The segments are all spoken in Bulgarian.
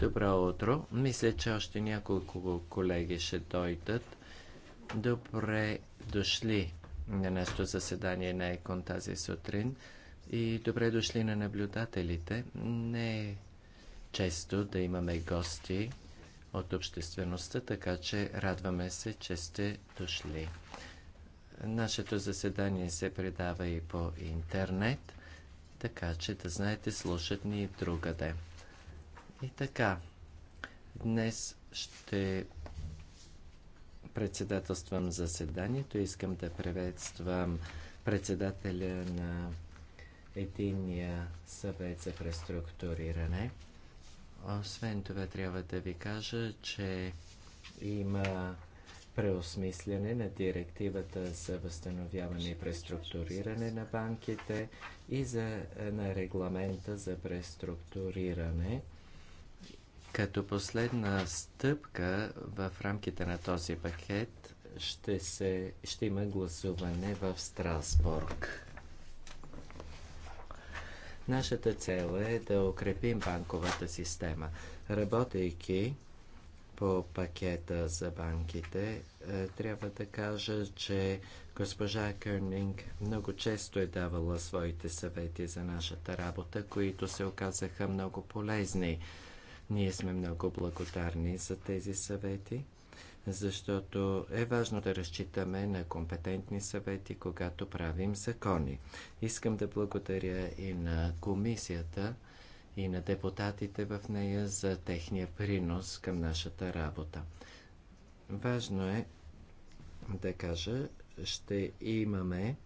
Добро утро. Мисля, че още няколко колеги ще дойдат. Добре дошли на нашето заседание на ЕКОН тази сутрин и добре дошли на наблюдателите. Не е често да имаме гости от обществеността, така че радваме се, че сте дошли. Нашето заседание се предава и по интернет така че да знаете, слушат ни и другаде. И така, днес ще председателствам заседанието. Искам да приветствам председателя на Единния съвет за преструктуриране. Освен това, трябва да ви кажа, че има преосмисляне на директивата за възстановяване и преструктуриране на банките и за, е, на регламента за преструктуриране. Като последна стъпка в рамките на този пакет ще, се, ще има гласуване в Страсбург. Нашата цел е да укрепим банковата система, работейки по пакета за банките е, трябва да кажа, че госпожа Кърнинг много често е давала своите съвети за нашата работа, които се оказаха много полезни. Ние сме много благодарни за тези съвети, защото е важно да разчитаме на компетентни съвети, когато правим закони. Искам да благодаря и на комисията, и на депутатите в нея за техния принос към нашата работа. Важно е да кажа, ще имаме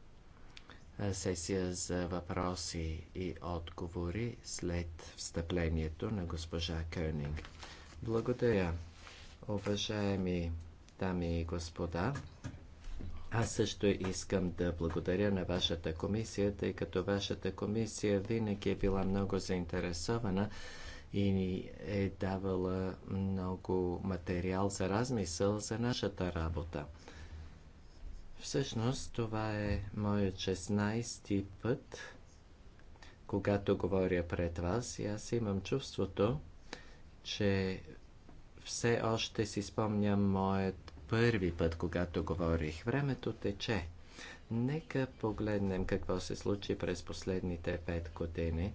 сесия за въпроси и отговори след встъплението на госпожа Кърнинг. Благодаря, уважаеми дами и господа. Аз също искам да благодаря на вашата комисия, тъй като вашата комисия винаги е била много заинтересована и ни е давала много материал за размисъл за нашата работа. Всъщност това е моят 16-ти път, когато говоря пред вас и аз имам чувството, че все още си спомням моят първи път, когато говорих. Времето тече. Нека погледнем какво се случи през последните пет години.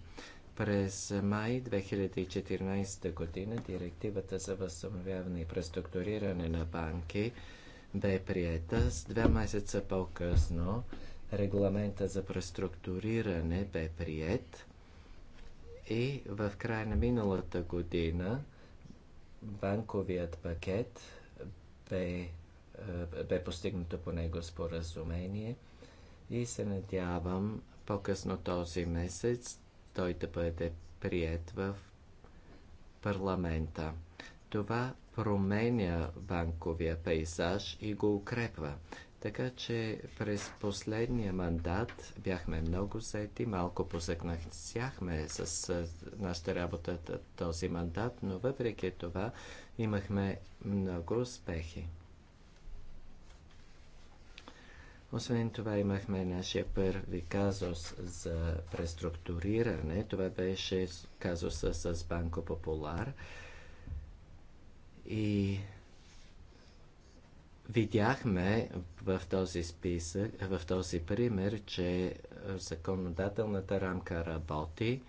През май 2014 година директивата за възстановяване и преструктуриране на банки бе приета. С две месеца по-късно регламента за преструктуриране бе прият и в края на миналата година банковият пакет бе, е, бе постигнато по него споразумение и се надявам по-късно този месец той да бъде прият в парламента. Това променя банковия пейзаж и го укрепва. Така че през последния мандат бяхме много заети, малко посъкнахме с нашата работа този мандат, но въпреки това имахме много успехи. Освен това имахме нашия първи казус за преструктуриране. Това беше казуса с Банко Популар. И видяхме в този списък, в този пример, че законодателната рамка работи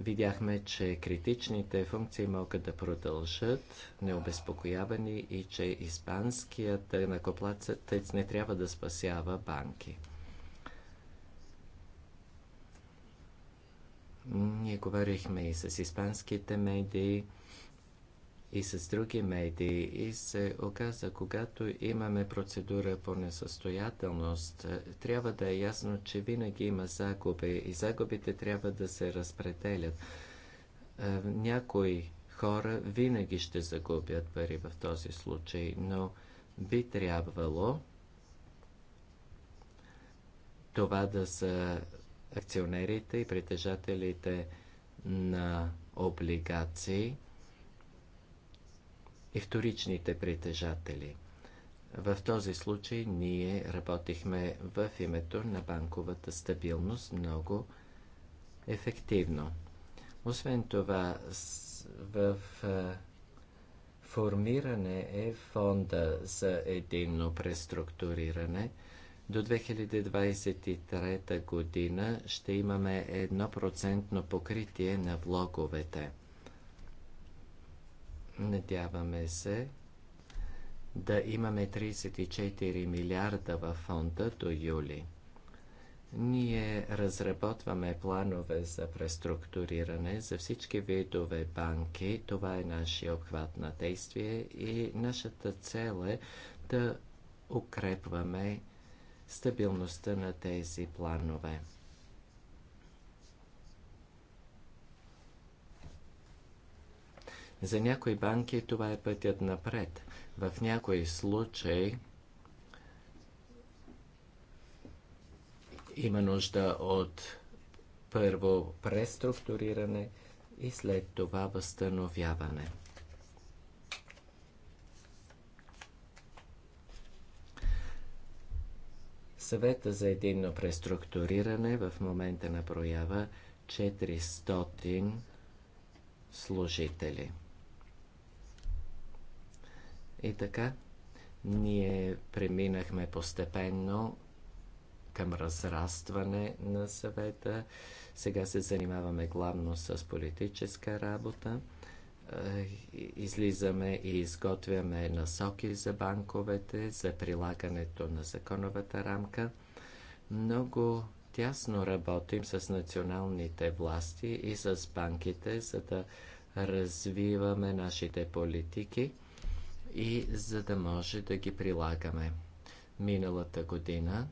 видяхме, че критичните функции могат да продължат необезпокоявани и че испанският накоплацът не трябва да спасява банки. Ние говорихме и с испанските медии и с други медии и се оказа, когато имаме процедура по несъстоятелност, е, трябва да е ясно, че винаги има загуби и загубите трябва да се разпределят. Е, някои хора винаги ще загубят пари в този случай, но би трябвало това да са акционерите и притежателите на облигации – и вторичните притежатели. В този случай ние работихме в името на банковата стабилност много ефективно. Освен това, в формиране е фонда за единно преструктуриране. До 2023 година ще имаме 1% покритие на влоговете. Надяваме се да имаме 34 милиарда във фонда до юли. Ние разработваме планове за преструктуриране за всички видове банки. Това е нашия обхват на действие и нашата цел е да укрепваме стабилността на тези планове. За някои банки това е пътят напред. В някои случаи има нужда от първо преструктуриране и след това възстановяване. Съвета за единно преструктуриране в момента проява 400 служители. И така, ние преминахме постепенно към разрастване на съвета. Сега се занимаваме главно с политическа работа. Е, излизаме и изготвяме насоки за банковете, за прилагането на законовата рамка. Много тясно работим с националните власти и с банките, за да развиваме нашите политики – и за да може да ги прилагаме. Миналата година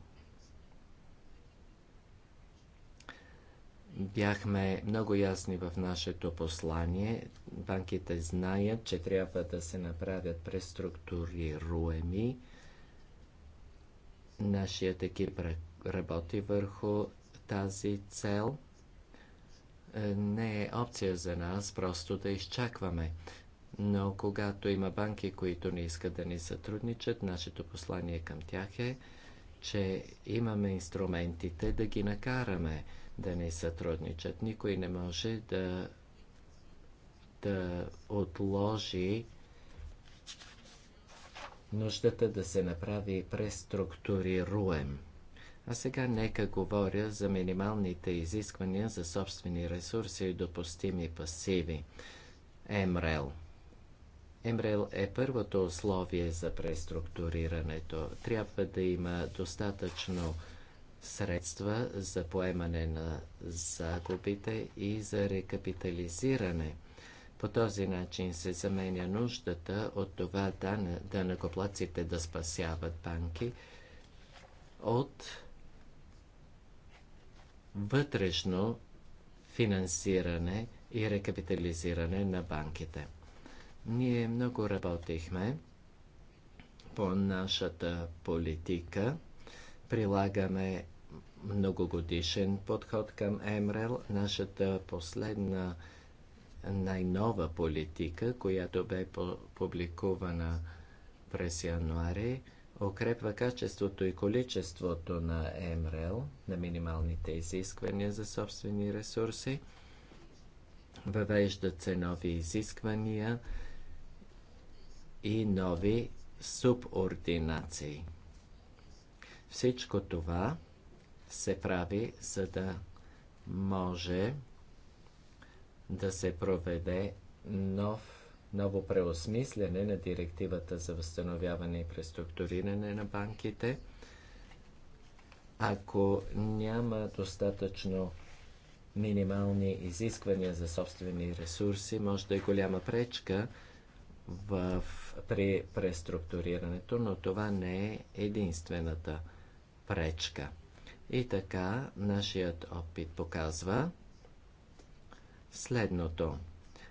бяхме много ясни в нашето послание. Банките знаят, че трябва да се направят преструктурируеми. Нашият екип работи върху тази цел. Е, не е опция за нас просто да изчакваме но когато има банки, които не искат да ни сътрудничат, нашето послание към тях е, че имаме инструментите да ги накараме да ни сътрудничат. Никой не може да, да отложи нуждата да се направи преструктурируем. А сега нека говоря за минималните изисквания за собствени ресурси и допустими пасиви. МРЕЛ. МРЛ е първото условие за преструктурирането. Трябва да има достатъчно средства за поемане на загубите и за рекапитализиране. По този начин се заменя нуждата от това данъкоплаците да спасяват банки от вътрешно финансиране и рекапитализиране на банките. Ние много работихме по нашата политика. Прилагаме многогодишен подход към МРЛ. Нашата последна най-нова политика, която бе публикувана през януари, укрепва качеството и количеството на МРЛ, на минималните изисквания за собствени ресурси, въвеждат се нови изисквания и нови субординации. Всичко това се прави, за да може да се проведе нов, ново преосмислене на директивата за възстановяване и преструктуриране на банките. Ако няма достатъчно минимални изисквания за собствени ресурси, може да е голяма пречка – в, при преструктурирането, но това не е единствената пречка. И така, нашият опит показва следното,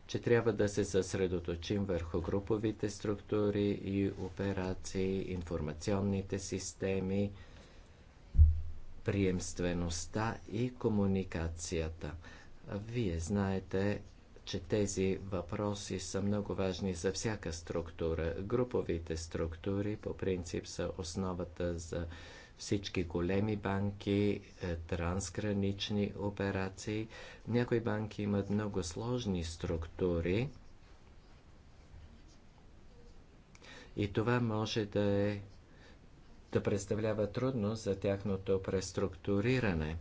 че трябва да се съсредоточим върху груповите структури и операции, информационните системи, приемствеността и комуникацията. Вие знаете че тези въпроси са много важни за всяка структура. Груповите структури по принцип са основата за всички големи банки, е, трансгранични операции. Някои банки имат много сложни структури и това може да е да представлява трудност за тяхното преструктуриране.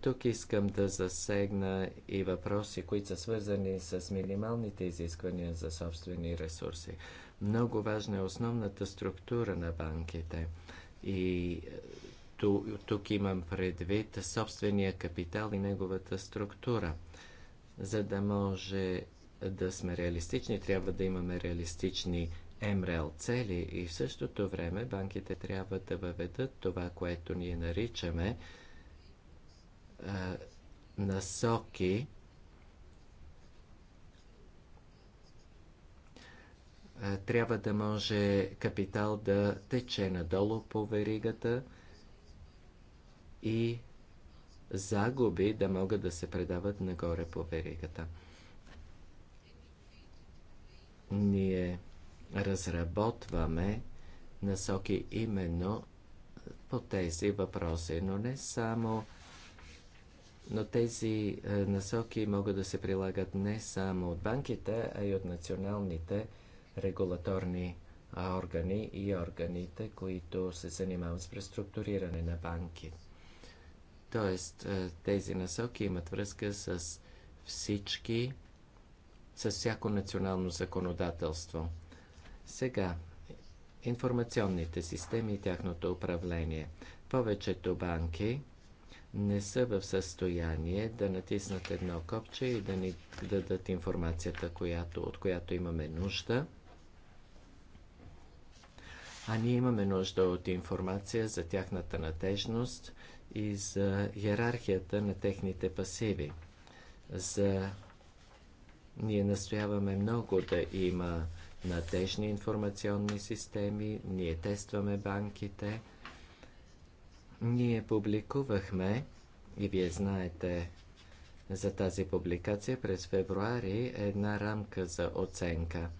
Тук искам да засегна и въпроси, които са свързани с минималните изисквания за собствени ресурси. Много важна е основната структура на банките. И е, тук имам предвид собствения капитал и неговата структура. За да може да сме реалистични, трябва да имаме реалистични МРЛ цели и в същото време банките трябва да въведат това, което ние наричаме е, насоки е, трябва да може капитал да тече надолу по веригата и загуби да могат да се предават нагоре по веригата. Ние разработваме насоки именно по тези въпроси, но не само но тези е, насоки могат да се прилагат не само от банките, а и от националните регулаторни органи и органите, които се занимават с преструктуриране на банки. Тоест, е, тези насоки имат връзка с всички, с всяко национално законодателство. Сега, информационните системи и тяхното управление. Повечето банки не са в състояние да натиснат едно копче и да ни дадат информацията, която, от която имаме нужда. А ние имаме нужда от информация за тяхната натежност и за иерархията на техните пасиви. За... Ние настояваме много да има надежни информационни системи, ние тестваме банките – ние публикувахме, и вие знаете за тази публикация, през февруари една рамка за оценка.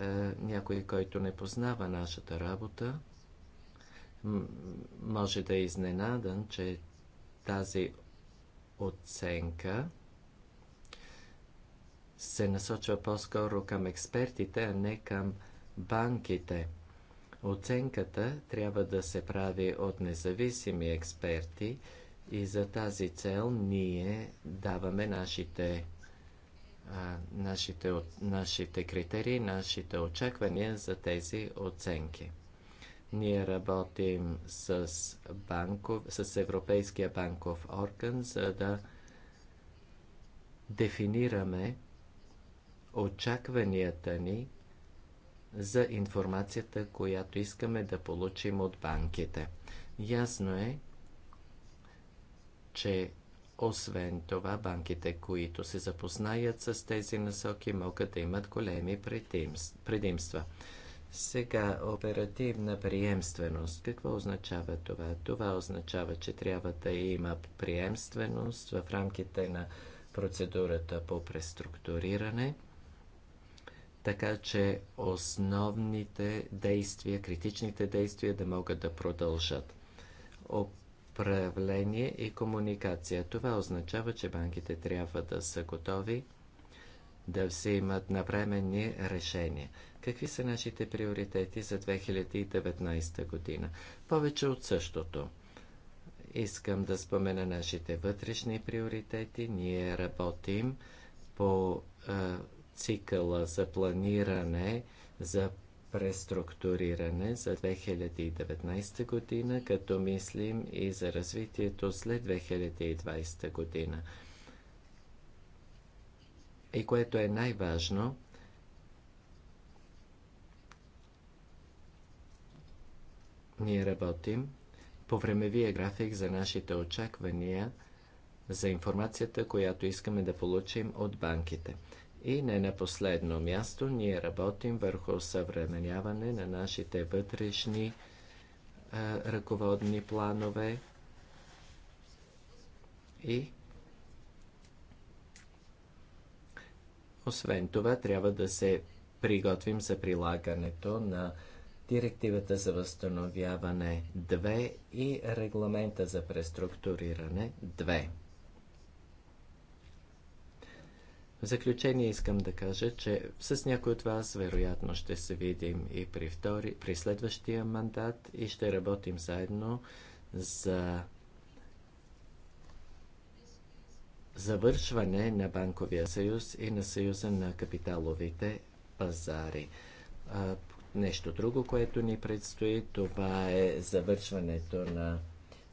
Е, някой, който не познава нашата работа, може да е изненадан, че тази оценка се насочва по-скоро към експертите, а не към банките – Оценката трябва да се прави от независими експерти и за тази цел ние даваме нашите, а, нашите, нашите критерии, нашите очаквания за тези оценки. Ние работим с, банков, с Европейския банков орган, за да дефинираме очакванията ни за информацията, която искаме да получим от банките. Ясно е, че освен това, банките, които се запознаят с тези насоки, могат да имат големи предимства. Сега, оперативна приемственост. Какво означава това? Това означава, че трябва да има приемственост в рамките на процедурата по преструктуриране – така че основните действия, критичните действия да могат да продължат. Управление и комуникация. Това означава, че банките трябва да са готови да взимат навременни решения. Какви са нашите приоритети за 2019 година? Повече от същото. Искам да спомена нашите вътрешни приоритети. Ние работим по е, цикъла за планиране за преструктуриране за 2019 година, като мислим и за развитието след 2020 година. И което е най-важно, ние работим по времевия график за нашите очаквания за информацията, която искаме да получим от банките. И не на последно място, ние работим върху съвременяване на нашите вътрешни а, ръководни планове и освен това трябва да се приготвим за прилагането на Директивата за възстановяване 2 и регламента за преструктуриране 2. В заключение искам да кажа, че с някой от вас вероятно ще се видим и при, втори, при следващия мандат и ще работим заедно за завършване на Банковия съюз и на съюза на капиталовите пазари. А, нещо друго, което ни предстои, това е завършването на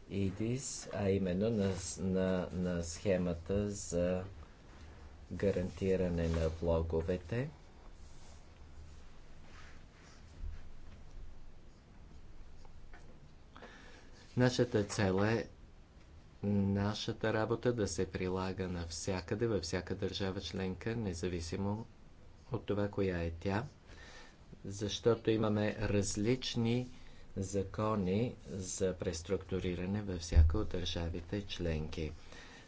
ИДИС, а именно на, на, на схемата за гарантиране на влоговете. Нашата цел е нашата работа да се прилага навсякъде, във всяка държава членка, независимо от това коя е тя, защото имаме различни закони за преструктуриране във всяка от държавите членки.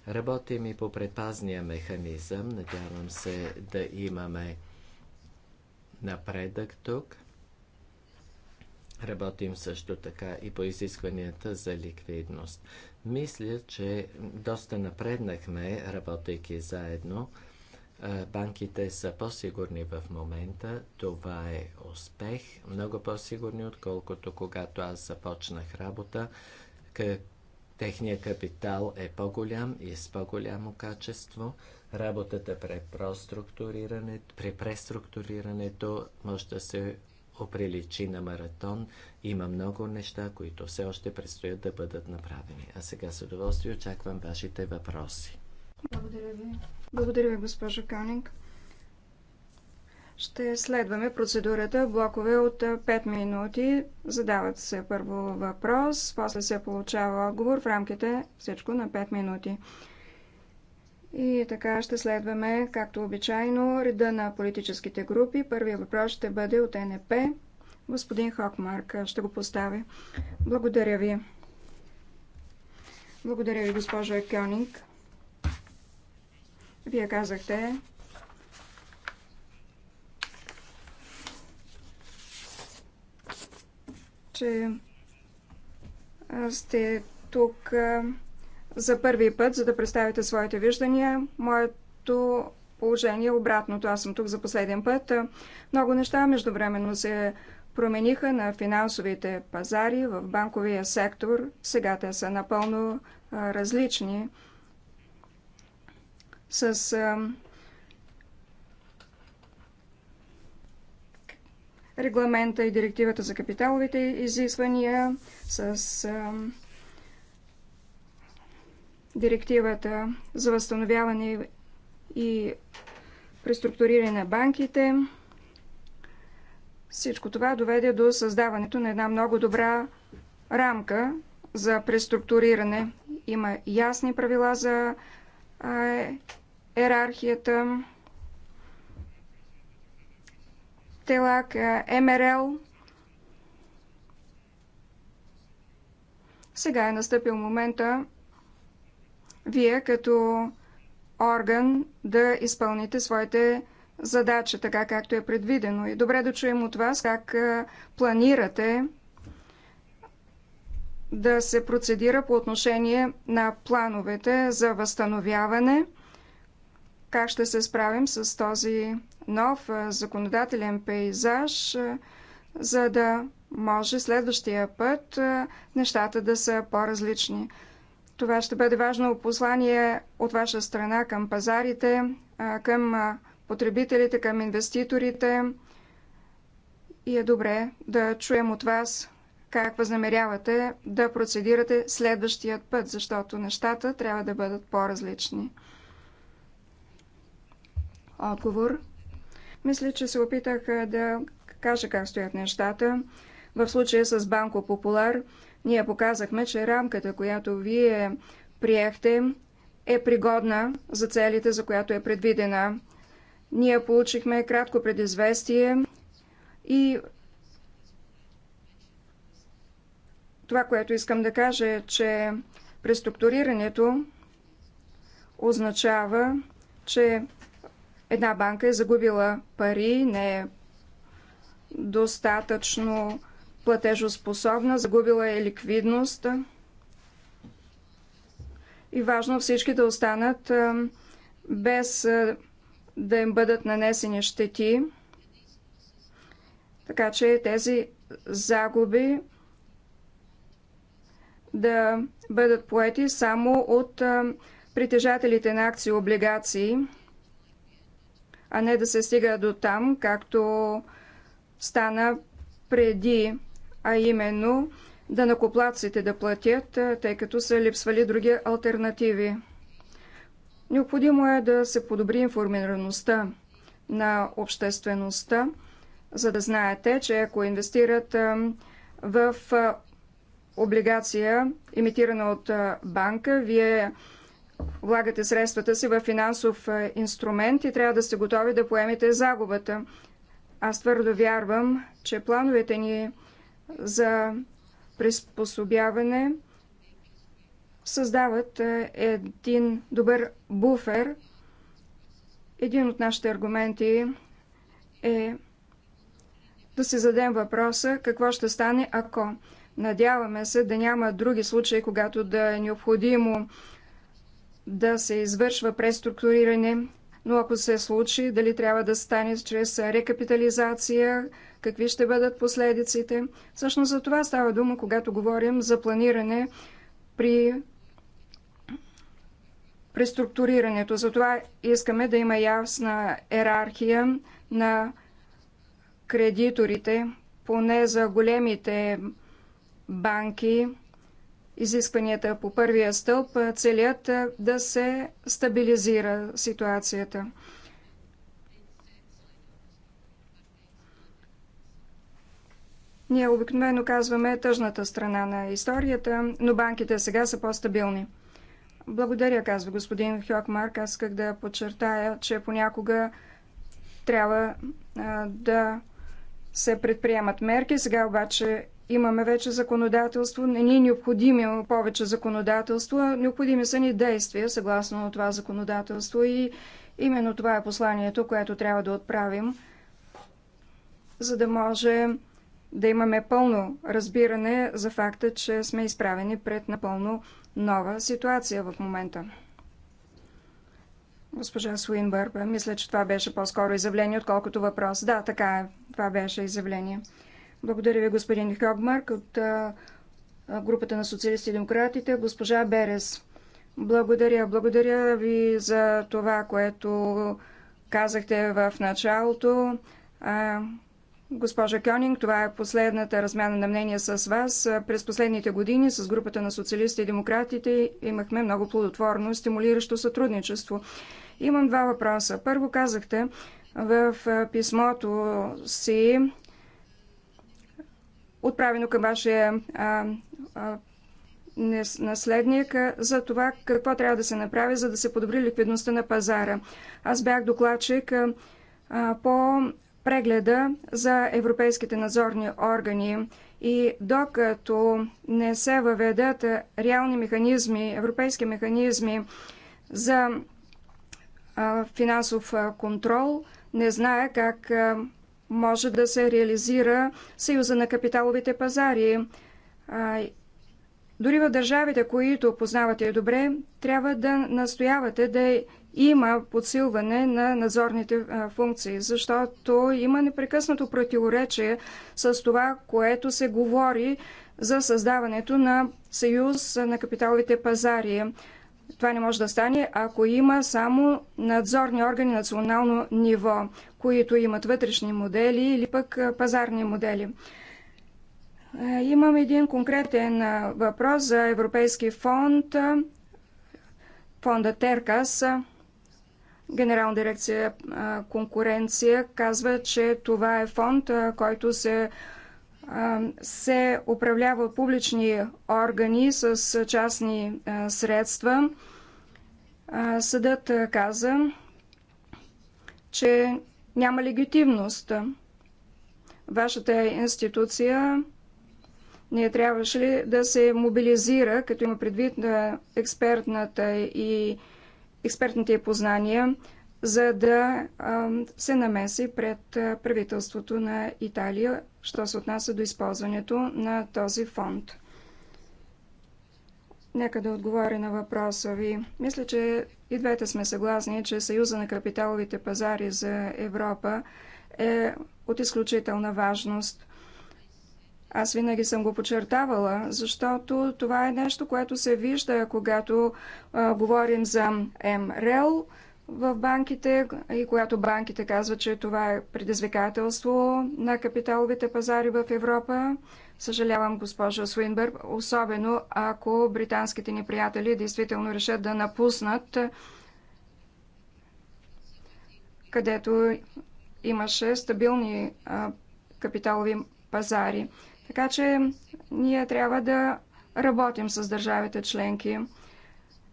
Работим и по предпазния механизъм. Надявам се да имаме напредък тук. Работим също така и по изискванията за ликвидност. Мисля, че доста напреднахме, работейки заедно. Банките са по-сигурни в момента. Това е успех. Много по-сигурни, отколкото когато аз започнах работа. Техният капитал е по-голям и с по-голямо качество. Работата при, при преструктурирането може да се оприличи на маратон. Има много неща, които все още предстоят да бъдат направени. А сега с удоволствие очаквам вашите въпроси. Благодаря ви. Благодаря ви, госпожо Канинг. Ще следваме процедурата блокове от 5 минути. Задават се първо въпрос, после се получава отговор в рамките всичко на 5 минути. И така ще следваме, както обичайно, реда на политическите групи. Първият въпрос ще бъде от НП. Господин Хокмарк ще го постави. Благодаря ви. Благодаря ви, госпожа Кьонинг. Вие казахте, че сте тук за първи път, за да представите своите виждания. Моето положение е обратното. Аз съм тук за последен път. Много неща междувременно се промениха на финансовите пазари, в банковия сектор. Сега те са напълно различни. С регламента и директивата за капиталовите изисквания, с а, директивата за възстановяване и преструктуриране на банките. Всичко това доведе до създаването на една много добра рамка за преструктуриране. Има ясни правила за а, е, ерархията. ТЕЛАК, МРЛ. Сега е настъпил момента вие като орган да изпълните своите задачи, така както е предвидено. И добре да чуем от вас как планирате да се процедира по отношение на плановете за възстановяване. Как ще се справим с този нов законодателен пейзаж, за да може следващия път нещата да са по-различни. Това ще бъде важно послание от ваша страна към пазарите, към потребителите, към инвеститорите. И е добре да чуем от вас как възнамерявате да процедирате следващият път, защото нещата трябва да бъдат по-различни. Отговор. Мисля, че се опитах да кажа как стоят нещата. В случая с Банко Популар ние показахме, че рамката, която вие приехте, е пригодна за целите, за която е предвидена. Ние получихме кратко предизвестие и това, което искам да кажа е, че преструктурирането означава, че една банка е загубила пари, не е достатъчно платежоспособна, загубила е ликвидност. И важно всички да останат без да им бъдат нанесени щети. Така че тези загуби да бъдат поети само от притежателите на акции и облигации а не да се стига до там, както стана преди, а именно да накоплаците да платят, тъй като са липсвали други альтернативи. Необходимо е да се подобри информираността на обществеността, за да знаете, че ако инвестират в облигация, имитирана от банка, вие влагате средствата си в финансов е, инструмент и трябва да сте готови да поемете загубата. Аз твърдо вярвам, че плановете ни за приспособяване създават е, един добър буфер. Един от нашите аргументи е да си зададем въпроса какво ще стане ако. Надяваме се да няма други случаи, когато да е необходимо да се извършва преструктуриране, но ако се случи, дали трябва да стане чрез рекапитализация, какви ще бъдат последиците. Всъщност за това става дума, когато говорим за планиране при преструктурирането. за това искаме да има ясна ерархия на кредиторите, поне за големите банки, Изискванията по първия стълб целят да се стабилизира ситуацията. Ние обикновено казваме тъжната страна на историята, но банките сега са по-стабилни. Благодаря, казва господин Хьокмарк. Аз исках да подчертая, че понякога трябва а, да се предприемат мерки. Сега обаче Имаме вече законодателство, не ни е необходимо повече законодателство, необходими са ни действия съгласно това законодателство и именно това е посланието, което трябва да отправим, за да може да имаме пълно разбиране за факта, че сме изправени пред напълно нова ситуация в момента. Госпожа Суинбърба, мисля, че това беше по-скоро изявление, отколкото въпрос. Да, така е. Това беше изявление. Благодаря ви, господин Хогмарк от групата на социалисти и демократите, госпожа Берес. Благодаря. Благодаря ви за това, което казахте в началото. Госпожа Кьонинг, това е последната размяна на мнение с вас. През последните години с групата на социалисти и демократите имахме много плодотворно и стимулиращо сътрудничество. Имам два въпроса. Първо казахте в писмото си, отправено към вашия а, а, наследник за това какво трябва да се направи, за да се подобри ликвидността на пазара. Аз бях докладчик а, по прегледа за европейските надзорни органи и докато не се въведат реални механизми, европейски механизми за финансов контрол, не зная как може да се реализира Съюза на капиталовите пазари. Дори в държавите, които познавате добре, трябва да настоявате да има подсилване на надзорните функции, защото има непрекъснато противоречие с това, което се говори за създаването на съюз на капиталовите пазари. Това не може да стане, ако има само надзорни органи национално ниво, които имат вътрешни модели или пък пазарни модели. Имам един конкретен въпрос за Европейски фонд, фонда Теркас. Генерална дирекция конкуренция казва, че това е фонд, който се се управлява публични органи с частни средства. Съдът каза, че няма легитимност. Вашата институция не трябваше ли да се мобилизира, като има предвид на експертната и експертните познания, за да се намеси пред правителството на Италия, що се отнася до използването на този фонд. Нека да отговоря на въпроса ви. Мисля, че и двете сме съгласни, че Съюза на капиталовите пазари за Европа е от изключителна важност. Аз винаги съм го подчертавала, защото това е нещо, което се вижда, когато а, говорим за МРЕЛ, в банките и която банките казват, че това е предизвикателство на капиталовите пазари в Европа. Съжалявам, госпожа Суинбърг, особено ако британските ни приятели действително решат да напуснат където имаше стабилни капиталови пазари. Така че ние трябва да работим с държавите членки.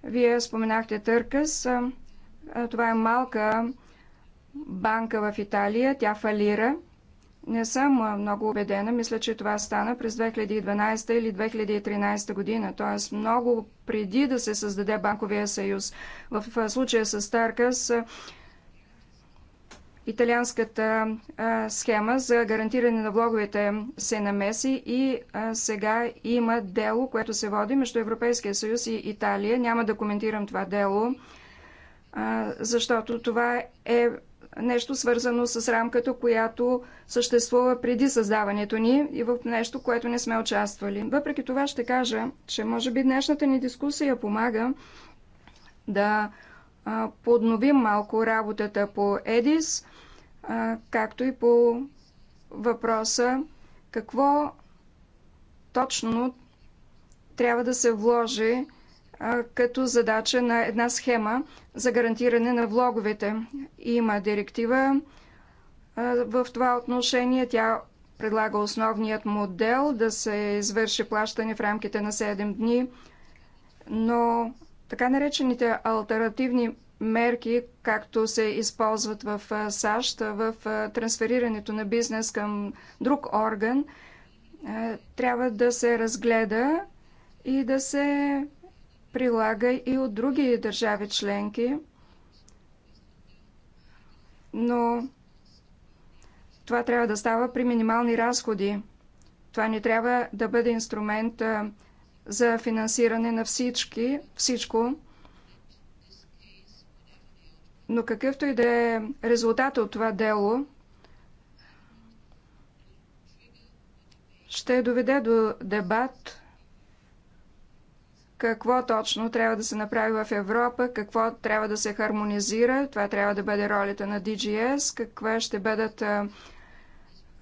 Вие споменахте Търкъс. Това е малка банка в Италия. Тя фалира. Не съм много убедена. Мисля, че това стана през 2012 или 2013 година, т.е. много преди да се създаде Банковия съюз. В случая с Таркас италианската схема за гарантиране на влоговете се намеси и сега има дело, което се води между Европейския съюз и Италия. Няма да коментирам това дело защото това е нещо свързано с рамката, която съществува преди създаването ни и в нещо, което не сме участвали. Въпреки това ще кажа, че може би днешната ни дискусия помага да подновим малко работата по ЕДИС, както и по въпроса какво точно трябва да се вложи като задача на една схема за гарантиране на влоговете. Има директива в това отношение. Тя предлага основният модел да се извърши плащане в рамките на 7 дни, но така наречените альтернативни мерки, както се използват в САЩ, в трансферирането на бизнес към друг орган, трябва да се разгледа и да се прилага и от други държави членки, но това трябва да става при минимални разходи. Това не трябва да бъде инструмент за финансиране на всички, всичко. Но какъвто и да е резултат от това дело, ще доведе до дебат какво точно трябва да се направи в Европа, какво трябва да се хармонизира, това трябва да бъде ролята на DGS, каква ще бъдат а,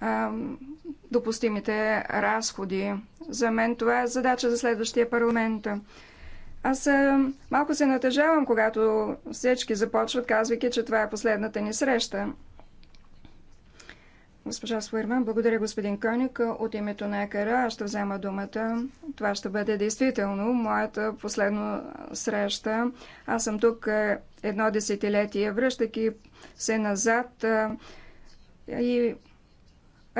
а, допустимите разходи. За мен това е задача за следващия парламент. Аз а, малко се натъжавам, когато всички започват, казвайки, че това е последната ни среща. Госпожа Суерман, благодаря господин Коник. От името на Екара аз ще взема думата. Това ще бъде действително моята последна среща. Аз съм тук е, едно десетилетие, връщайки се назад е, и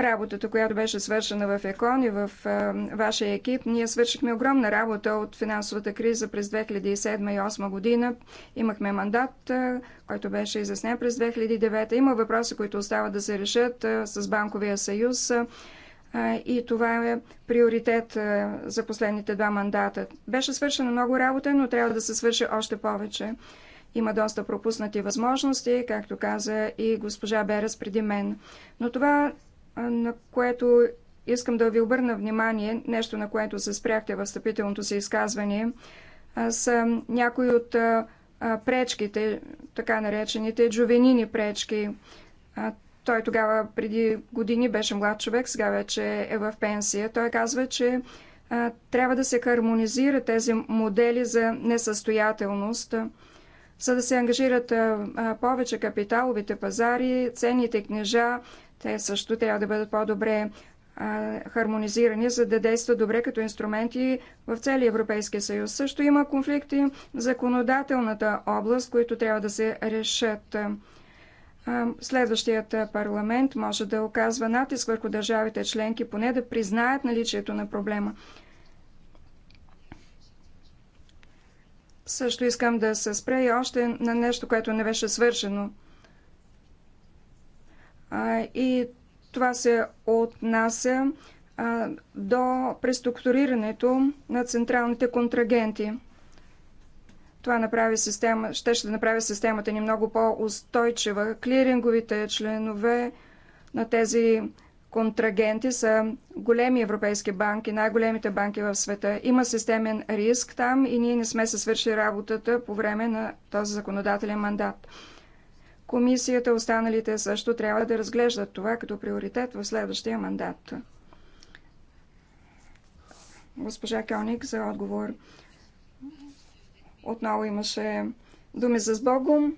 работата, която беше свършена в ЕКОН и в вашия екип. Ние свършихме огромна работа от финансовата криза през 2007 и 2008 година. Имахме мандат, който беше изяснен през 2009. Има въпроси, които остават да се решат с Банковия съюз. И това е приоритет за последните два мандата. Беше свършена много работа, но трябва да се свърши още повече. Има доста пропуснати възможности, както каза и госпожа Берес преди мен. Но това на което искам да ви обърна внимание, нещо на което се спряхте в встъпителното си изказване, са някои от пречките, така наречените джовенини пречки. Той тогава преди години беше млад човек, сега вече е в пенсия. Той казва, че трябва да се хармонизират тези модели за несъстоятелност, за да се ангажират повече капиталовите пазари, ценните книжа, те също трябва да бъдат по-добре хармонизирани, за да действат добре като инструменти в целия Европейския съюз. Също има конфликти в законодателната област, които трябва да се решат. Следващият парламент може да оказва натиск върху държавите членки, поне да признаят наличието на проблема. Също искам да се спре и още на нещо, което не беше свършено – и това се отнася до преструктурирането на централните контрагенти. Това направи система, ще ще направи системата ни много по-устойчива. Клиринговите членове на тези контрагенти са големи европейски банки, най-големите банки в света. Има системен риск там и ние не сме се свършили работата по време на този законодателен мандат. Комисията, останалите също трябва да разглеждат това като приоритет в следващия мандат. Госпожа Кълник за отговор. Отново имаше думи с Богом.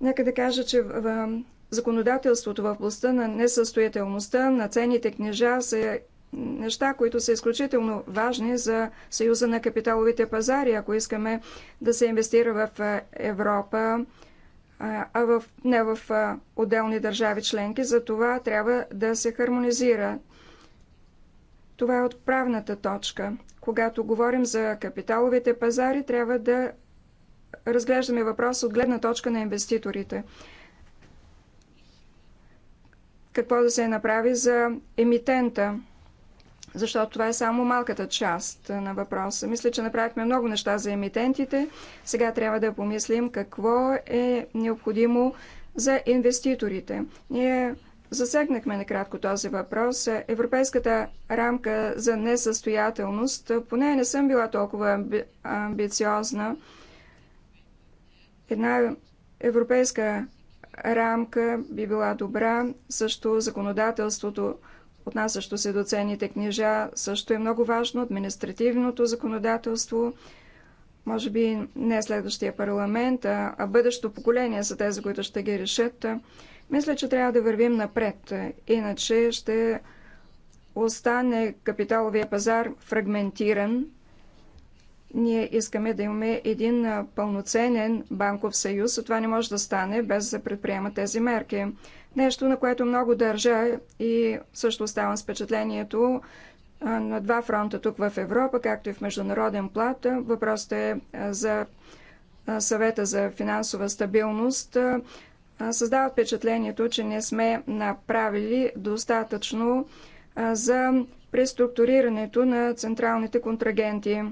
Нека да кажа, че в законодателството в областта на несъстоятелността на ценните книжа са неща, които са изключително важни за Съюза на капиталовите пазари, ако искаме да се инвестира в е, Европа а в, не в отделни държави членки. За това трябва да се хармонизира. Това е отправната точка. Когато говорим за капиталовите пазари, трябва да разглеждаме въпрос от гледна точка на инвеститорите. Какво да се направи за емитента? защото това е само малката част на въпроса. Мисля, че направихме много неща за емитентите. Сега трябва да помислим какво е необходимо за инвеститорите. Ние засегнахме накратко този въпрос. Европейската рамка за несъстоятелност, поне не съм била толкова амбициозна. Една европейска рамка би била добра, също законодателството Отнасящо се до ценните книжа, също е много важно административното законодателство. Може би не следващия парламент, а, а поколение са тези, които ще ги решат. Мисля, че трябва да вървим напред. Иначе ще остане капиталовия пазар фрагментиран. Ние искаме да имаме един пълноценен банков съюз, а това не може да стане без да предприемат тези мерки. Нещо, на което много държа и също оставам с впечатлението на два фронта тук в Европа, както и в международен плат. Въпросът е за съвета за финансова стабилност. Създава впечатлението, че не сме направили достатъчно за преструктурирането на централните контрагенти.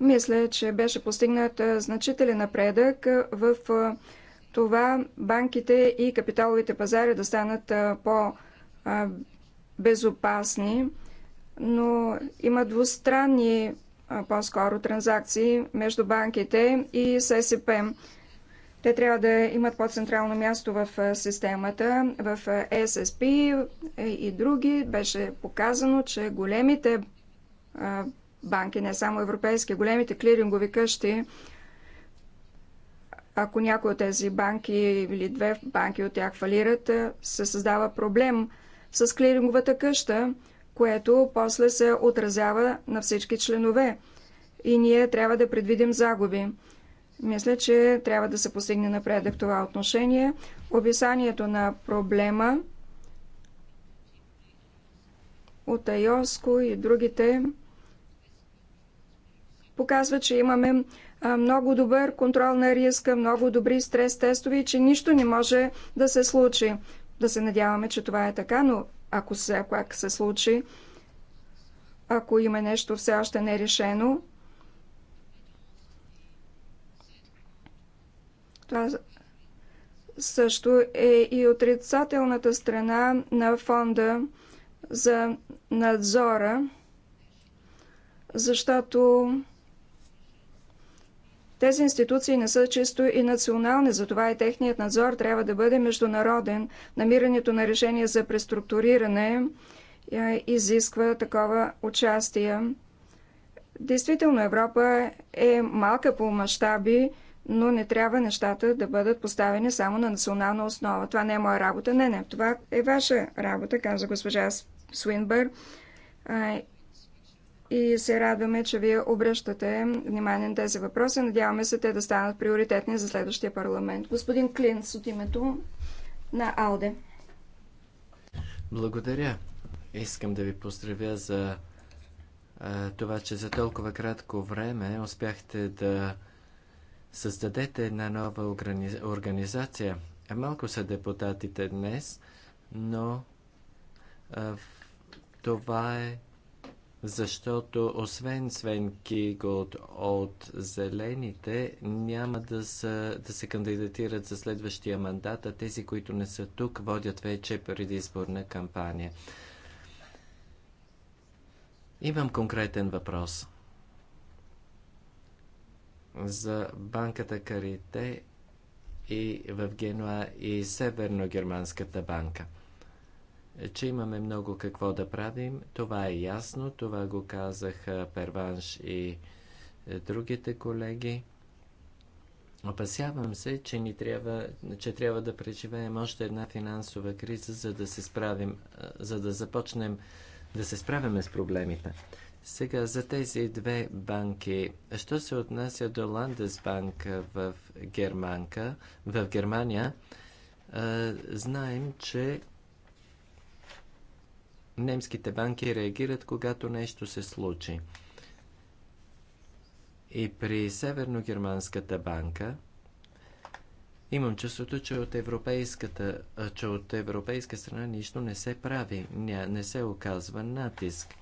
Мисля, че беше постигнат значителен напредък в това банките и капиталовите пазари да станат по-безопасни, но има двустранни по-скоро транзакции между банките и ССП. Те трябва да имат по-централно място в системата, в ССП е, и други. Беше показано, че големите банки, не само европейски, големите клирингови къщи, ако някои от тези банки или две банки от тях фалират, е, се създава проблем с клиринговата къща, което после се отразява на всички членове и ние трябва да предвидим загуби. Мисля, че трябва да се постигне напредък в това отношение. Описанието на проблема от Айоско и другите показва, че имаме много добър контрол на риска, много добри стрес тестове и че нищо не може да се случи. Да се надяваме, че това е така, но ако се, пак се случи, ако има нещо все още нерешено, това също е и отрицателната страна на фонда за надзора, защото тези институции не са чисто и национални, затова и техният надзор трябва да бъде международен. Намирането на решение за преструктуриране е, изисква такова участие. Действително Европа е малка по мащаби, но не трябва нещата да бъдат поставени само на национална основа. Това не е моя работа. Не, не, това е ваша работа, каза госпожа Свинбър и се радваме, че вие обръщате внимание на тези въпроси. Надяваме се те да станат приоритетни за следващия парламент. Господин Клинс от името на АЛДЕ. Благодаря. Искам да ви поздравя за а, това, че за толкова кратко време успяхте да създадете една нова организация. Малко са депутатите днес, но а, това е защото освен Свен Кигот от Зелените, няма да, са, да се кандидатират за следващия мандат, а тези, които не са тук, водят вече предизборна кампания. Имам конкретен въпрос. За банката Карите и в Генуа и Северно-германската банка – е, че имаме много какво да правим. Това е ясно, това го казаха Перванш и е, другите колеги. Опасявам се, че, ни трябва, че трябва да преживеем още една финансова криза, за да се справим, е, за да започнем да се справяме с проблемите. Сега за тези две банки. Що се отнася до Ландесбанк в, Германка, в Германия, знаем, че немските банки реагират, когато нещо се случи. И при Северногерманската банка имам чувството, че от, европейската, че от европейска страна нищо не се прави, не, не се оказва натиск.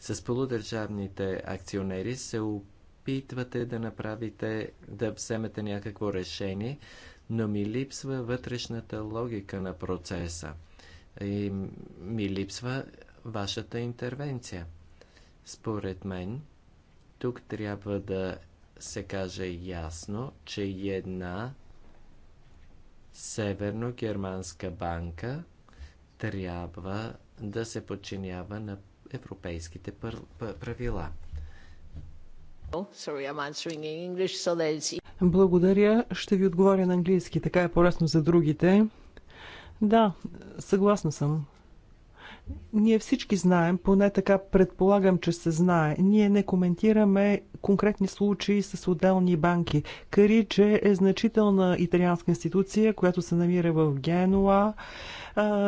С полудържавните акционери се опитвате да направите, да вземете някакво решение, но ми липсва вътрешната логика на процеса и ми липсва вашата интервенция. Според мен, тук трябва да се каже ясно, че една северно-германска банка трябва да се подчинява на европейските правила. Sorry, I'm answering in English, so that it's благодаря. Ще ви отговоря на английски. Така е по-лесно за другите. Да, съгласна съм. Ние всички знаем, поне така предполагам, че се знае. Ние не коментираме конкретни случаи с отделни банки. Кариче е значителна италианска институция, която се намира в Генуа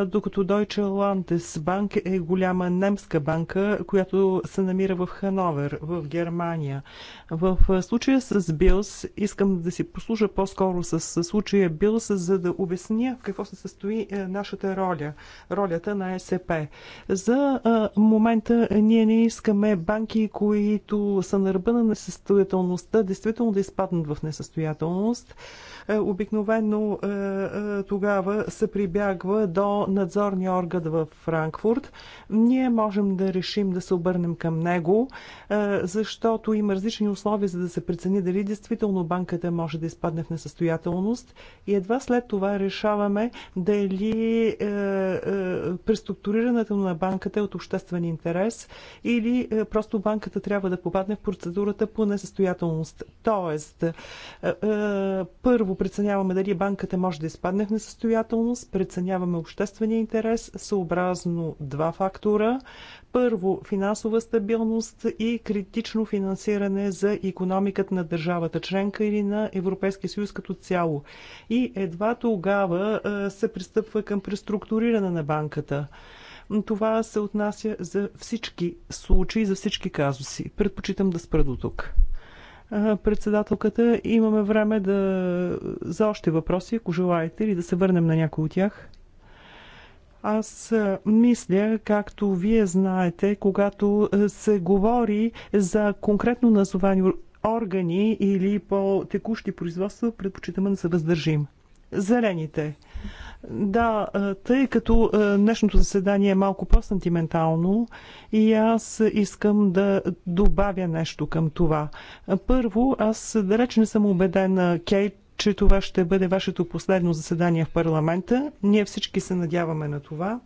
докато Deutsche Landesbank е голяма немска банка, която се намира в Хановер, в Германия. В случая с Билс, искам да си послужа по-скоро с случая Билс, за да обясня в какво се състои е, нашата роля, ролята на СП. За момента ние не искаме банки, които са на ръба на несъстоятелността, действително да изпаднат в несъстоятелност. Е, обикновено е, е, тогава се прибягва до надзорния орган в Франкфурт. Ние можем да решим да се обърнем към него, защото има различни условия за да се прецени дали действително банката може да изпадне в несъстоятелност и едва след това решаваме дали преструктурирането на банката е от обществен интерес или просто банката трябва да попадне в процедурата по несъстоятелност. Тоест, първо първо преценяваме дали банката може да изпадне в несъстоятелност, преценяваме обществения интерес съобразно два фактора. Първо, финансова стабилност и критично финансиране за економиката на държавата членка или на Европейския съюз като цяло. И едва тогава се пристъпва към преструктуриране на банката. Това се отнася за всички случаи, за всички казуси. Предпочитам да спра до тук. Председателката, имаме време да... за още въпроси, ако желаете, или да се върнем на някои от тях. Аз мисля, както вие знаете, когато се говори за конкретно назовани органи или по текущи производства, предпочитаме да се въздържим. Зелените. Да, тъй като днешното заседание е малко по-сантиментално и аз искам да добавя нещо към това. Първо, аз далеч не съм убедена, Кейт, че това ще бъде вашето последно заседание в парламента. Ние всички се надяваме на това.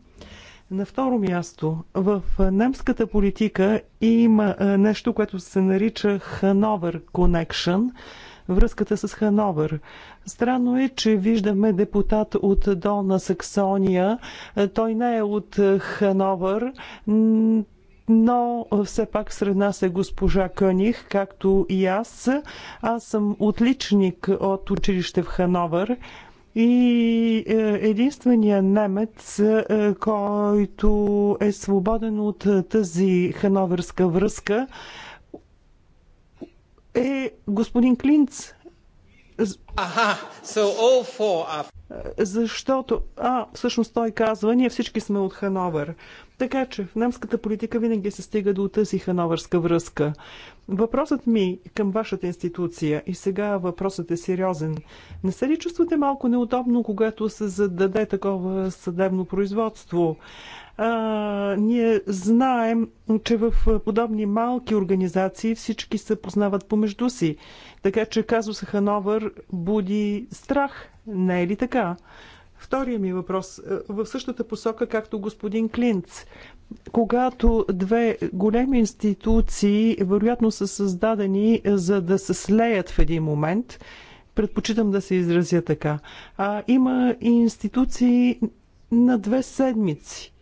На второ място, в немската политика има нещо, което се нарича Hanover Connection – връзката с Хановър. Странно е, че виждаме депутат от Долна Саксония. Той не е от Хановър но все пак сред нас е госпожа Къних, както и аз. Аз съм отличник от училище в Хановър и е, единствения немец, е, който е свободен от тази хановерска връзка, е господин Клинц. Аха, so all four are... Защото, а, всъщност той казва, ние всички сме от Хановер. Така че в немската политика винаги се стига до тази хановърска връзка. Въпросът ми към вашата институция и сега въпросът е сериозен. Не се ли чувствате малко неудобно, когато се зададе такова съдебно производство? а, ние знаем, че в подобни малки организации всички се познават помежду си. Така че казус Хановър буди страх. Не е ли така? Втория ми въпрос е, в същата посока, както господин Клинц. Когато две големи институции вероятно са създадени е, за да се слеят в един момент, предпочитам да се изразя така, а има институции на две седмици.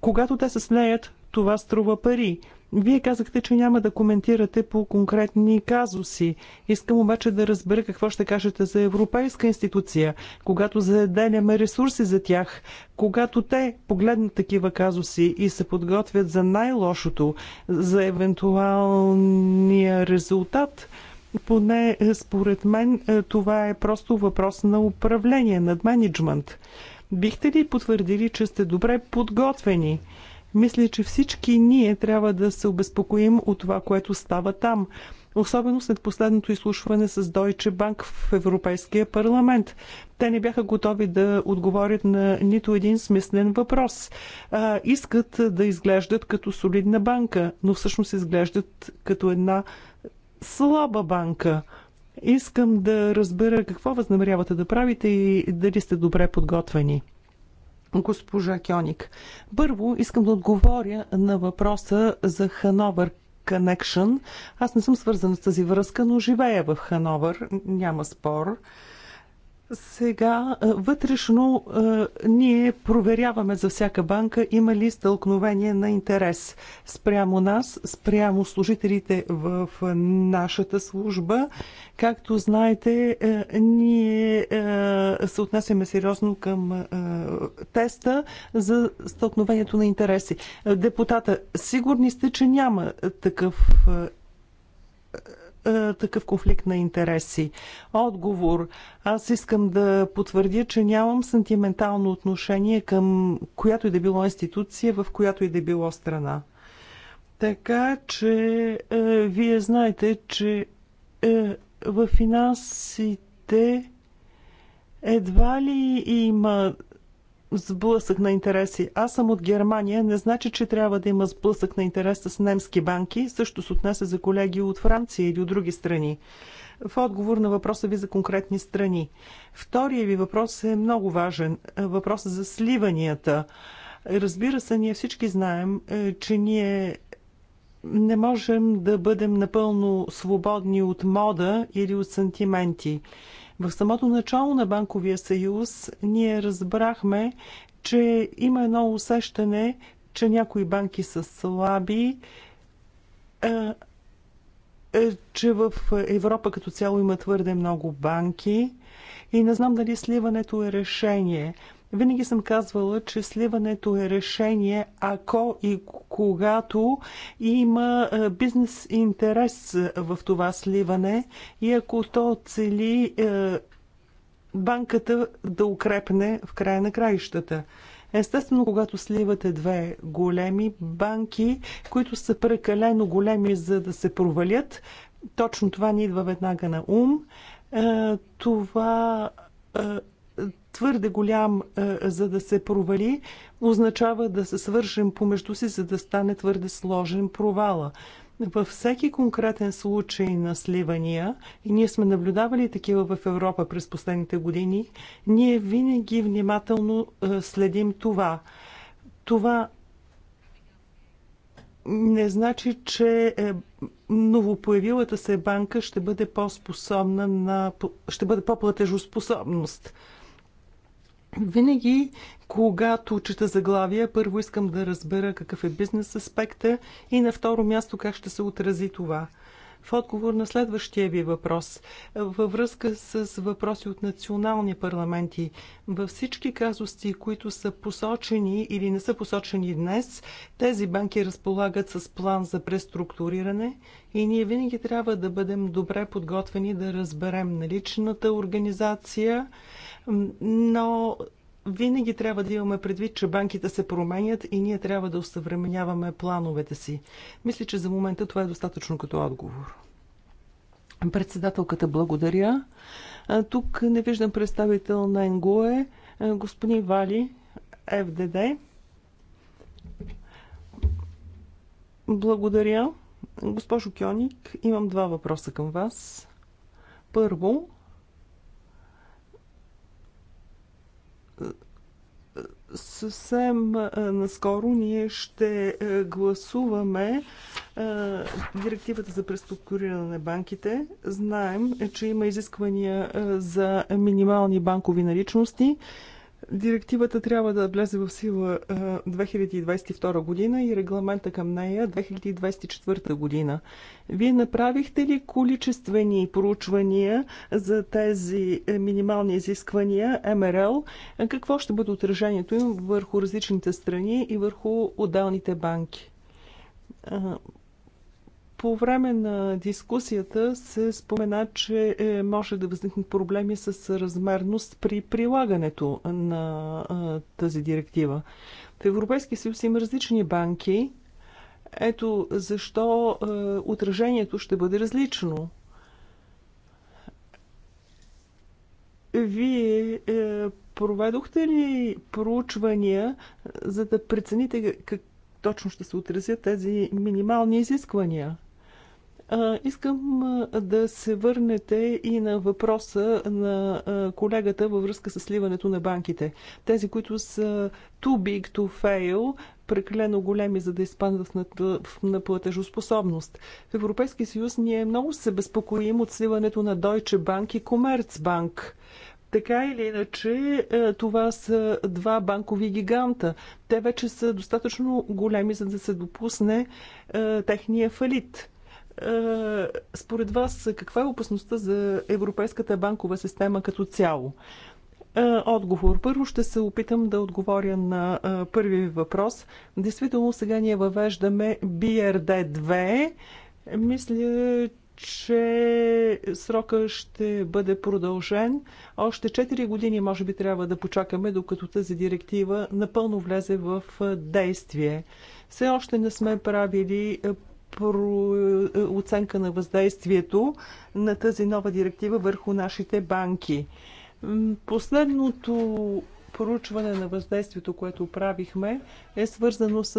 Когато те се слеят, това струва пари. Вие казахте, че няма да коментирате по конкретни казуси. Искам обаче да разбера какво ще кажете за Европейска институция, когато заделяме ресурси за тях, когато те погледнат такива казуси и се подготвят за най-лошото, за евентуалния резултат. Поне е, според мен е, това е просто въпрос на управление, над менеджмент. Бихте ли потвърдили, че сте добре подготвени? Мисля, че всички ние трябва да се обезпокоим от това, което става там. Особено след последното изслушване с Deutsche Bank в Европейския парламент. Те не бяха готови да отговорят на нито един смислен въпрос. А, искат да изглеждат като солидна банка, но всъщност изглеждат като една слаба банка. Искам да разбера какво възнамерявате да правите и дали сте добре подготвени госпожа Кьоник. Първо искам да отговоря на въпроса за Хановър Connection. Аз не съм свързана с тази връзка, но живея в Хановър, няма спор. Сега е, вътрешно е, ние проверяваме за всяка банка има ли стълкновение на интерес спрямо нас, спрямо служителите в е, нашата служба. Както знаете, ние се отнасяме сериозно към теста за стълкновението на интереси. Депутата, сигурни сте, че няма такъв е, такъв конфликт на интереси? Отговор. Аз искам да потвърдя, че нямам сантиментално отношение към която и да било институция, в която и да било страна. Така че е, вие знаете, че е, в финансите едва ли има сблъсък на интереси. Аз съм от Германия, не значи, че трябва да има сблъсък на интерес с немски банки, също се отнася за колеги от Франция или от други страни. В отговор на въпроса ви за конкретни страни. Втория ви въпрос е много важен. Въпросът за сливанията. Разбира се, ние всички знаем, е, че ние не можем да бъдем напълно свободни от мода или от сантименти. В самото начало на Банковия съюз ние разбрахме, че има едно усещане, че някои банки са слаби, е, е, че в Европа като цяло има твърде много банки и не знам дали сливането е решение. Винаги съм казвала, че сливането е решение, ако и когато има е, бизнес интерес е, в това сливане и ако то цели е, банката да укрепне в края на краищата. Естествено, когато сливате две големи банки, които са прекалено големи за да се провалят, точно това ни идва веднага на ум. Това твърде голям, е, за да се провали, означава да се свършим помежду си, за да стане твърде сложен провала. Във всеки конкретен случай на сливания, и ние сме наблюдавали такива в Европа през последните години, ние винаги внимателно е, следим това. Това не значи, че е, новопоявилата се банка ще бъде по-способна на... ще бъде по-платежоспособност. Винаги, когато чета заглавия, първо искам да разбера какъв е бизнес аспекта и на второ място как ще се отрази това. В отговор на следващия ви въпрос, във връзка с въпроси от национални парламенти, във всички казусти, които са посочени или не са посочени днес, тези банки разполагат с план за преструктуриране и ние винаги трябва да бъдем добре подготвени да разберем наличната организация, но винаги трябва да имаме предвид, че банките се променят и ние трябва да усъвременяваме плановете си. Мисля, че за момента това е достатъчно като отговор. Председателката благодаря. Тук не виждам представител на НГОЕ, господин Вали, ФДД. Благодаря. Госпожо Кьоник, имам два въпроса към вас. Първо, съвсем наскоро ние ще гласуваме директивата за преструктуриране на банките. Знаем, че има изисквания за минимални банкови наличности. Директивата трябва да влезе в сила 2022 година и регламента към нея 2024 година. Вие направихте ли количествени проучвания за тези е, минимални изисквания МРЛ? Какво ще бъде отражението им върху различните страни и върху отделните банки? По време на дискусията се спомена, че е, може да възникнат проблеми с размерност при прилагането на е, тази директива. В Европейския съюз има различни банки. Ето защо е, отражението ще бъде различно. Вие проведохте ли проучвания, за да прецените как точно ще се отразят тези минимални изисквания? Искам да се върнете и на въпроса на колегата във връзка с сливането на банките. Тези, които са too big to fail, прекалено големи, за да изпаднат на, на платежоспособност. В Европейския съюз ние много се безпокоим от сливането на Deutsche Bank и Commerzbank. Така или иначе, е, това са два банкови гиганта. Те вече са достатъчно големи, за да се допусне е, техния фалит. Е, според вас, каква е опасността за Европейската банкова система като цяло? Е, отговор. Първо ще се опитам да отговоря на е, първи въпрос. Действително сега ние въвеждаме BRD2. Мисля, че срока ще бъде продължен. Още 4 години може би трябва да почакаме, докато тази директива напълно влезе в действие. Все още не сме правили е, оценка на въздействието на тази нова директива върху нашите банки. Последното проучване на въздействието, което правихме, е свързано с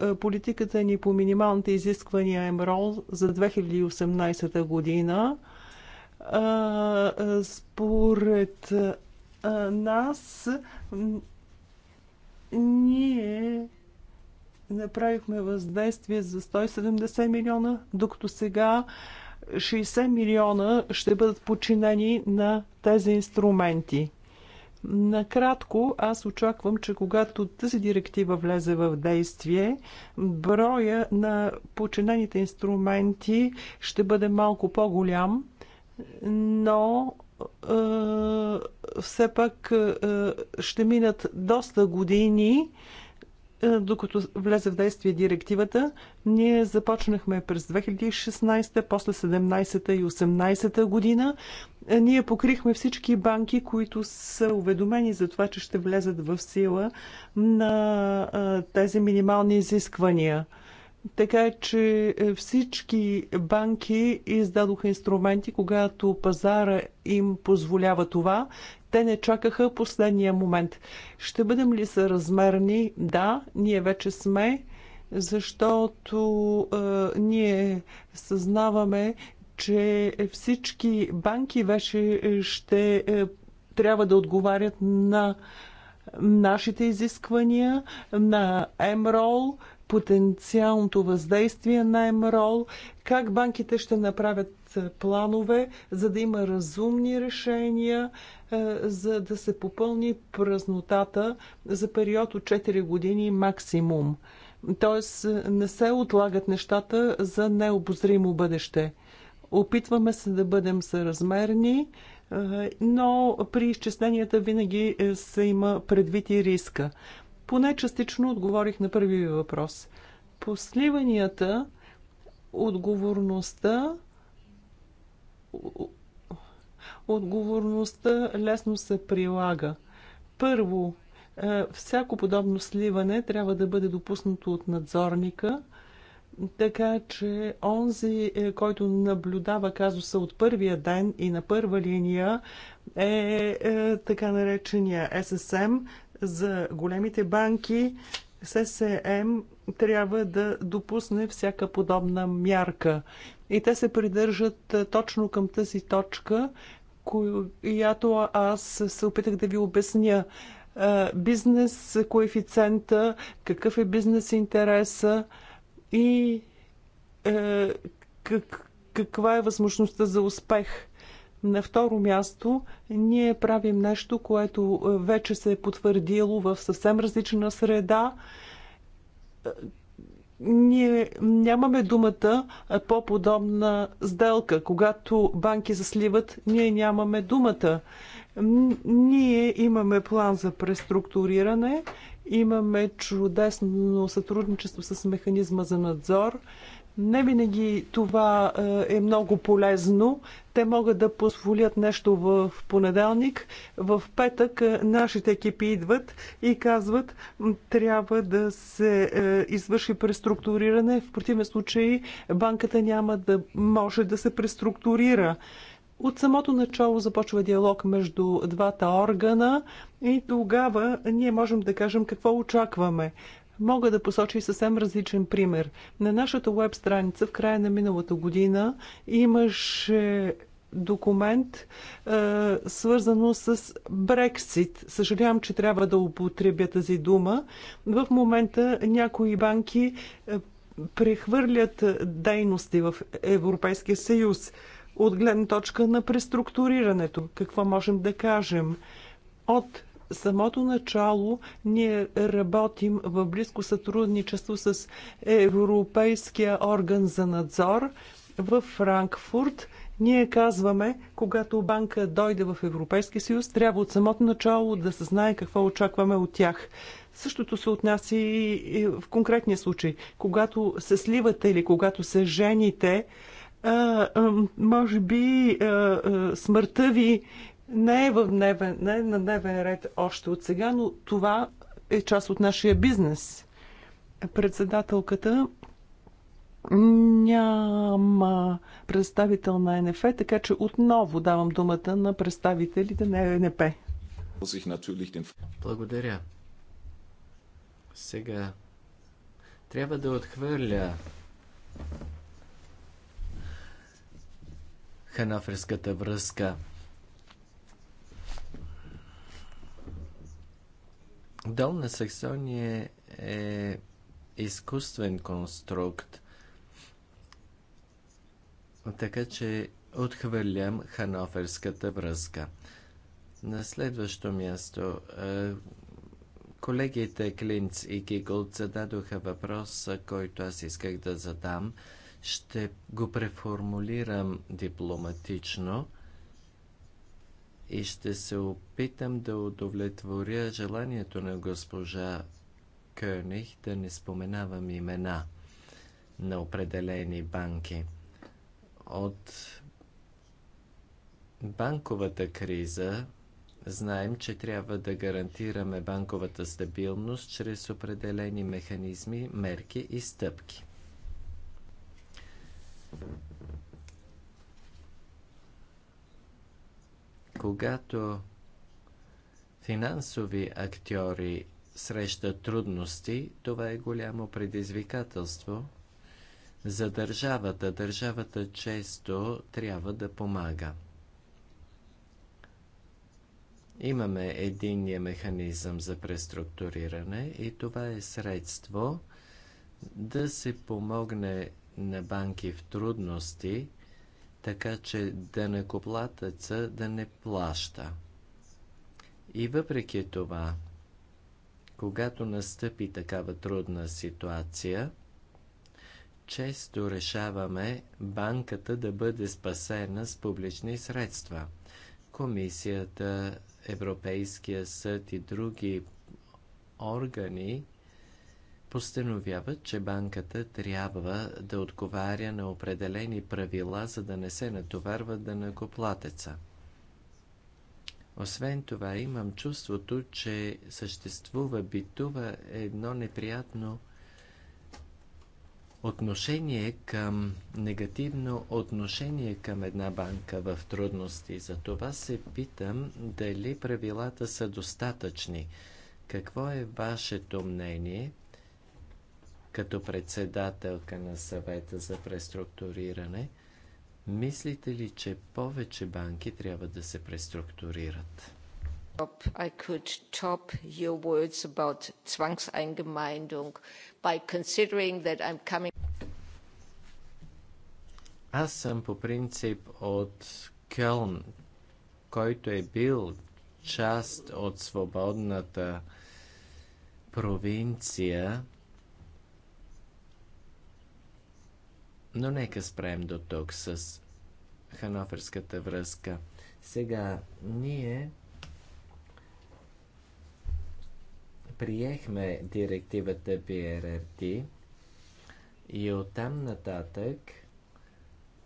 е, е, политиката ни по минималните изисквания МРОЛ за 2018 година. Според нас ние направихме въздействие за 170 милиона, докато сега 60 милиона ще бъдат подчинени на тези инструменти. Накратко, аз очаквам, че когато тази директива влезе в действие, броя на починените инструменти ще бъде малко по-голям, но е, все пак е, ще минат доста години е, докато влезе в действие директивата, ние започнахме през 2016, после 17 и 18 година. Е, ние покрихме всички банки, които са уведомени за това, че ще влезат в сила на е, тези минимални изисквания. Така че е, всички банки издадоха инструменти, когато пазара им позволява това. Те не чакаха последния момент. Ще бъдем ли съразмерни? Да, ние вече сме, защото е, ние съзнаваме, че всички банки вече е, ще е, трябва да отговарят на нашите изисквания, на МРОЛ, потенциалното въздействие на МРОЛ, как банките ще направят е, планове, за да има разумни решения, е, за да се попълни празнотата за период от 4 години максимум. Тоест е, не се отлагат нещата за необозримо бъдеще. Опитваме се да бъдем съразмерни, но при изчисленията винаги се има предвид и риска. Поне частично отговорих на първи въпрос. По сливанията, отговорността отговорността лесно се прилага. Първо, е, всяко подобно сливане трябва да бъде допуснато от надзорника, така че онзи, е, който наблюдава казуса от първия ден и на първа линия е, е така наречения ССМ, за големите банки ССМ трябва да допусне всяка подобна мярка. И те се придържат точно към тази точка, която аз се опитах да ви обясня. Бизнес коефициента, какъв е бизнес интереса и каква е възможността за успех. На второ място, ние правим нещо, което е, вече се е потвърдило в съвсем различна среда. Ние нямаме думата е, по подобна сделка. Когато банки засливат, ние нямаме думата. Ние имаме план за преструктуриране, имаме чудесно сътрудничество с механизма за надзор. Не винаги това е, е много полезно. Те могат да позволят нещо в понеделник. В петък е, нашите екипи идват и казват, трябва да се е, извърши преструктуриране. В противен случай банката няма да може да се преструктурира. От самото начало започва диалог между двата органа и тогава ние можем да кажем какво очакваме. Мога да посоча и съвсем различен пример. На нашата веб страница в края на миналата година имаше документ, е, свързано с Брексит. Съжалявам, че трябва да употребя тази дума. В момента някои банки е, прехвърлят дейности в Европейския съюз от гледна точка на преструктурирането. Какво можем да кажем? От самото начало ние работим в близко сътрудничество с Европейския орган за надзор в Франкфурт. Ние казваме, когато банка дойде в Европейския съюз, трябва от самото начало да се знае какво очакваме от тях. Същото се отнася и в конкретния случай. Когато се сливате или когато се жените, може би смъртта ви не е, в дневен, не е на дневен ред още от сега, но това е част от нашия бизнес. Председателката няма представител на НФ, така че отново давам думата на представителите на НП. Благодаря. Сега трябва да отхвърля ханаферската връзка. Долна Саксония е изкуствен конструкт, така че отхвърлям ханоферската връзка. На следващо място, е, колегите Клинц и Гигулт зададоха въпроса, който аз исках да задам. Ще го преформулирам дипломатично и ще се опитам да удовлетворя желанието на госпожа Кърних да не споменавам имена на определени банки. От банковата криза знаем, че трябва да гарантираме банковата стабилност чрез определени механизми, мерки и стъпки. Когато финансови актьори срещат трудности, това е голямо предизвикателство за държавата. Държавата често трябва да помага. Имаме единния механизъм за преструктуриране и това е средство да се помогне на банки в трудности така че данъкоплатеца да не плаща. И въпреки това, когато настъпи такава трудна ситуация, често решаваме банката да бъде спасена с публични средства. Комисията, Европейския съд и други органи постановяват, че банката трябва да отговаря на определени правила, за да не се натоварва да платеца. Освен това, имам чувството, че съществува, битува едно неприятно отношение към негативно отношение към една банка в трудности. За това се питам дали правилата са достатъчни. Какво е вашето мнение – като председателка на съвета за преструктуриране, мислите ли, че повече банки трябва да се преструктурират? I could top your words about Zwangseingemeindung by considering that I'm coming. Аз съм по принцип от Кълн, който е бил част от свободната провинция Но нека спрем до тук с ханоферската връзка. Сега ние приехме директивата BRRT и оттам нататък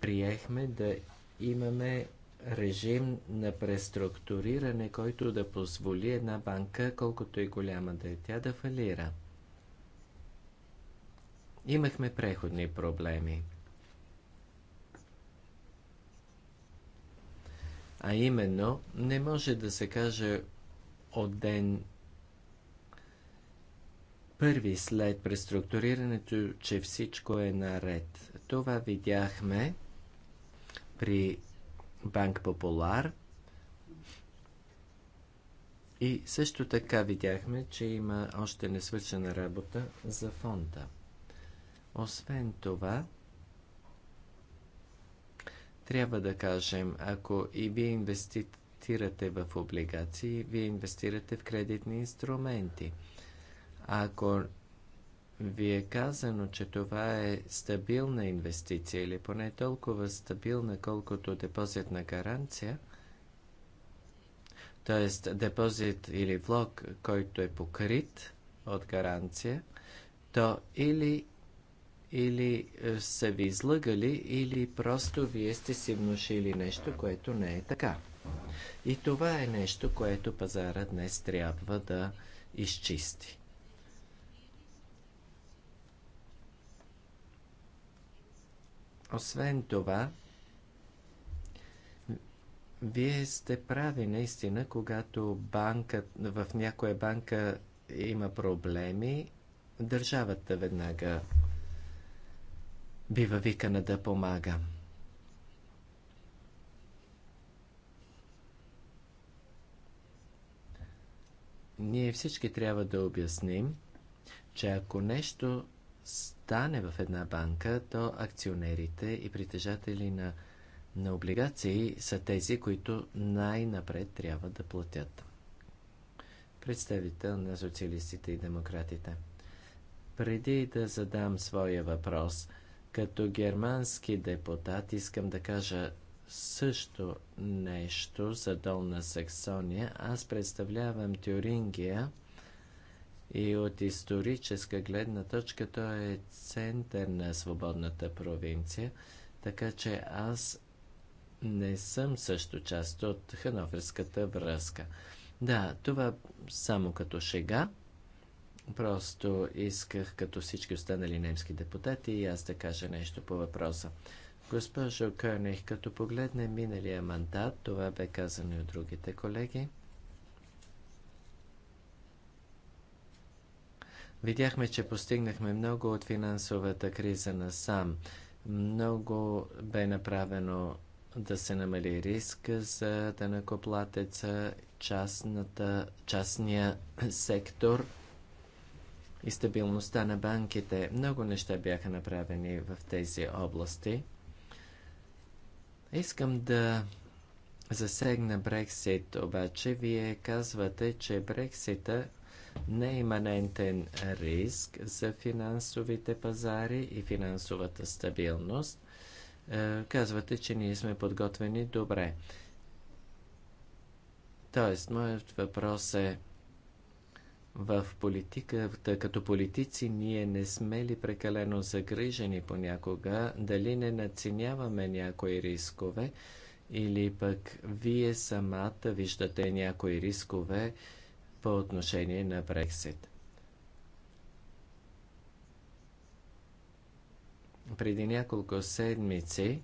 приехме да имаме режим на преструктуриране, който да позволи една банка, колкото и голяма да е тя, да фалира. Имахме преходни проблеми. А именно, не може да се каже от ден първи след преструктурирането, че всичко е наред. Това видяхме при Банк Популар. И също така видяхме, че има още несвършена работа за фонда. Освен това, трябва да кажем, ако и вие инвестирате в облигации, вие инвестирате в кредитни инструменти. Ако ви е казано, че това е стабилна инвестиция или поне толкова стабилна, колкото депозитна гаранция, т.е. депозит или влог, който е покрит от гаранция, то или или е, са ви излъгали, или просто вие сте си внушили нещо, което не е така. И това е нещо, което пазара днес трябва да изчисти. Освен това, вие сте прави наистина, когато банка, в някоя банка има проблеми, държавата веднага бива викана да помага. Ние всички трябва да обясним, че ако нещо стане в една банка, то акционерите и притежатели на, на облигации са тези, които най-напред трябва да платят. Представител на социалистите и демократите. Преди да задам своя въпрос – като германски депутат искам да кажа също нещо за Долна Саксония. Аз представлявам Тюрингия и от историческа гледна точка той е център на свободната провинция, така че аз не съм също част от Хановерската връзка. Да, това само като шега. Просто исках, като всички останали немски депутати, и аз да кажа нещо по въпроса. Госпожо Кърних, като погледне миналия мандат, това бе казано и от другите колеги, видяхме, че постигнахме много от финансовата криза на сам. Много бе направено да се намали риска за данъкоплатеца, частната, частния сектор – и стабилността на банките. Много неща бяха направени в тези области. Искам да засегна Брексит, обаче вие казвате, че Брексита не е иманентен риск за финансовите пазари и финансовата стабилност. Е, казвате, че ние сме подготвени добре. Тоест, моят въпрос е, в политиката, като политици, ние не сме ли прекалено загрижени понякога, дали не наценяваме някои рискове, или пък вие самата виждате някои рискове по отношение на Брексит. Преди няколко седмици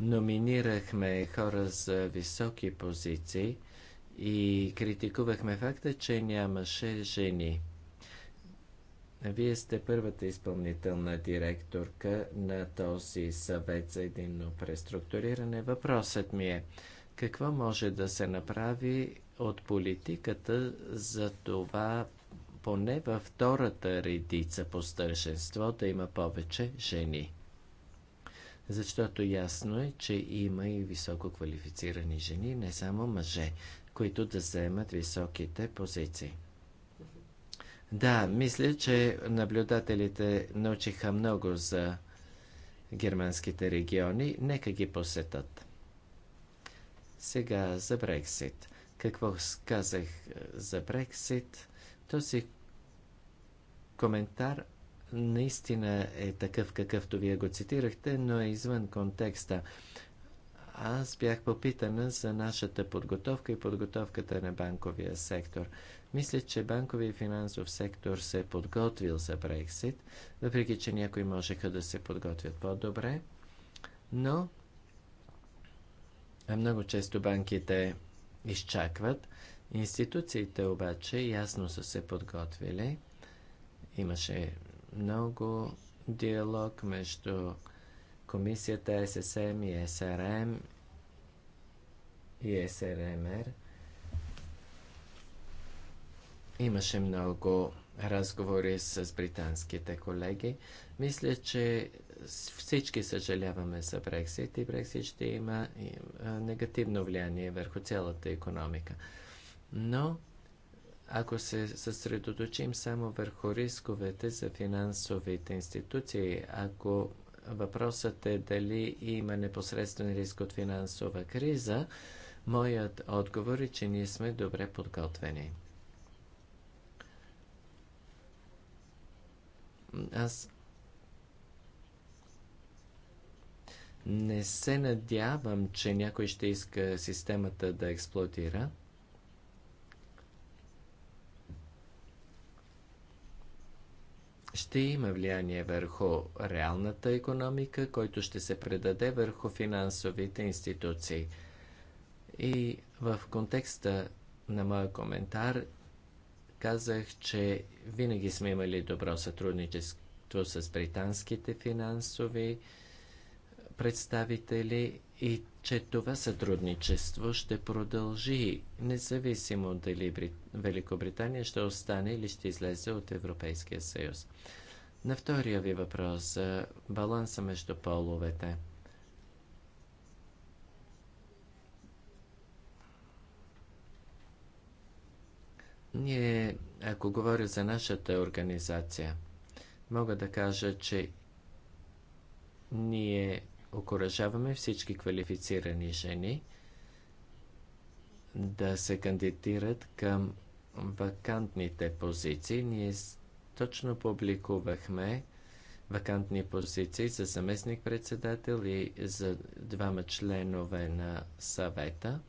номинирахме хора за високи позиции – и критикувахме факта, че нямаше жени. Вие сте първата изпълнителна директорка на този съвет за единно преструктуриране. Въпросът ми е, какво може да се направи от политиката за това поне във втората редица по старшенство да има повече жени? Защото ясно е, че има и високо квалифицирани жени, не само мъже които да заемат високите позиции. Да, мисля, че наблюдателите научиха много за германските региони. Нека ги посетат. Сега за Брексит. Какво казах е, за Брексит? Този коментар наистина е такъв, какъвто вие го цитирахте, но е извън контекста. Аз бях попитана за нашата подготовка и подготовката на банковия сектор. Мисля, че банкови и финансов сектор се е подготвил за Брексит, въпреки че някои можеха да се подготвят по-добре, но много често банките изчакват. Институциите обаче ясно са се подготвили. Имаше много диалог между комисията ССМ и СРМ и СРМР. Имаше много разговори с британските колеги. Мисля, че всички съжаляваме за Брексит и Брексит ще има негативно влияние върху цялата економика. Но ако се съсредоточим само върху рисковете за финансовите институции, ако Въпросът е дали има непосредствен риск от финансова криза. Моят отговор е, че ние сме добре подготвени. Аз не се надявам, че някой ще иска системата да експлодира – ще има влияние върху реалната економика, който ще се предаде върху финансовите институции. И в контекста на моя коментар казах, че винаги сме имали добро сътрудничество с британските финансови представители и че това сътрудничество ще продължи, независимо дали Великобритания ще остане или ще излезе от Европейския съюз. На втория ви въпрос за баланса между половете. Ние, ако говоря за нашата организация, мога да кажа, че ние окоръжаваме всички квалифицирани жени да се кандидират към вакантните позиции. Ние точно публикувахме вакантни позиции за заместник-председател и за двама членове на съвета.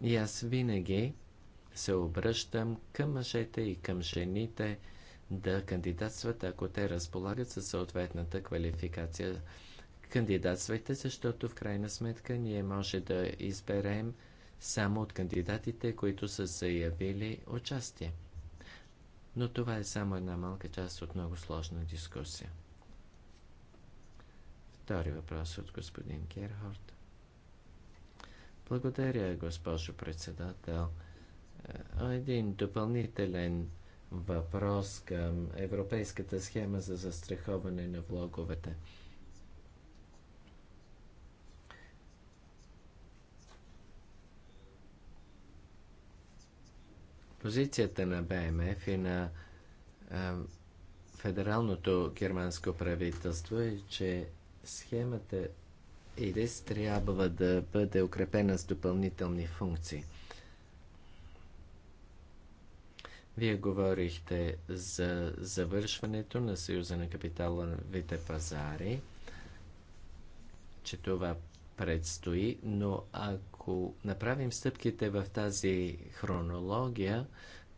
И аз винаги се обръщам към мъжете и към жените – да кандидатстват, ако те разполагат със съответната квалификация. Кандидатствайте, защото в крайна сметка ние може да изберем само от кандидатите, които са заявили участие. Но това е само една малка част от много сложна дискусия. Втори въпрос от господин Герхорд. Благодаря, госпожо председател. Е, един допълнителен въпрос към Европейската схема за застраховане на влоговете. Позицията на БМФ и на а, федералното германско правителство е, че схемата ИДИС трябва да бъде укрепена с допълнителни функции – Вие говорихте за завършването на Съюза на капиталовите пазари, че това предстои, но ако направим стъпките в тази хронология,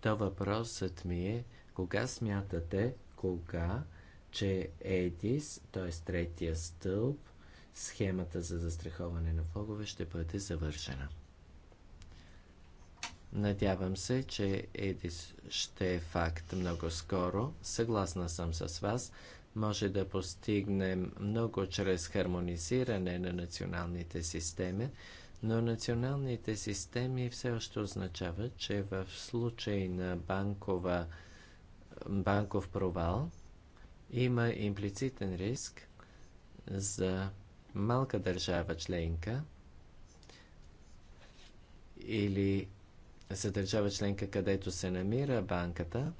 то въпросът ми е кога смятате, кога, че ЕДИС, т.е. третия стълб, схемата за застраховане на влогове ще бъде завършена. Надявам се, че Едис ще е факт много скоро. Съгласна съм с вас. Може да постигнем много чрез хармонизиране на националните системи, но националните системи все още означават, че в случай на банкова, банков провал има имплицитен риск за малка държава членка или за държава членка, където се намира банката,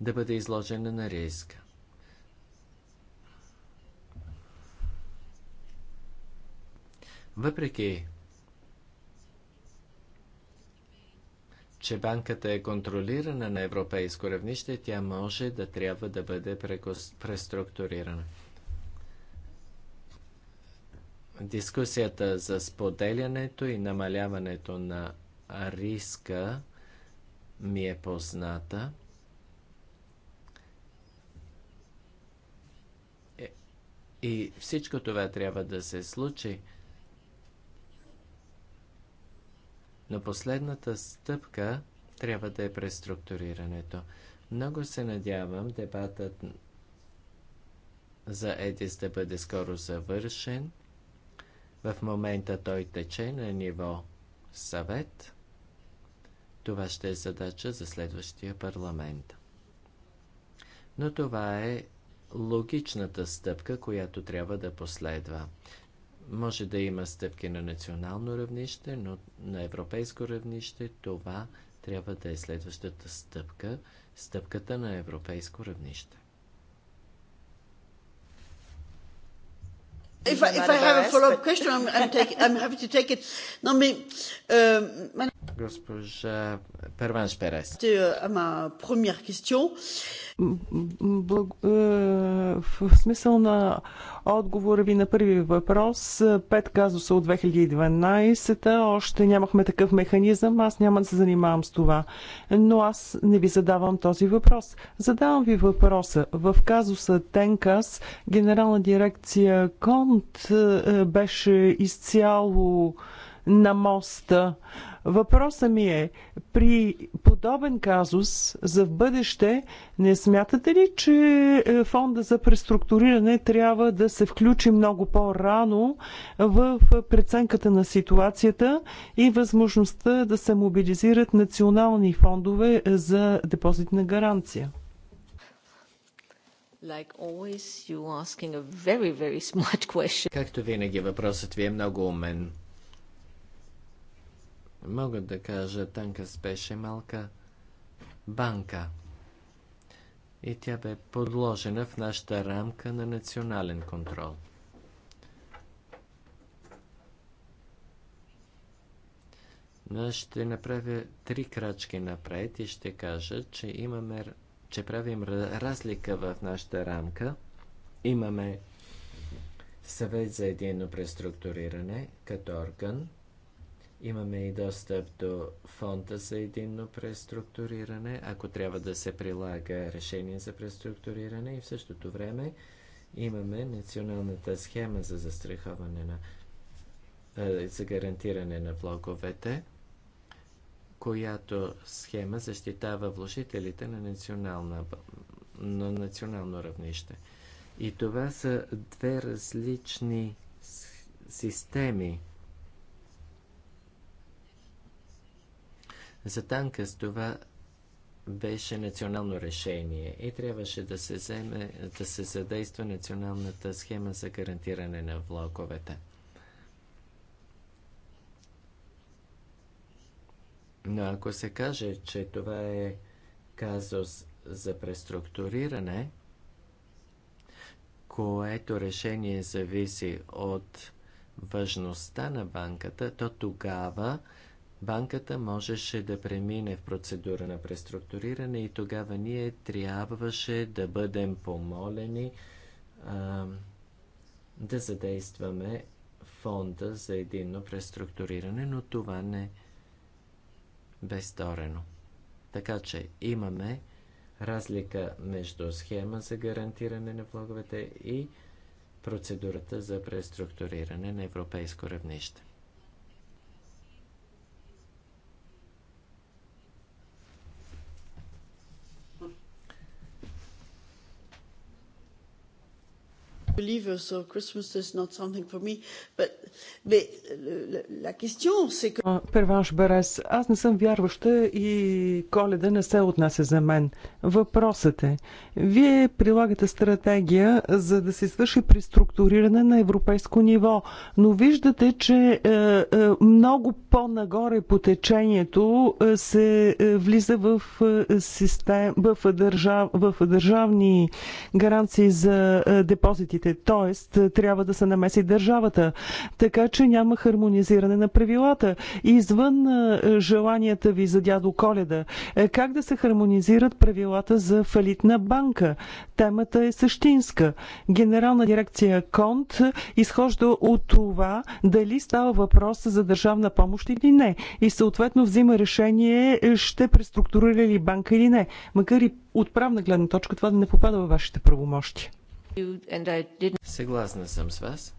да бъде изложена на риск. Въпреки, че банката е контролирана на европейско равнище, тя може да трябва да бъде преструктурирана дискусията за споделянето и намаляването на риска ми е позната. Е, и всичко това трябва да се случи. Но последната стъпка трябва да е преструктурирането. Много се надявам дебатът за Едис да бъде скоро завършен – в момента той тече на ниво съвет. Това ще е задача за следващия парламент. Но това е логичната стъпка, която трябва да последва. Може да има стъпки на национално равнище, но на европейско равнище това трябва да е следващата стъпка, стъпката на европейско равнище. If I, if I have a follow-up question, I'm, I'm, take, I'm happy to take it. Non, mais euh, Госпожа Перванш Перес. Euh, е, в смисъл на отговора ви на първи въпрос, е, пет казуса от 2012-та, още нямахме такъв механизъм, аз няма да се занимавам с това. Но аз не ви задавам този въпрос. Задавам ви въпроса. В казуса Тенкас, генерална дирекция Конт е, беше изцяло на моста. Въпросът ми е, при подобен казус за в бъдеще, не смятате ли, че е, фонда за преструктуриране трябва да се включи много по-рано в преценката на ситуацията и възможността да се мобилизират национални фондове е, за депозитна гаранция? Like always, very, very Както винаги, въпросът ви е много умен. Могат да кажа, танка спеше малка банка и тя бе подложена в нашата рамка на национален контрол. Но ще направя три крачки напред и ще кажа, че имаме, че правим разлика в нашата рамка. Имаме съвет за единно преструктуриране като орган – Имаме и достъп до фонда за единно преструктуриране, ако трябва да се прилага решение за преструктуриране и в същото време имаме националната схема за застраховане на е, за гарантиране на влоговете, която схема защитава вложителите на, национална, на национално равнище. И това са две различни системи За Танкас това беше национално решение и трябваше да се, вземе, да се задейства националната схема за гарантиране на влаковете. Но ако се каже, че това е казус за преструктуриране, което решение зависи от важността на банката, то тогава банката можеше да премине в процедура на преструктуриране и тогава ние трябваше да бъдем помолени а, да задействаме фонда за единно преструктуриране, но това не бе сторено. Така че имаме разлика между схема за гарантиране на влоговете и процедурата за преструктуриране на европейско равнище. believer, uh, so Christmas is not something for me. But, mais, uh, la question, c'est que... Перванш Берес, аз не съм вярваща и коледа не се отнася за мен. Въпросът е, вие прилагате стратегия за да се свърши при структуриране на европейско ниво, но виждате, че е, е, много по-нагоре по течението е, се е, влиза в, е, систем, в, държав, в държавни гаранции за е, депозитите договорите, т.е. трябва да се намеси държавата. Така че няма хармонизиране на правилата. Извън е, желанията ви за дядо Коледа, е, как да се хармонизират правилата за фалитна банка? Темата е същинска. Генерална дирекция Конт изхожда от това дали става въпрос за държавна помощ или не. И съответно взима решение е, ще преструктурира ли банка или не. Макар и от правна гледна точка това да не попада във вашите правомощи. Съгласна съм с вас.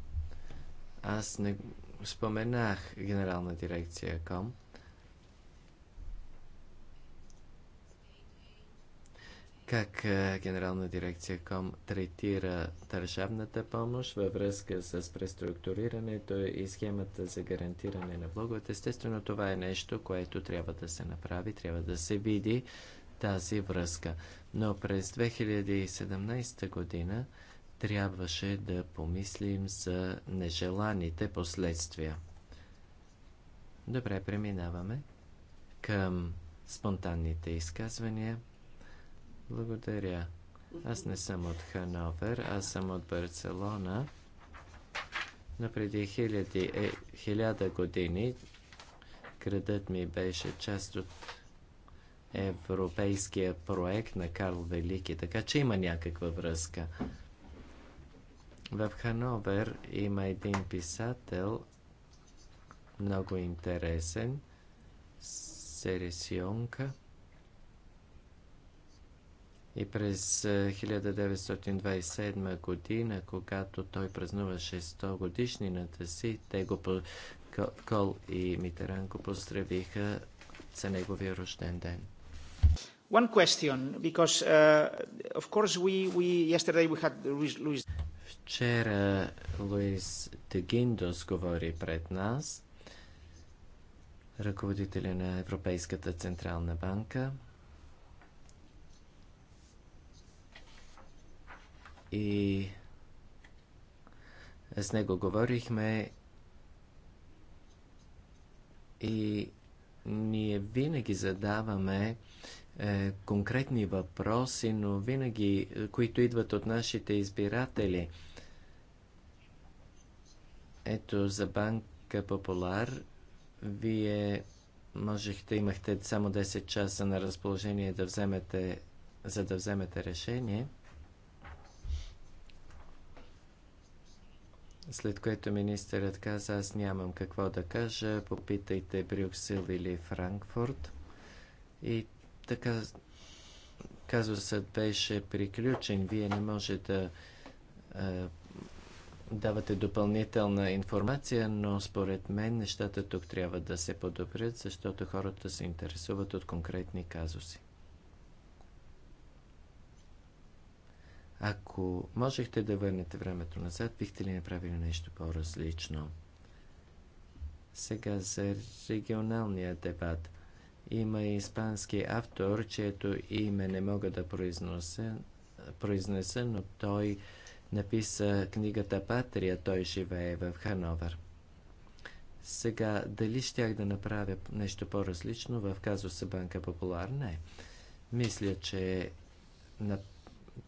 Аз не споменах генерална дирекция КОМ. Как е, генерална дирекция КОМ третира държавната помощ във връзка с преструктурирането и схемата за гарантиране на влоговете? Естествено, това е нещо, което трябва да се направи, трябва да се види тази връзка. Но през 2017 година трябваше да помислим за нежеланите последствия. Добре, преминаваме към спонтанните изказвания. Благодаря. Аз не съм от Хановер, аз съм от Барселона. Но преди хиляди, е, хиляда години градът ми беше част от европейския проект на Карл Велики, така че има някаква връзка. В Хановер има един писател, много интересен, Сересионка. И през 1927 година, когато той празнуваше 100 годишнината си, те го Кол и Митеран го поздравиха за неговия рожден ден. One question, because uh, of course we, we yesterday we had Louis. Вчера Луис Дегиндос говори пред нас, ръководителя на Европейската Централна банка. И с него говорихме и ние винаги задаваме е, конкретни въпроси, но винаги, е, които идват от нашите избиратели. Ето за банка Популар, вие можехте, имахте само 10 часа на разположение да вземете, за да вземете решение. След което министърът каза, аз нямам какво да кажа, попитайте Брюксел или Франкфурт. И така се, беше приключен. Вие не може да е, давате допълнителна информация, но според мен нещата тук трябва да се подобрят, защото хората се интересуват от конкретни казуси. Ако можехте да върнете времето назад, бихте ли направили нещо по-различно? Сега за регионалния дебат. Има и испански автор, чието име не мога да произнеса, но той написа книгата Патрия. Той живее в Хановър. Сега, дали щях да направя нещо по-различно в казуса Банка Популар? Не. Мисля, че, на,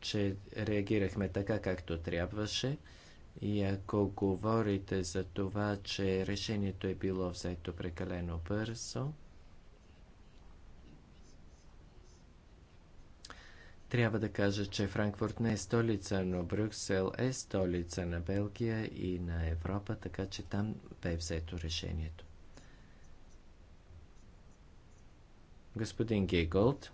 че реагирахме така, както трябваше. И ако говорите за това, че решението е било взето прекалено бързо, Трябва да кажа, че Франкфурт не е столица, но Брюксел е столица на Белгия и на Европа, така че там бе взето решението. Господин Гейголд,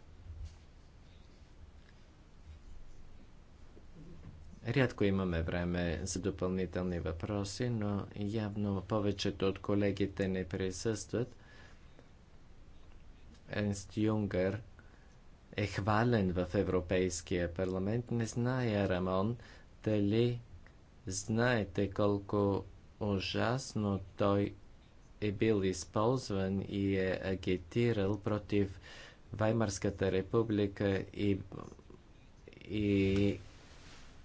Рядко имаме време за допълнителни въпроси, но явно повечето от колегите не присъстват. Енст Юнгър е хвален в Европейския парламент. Не зная, Рамон, дали знаете колко ужасно той е бил използван и е агитирал против Ваймарската република и, и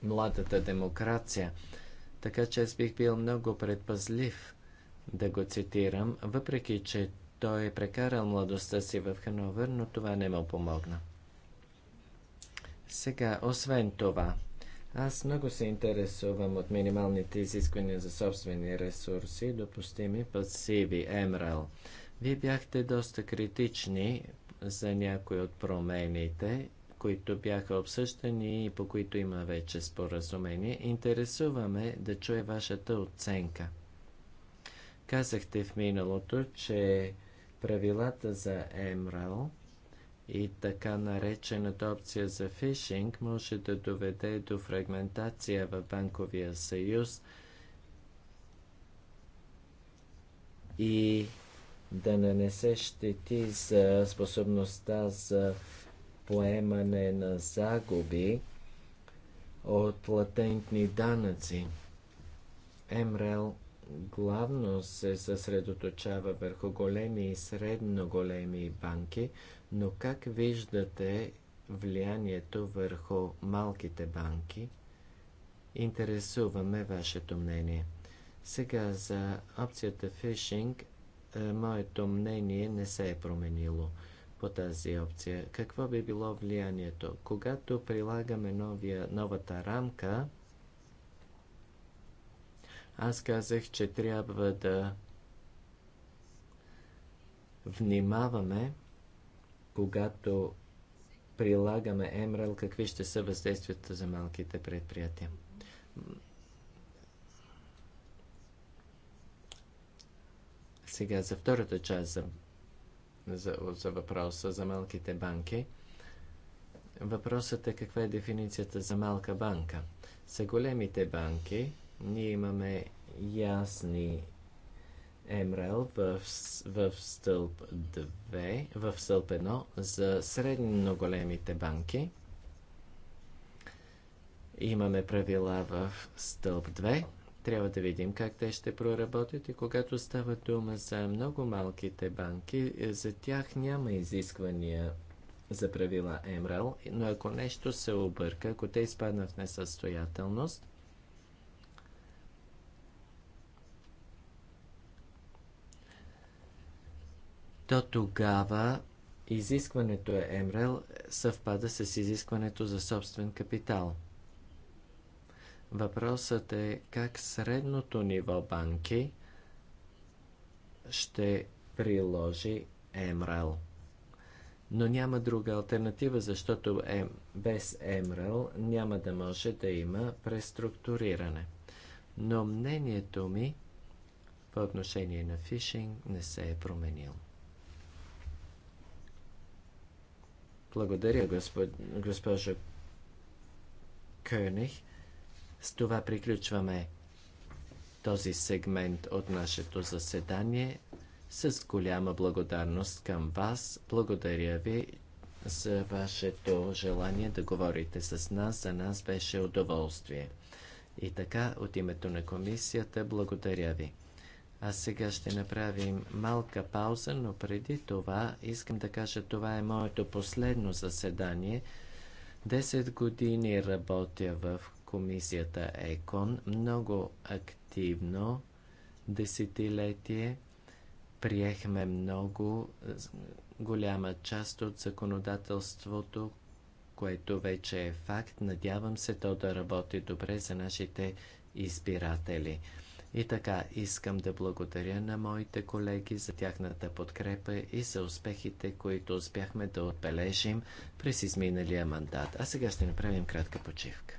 младата демокрация. Така че аз бих бил много предпазлив да го цитирам, въпреки че той е прекарал младостта си в Хановер, но това не му помогна. Сега, освен това, аз много се интересувам от минималните изисквания за собствени ресурси, допустими пасиви, МРЛ. Вие бяхте доста критични за някои от промените, които бяха обсъждани и по които има вече споразумение. Интересуваме да чуе вашата оценка. Казахте в миналото, че правилата за МРЛ и така наречената опция за фишинг може да доведе до фрагментация в банковия съюз и да нанесе щети за способността за поемане на загуби от латентни данъци. МРЛ главно се съсредоточава върху големи и средно големи банки – но как виждате влиянието върху малките банки? Интересуваме вашето мнение. Сега за опцията фишинг, е, моето мнение не се е променило по тази опция. Какво би било влиянието? Когато прилагаме новия, новата рамка, аз казах, че трябва да внимаваме когато прилагаме Емрал, какви ще са въздействията за малките предприятия. Сега за втората част за, за, за въпроса за малките банки. Въпросът е каква е дефиницията за малка банка. За големите банки ние имаме ясни МРЛ в, в стълб 2, в стълб 1 за средно големите банки. Имаме правила в стълб 2. Трябва да видим как те ще проработят и когато става дума за много малките банки, е, за тях няма изисквания за правила МРЛ, но ако нещо се обърка, ако те изпаднат в несъстоятелност, то тогава изискването е МРЕЛ съвпада с изискването за собствен капитал. Въпросът е как средното ниво банки ще приложи МРЛ. Но няма друга альтернатива, защото без МРЛ няма да може да има преструктуриране. Но мнението ми по отношение на фишинг не се е променило. Благодаря, господ... госпожо Кърних. С това приключваме този сегмент от нашето заседание. С голяма благодарност към вас. Благодаря ви за вашето желание да говорите с нас. За нас беше удоволствие. И така, от името на комисията, благодаря ви. А сега ще направим малка пауза, но преди това искам да кажа, това е моето последно заседание. Десет години работя в комисията ЕКОН, много активно, десетилетие. Приехме много голяма част от законодателството, което вече е факт. Надявам се то да работи добре за нашите избиратели. И така, искам да благодаря на моите колеги за тяхната подкрепа и за успехите, които успяхме да отбележим през изминалия мандат. А сега ще направим кратка почивка.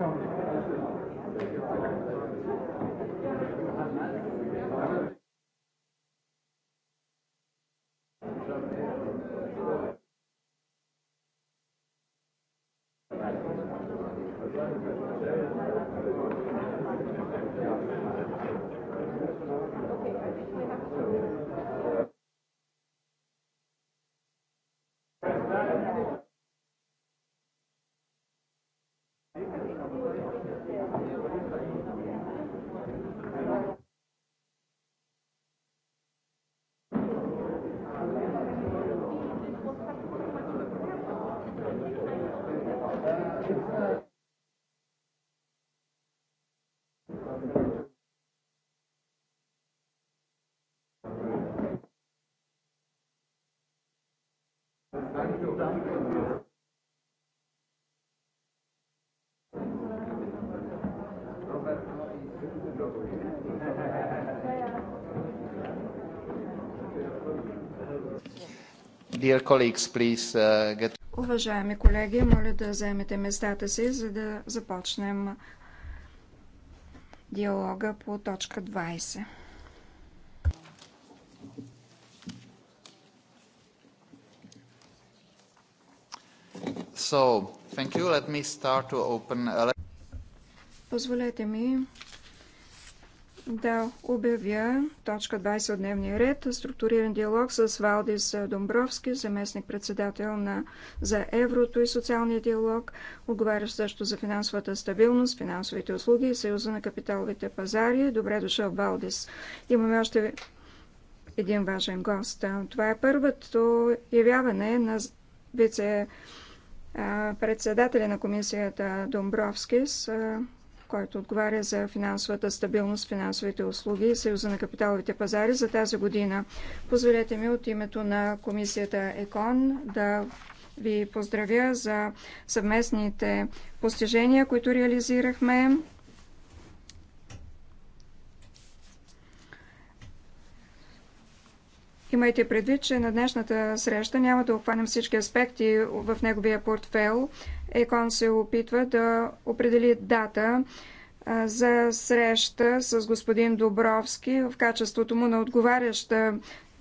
sammenheng. Please, uh, get... Уважаеми колеги, моля да заемете местата си, за да започнем диалога по точка 20. Uh, Позволете ми да обявя точка 20 от дневния ред структуриран диалог с Валдис Домбровски, заместник-председател на за еврото и социалния диалог, отговарящ също за финансовата стабилност, финансовите услуги и Съюза на капиталовите пазари. Добре дошъл, Валдис. Имаме още един важен гост. Това е първото явяване на вице председателя на комисията Домбровскис, който отговаря за финансовата стабилност, финансовите услуги и Съюза на капиталовите пазари за тази година. Позволете ми от името на комисията ЕКОН да ви поздравя за съвместните постижения, които реализирахме Имайте предвид, че на днешната среща няма да обхванем всички аспекти в неговия портфел. ЕКОН се опитва да определи дата за среща с господин Добровски в качеството му на отговаряща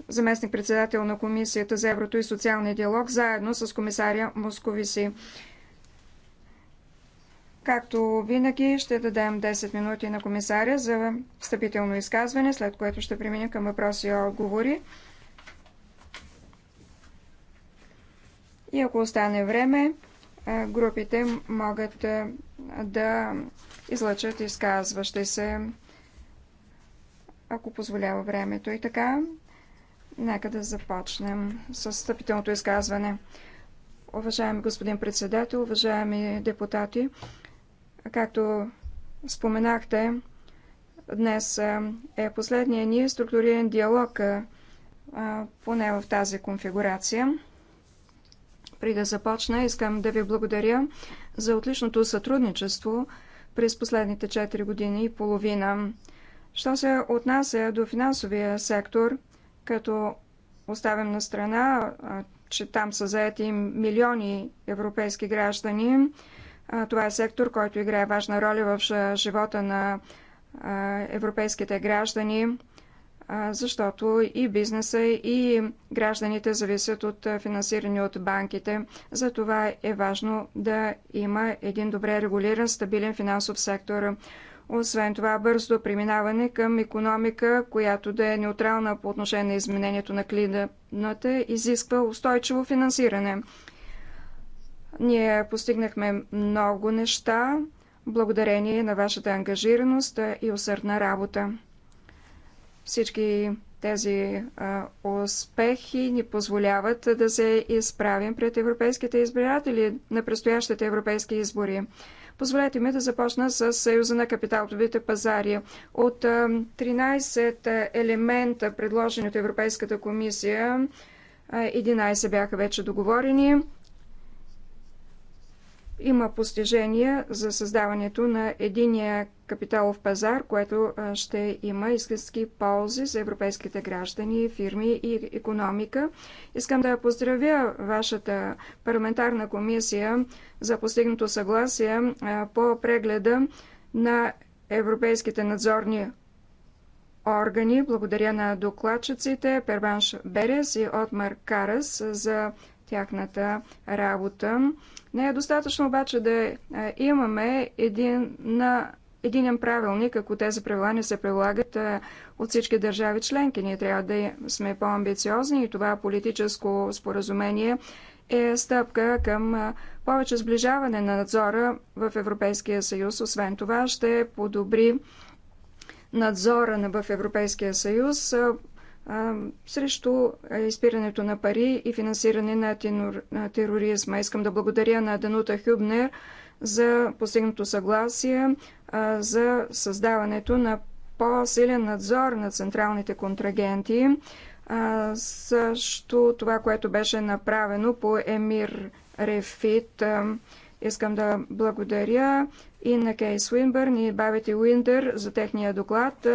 заместник-председател на Комисията за еврото и социалния диалог, заедно с комисаря Московиси. Както винаги, ще дадем 10 минути на комисаря за встъпително изказване, след което ще преминем към въпроси и отговори. И ако остане време, групите могат да излъчат изказващи се, ако позволява времето. И така, нека да започнем с стъпителното изказване. Уважаеми господин председател, уважаеми депутати, както споменахте, днес е последния ни структуриран диалог поне в тази конфигурация. При да започна, искам да ви благодаря за отличното сътрудничество през последните 4 години и половина. Що се отнася до финансовия сектор, като оставям на страна, че там са заети милиони европейски граждани, това е сектор, който играе важна роля в живота на европейските граждани защото и бизнеса, и гражданите зависят от финансиране от банките. За това е важно да има един добре регулиран, стабилен финансов сектор. Освен това, бързо преминаване към економика, която да е неутрална по отношение на изменението на климата, изисква устойчиво финансиране. Ние постигнахме много неща благодарение на вашата ангажираност и усърдна работа. Всички тези а, успехи ни позволяват да се изправим пред европейските избиратели на предстоящите европейски избори. Позволете ми да започна с Съюза на капиталовите пазари. От 13 елемента, предложени от Европейската комисия, 11 бяха вече договорени. Има постижения за създаването на единия капиталов пазар, което ще има истински ползи за европейските граждани, фирми и економика. Искам да поздравя вашата парламентарна комисия за постигнато съгласие по прегледа на европейските надзорни органи. Благодаря на докладчиците Перванш Берес и Отмар Карас за тяхната работа. Не е достатъчно обаче да имаме един на единен правилник, ако тези правила не се прилагат от всички държави членки. Ние трябва да сме по-амбициозни и това политическо споразумение е стъпка към повече сближаване на надзора в Европейския съюз. Освен това ще подобри надзора в Европейския съюз срещу изпирането на пари и финансиране на, на тероризма. Искам да благодаря на Данута Хюбнер за постигнато съгласие за създаването на по-силен надзор на централните контрагенти. Също това, което беше направено по Емир Рефит. Искам да благодаря и на Кейс Уинбърн и Бабите Уиндър за техния доклад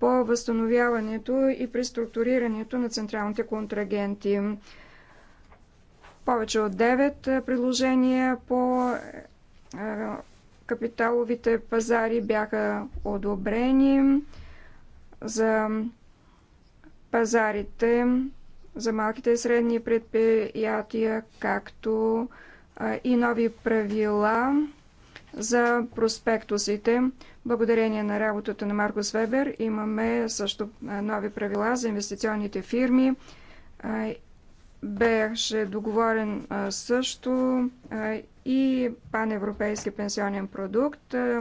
по възстановяването и преструктурирането на централните контрагенти. Повече от 9 предложения по капиталовите пазари бяха одобрени за пазарите, за малките и средни предприятия, както и нови правила за проспектусите. Благодарение на работата на Маркос Вебер имаме също нови правила за инвестиционните фирми. Беше договорен също и паневропейски пенсионен продукт, е,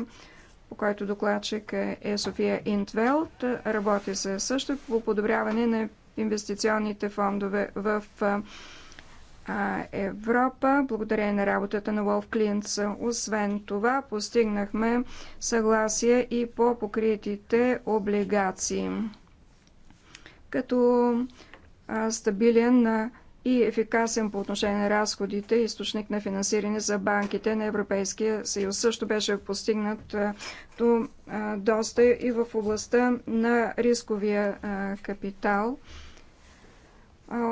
по който докладчик е, е София Интвелт. Работи се също по подобряване на инвестиционните фондове в е, Европа, благодарение на работата на Волф Клинц. Освен това, постигнахме съгласие и по покритите облигации. Като стабилен на и ефикасен по отношение на разходите източник на финансиране за банките на Европейския съюз. Също беше постигнат доста и в областта на рисковия капитал.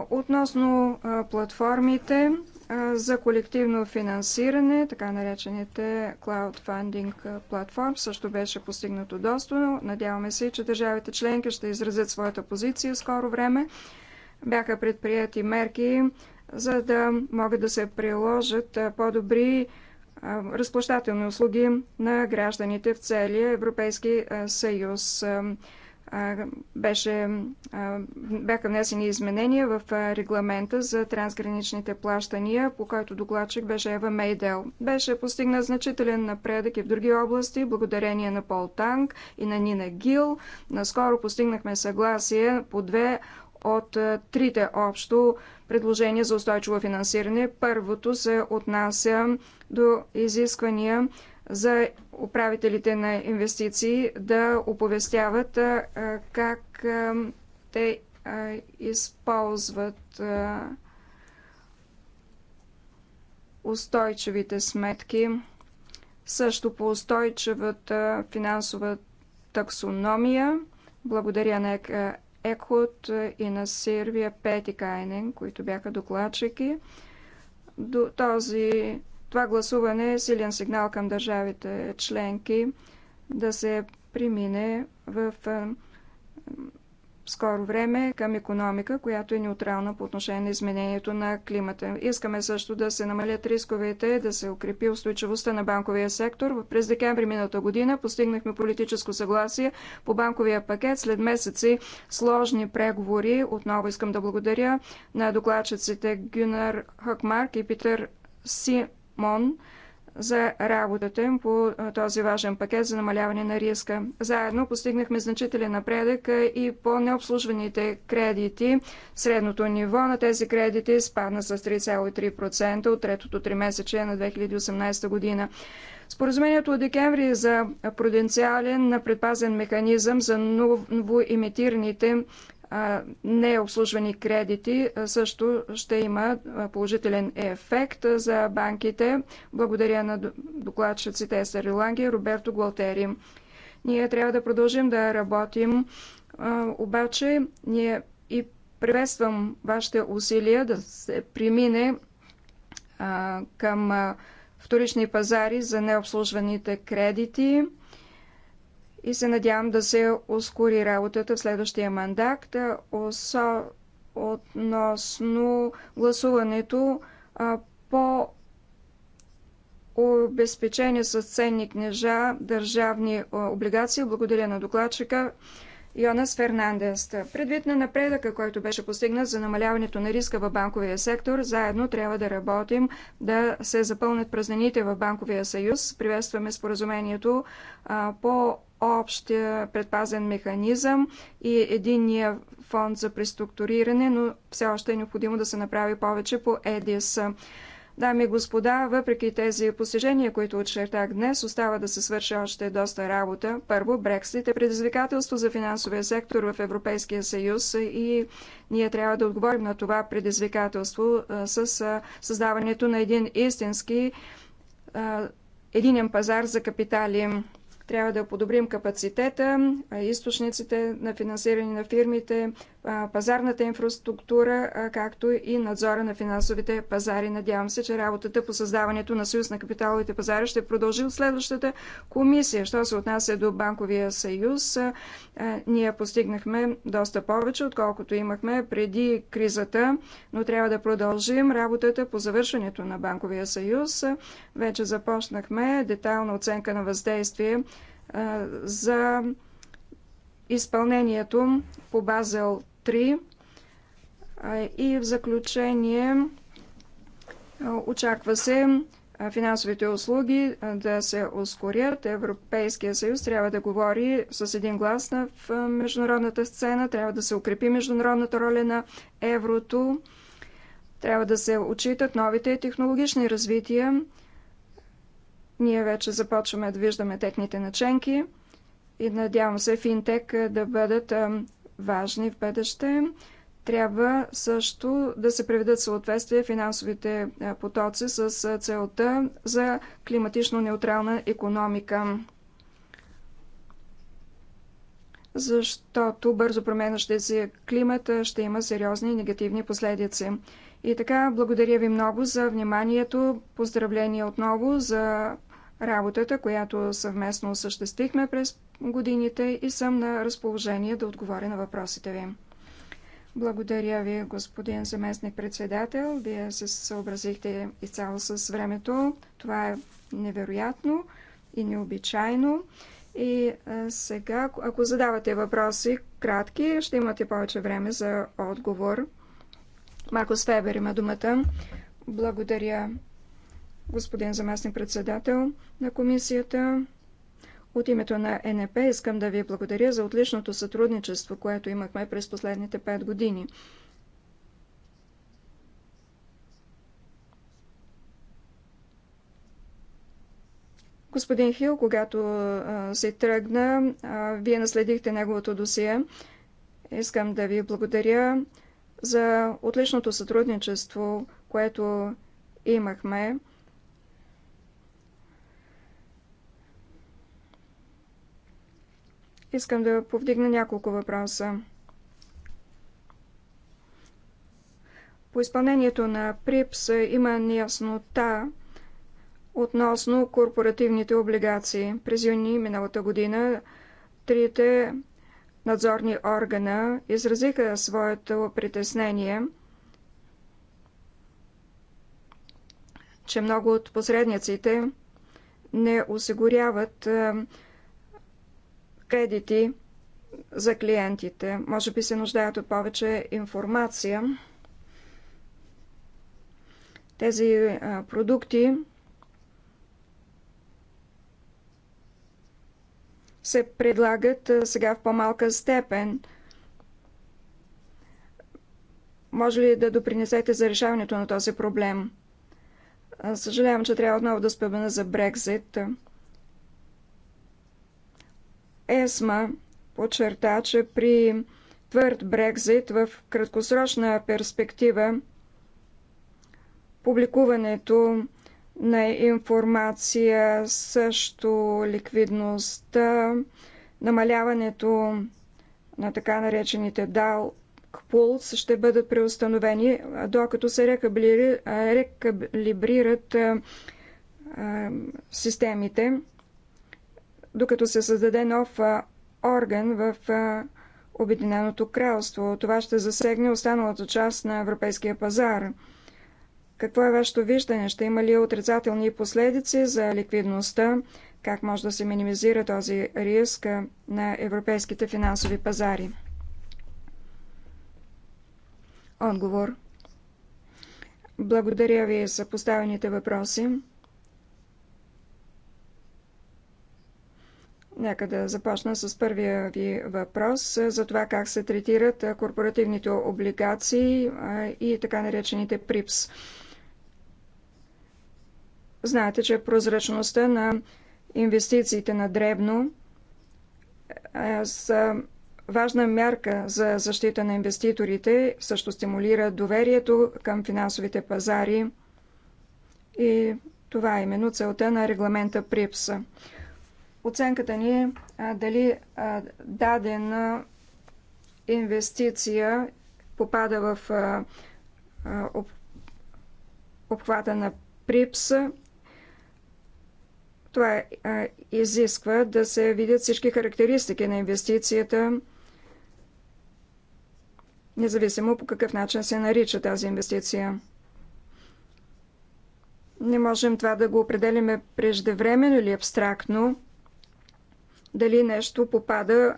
Относно платформите за колективно финансиране, така наречените Cloud Funding Platform, също беше постигнато доста. Надяваме се, че държавите членки ще изразят своята позиция в скоро време. Бяха предприяти мерки, за да могат да се приложат по-добри разплащателни услуги на гражданите в целия Европейски съюз. Беше, бяха внесени изменения в регламента за трансграничните плащания, по който докладчик беше Ева Мейдел. Беше постигнат значителен напредък и в други области, благодарение на Пол Танк и на Нина Гил. Наскоро постигнахме съгласие по две от трите общо предложения за устойчиво финансиране. Първото се отнася до изисквания за управителите на инвестиции да оповестяват как те използват устойчивите сметки. Също по устойчивата финансова таксономия, благодаря на Екхот и на Сервия Пети Кайнен, които бяха докладчики. До този, това гласуване е силен сигнал към държавите членки да се премине в скоро време към економика, която е неутрална по отношение на изменението на климата. Искаме също да се намалят рисковете, да се укрепи устойчивостта на банковия сектор. През декември миналата година постигнахме политическо съгласие по банковия пакет след месеци сложни преговори. Отново искам да благодаря на докладчиците Гюнар Хакмарк и Питър Симон за работата им по този важен пакет за намаляване на риска. Заедно постигнахме значителен напредък и по необслужваните кредити. Средното ниво на тези кредити спадна с 3,3% от третото три месече на 2018 година. Споразумението от декември е за пруденциален предпазен механизъм за новоимитираните необслужвани кредити също ще има положителен ефект за банките. Благодаря на докладчиците Есер Ланги Роберто Гуалтери. Ние трябва да продължим да работим, обаче ние и приветствам вашите усилия да се премине към вторични пазари за необслужваните кредити и се надявам да се ускори работата в следващия мандат относно гласуването по обезпечение с ценни книжа, държавни облигации. Благодаря на докладчика Йонас Фернандес. Предвид на напредъка, който беше постигнат за намаляването на риска в банковия сектор, заедно трябва да работим да се запълнят празнените в банковия съюз. Приветстваме споразумението по общ предпазен механизъм и единния фонд за преструктуриране, но все още е необходимо да се направи повече по ЕДИС. Дами и господа, въпреки тези постижения, които очертах днес, остава да се свърши още доста работа. Първо, Брексит е предизвикателство за финансовия сектор в Европейския съюз и ние трябва да отговорим на това предизвикателство с създаването на един истински единен пазар за капитали. Трябва да подобрим капацитета, източниците на финансиране на фирмите, пазарната инфраструктура, както и надзора на финансовите пазари. Надявам се, че работата по създаването на съюз на капиталовите пазари ще продължи от следващата комисия. Що се отнася до банковия съюз, ние постигнахме доста повече, отколкото имахме преди кризата, но трябва да продължим работата по завършването на банковия съюз. Вече започнахме детайлна оценка на въздействие за изпълнението по Базел 3 и в заключение очаква се финансовите услуги да се ускорят. Европейския съюз трябва да говори с един глас на международната сцена, трябва да се укрепи международната роля на еврото, трябва да се отчитат новите технологични развития, ние вече започваме да виждаме техните наченки и надявам се финтек е, да бъдат важни в бъдеще. Трябва също да се приведат съответствие финансовите потоци с целта за климатично неутрална економика. Защото бързо променящи се климат ще има сериозни негативни последици. И така, благодаря ви много за вниманието. Поздравления отново за работата, която съвместно осъществихме през годините и съм на разположение да отговоря на въпросите ви. Благодаря ви, господин заместник-председател. Вие се съобразихте изцяло с времето. Това е невероятно и необичайно. И сега, ако задавате въпроси кратки, ще имате повече време за отговор. Макос Фебер има думата. Благодаря, господин заместник председател на комисията. От името на НП искам да ви благодаря за отличното сътрудничество, което имахме през последните 5 години. Господин Хил, когато се тръгна, вие наследихте неговото досие. Искам да ви благодаря за отличното сътрудничество, което имахме Искам да повдигна няколко въпроса. По изпълнението на ПРИПС има неяснота относно корпоративните облигации. През юни миналата година трите надзорни органа изразиха своето притеснение, че много от посредниците не осигуряват кредити за клиентите. Може би се нуждаят от повече информация. Тези продукти се предлагат сега в по-малка степен. Може ли да допринесете за решаването на този проблем? Съжалявам, че трябва отново да спомена за Брекзит. ЕСМА подчерта, че при твърд Брекзит в краткосрочна перспектива публикуването на информация, също ликвидността, намаляването на така наречените дал пулс ще бъдат преустановени, докато се рекалибрират системите докато се създаде нов орган в Обединеното кралство. Това ще засегне останалата част на европейския пазар. Какво е вашето виждане? Ще има ли отрицателни последици за ликвидността? Как може да се минимизира този риск на европейските финансови пазари? Отговор. Благодаря ви за поставените въпроси. Нека да започна с първия ви въпрос е за това как се третират е, корпоративните облигации е, и така наречените ПРИПС. Знаете, че прозрачността на инвестициите на дребно са важна мярка за защита на инвеститорите, също стимулира доверието към финансовите пазари и това е именно целта на регламента ПРИПС. Оценката ни е дали дадена инвестиция попада в обхвата на ПРИПС. Това изисква да се видят всички характеристики на инвестицията, независимо по какъв начин се нарича тази инвестиция. Не можем това да го определиме преждевременно или абстрактно дали нещо попада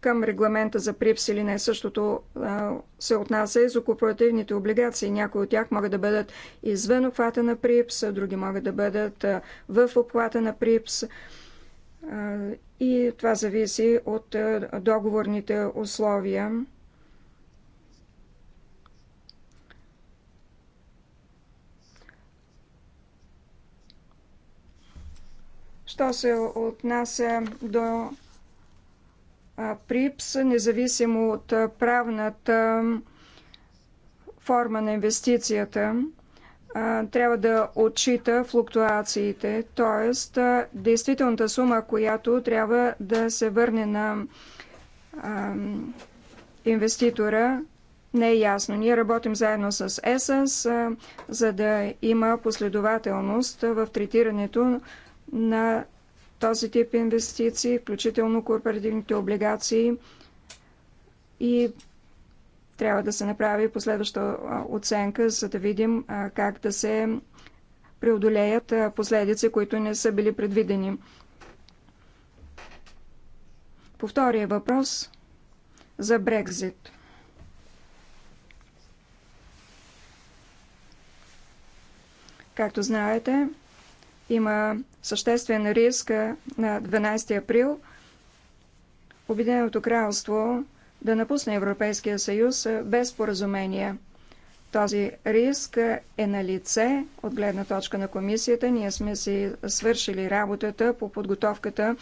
към регламента за ПРИПС или не. Същото се отнася и за корпоративните облигации. Някои от тях могат да бъдат извън обхвата на ПРИПС, други могат да бъдат в обхвата на ПРИПС. И това зависи от договорните условия. Що се отнася до ПРИПС, независимо от правната форма на инвестицията, трябва да отчита флуктуациите, т.е. действителната сума, която трябва да се върне на инвеститора, не е ясно. Ние работим заедно с ЕСАС, за да има последователност в третирането на този тип инвестиции, включително корпоративните облигации и трябва да се направи последваща оценка, за да видим как да се преодолеят последици, които не са били предвидени. По втория въпрос за Брекзит. Както знаете, има съществен риск на 12 април Обединеното кралство да напусне Европейския съюз без споразумение. Този риск е на лице от гледна точка на комисията. Ние сме си свършили работата по подготовката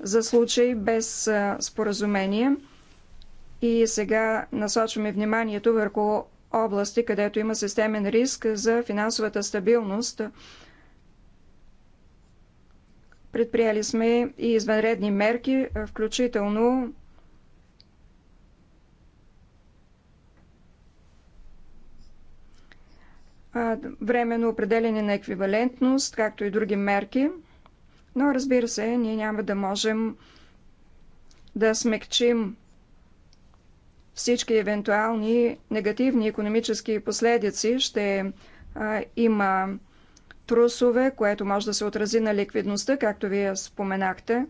за случай без споразумение и сега насочваме вниманието върху области, където има системен риск за финансовата стабилност Предприели сме и извънредни мерки, включително временно определение на еквивалентност, както и други мерки. Но разбира се, ние няма да можем да смекчим всички евентуални негативни економически последици. Ще а, има трусове, което може да се отрази на ликвидността, както вие споменахте.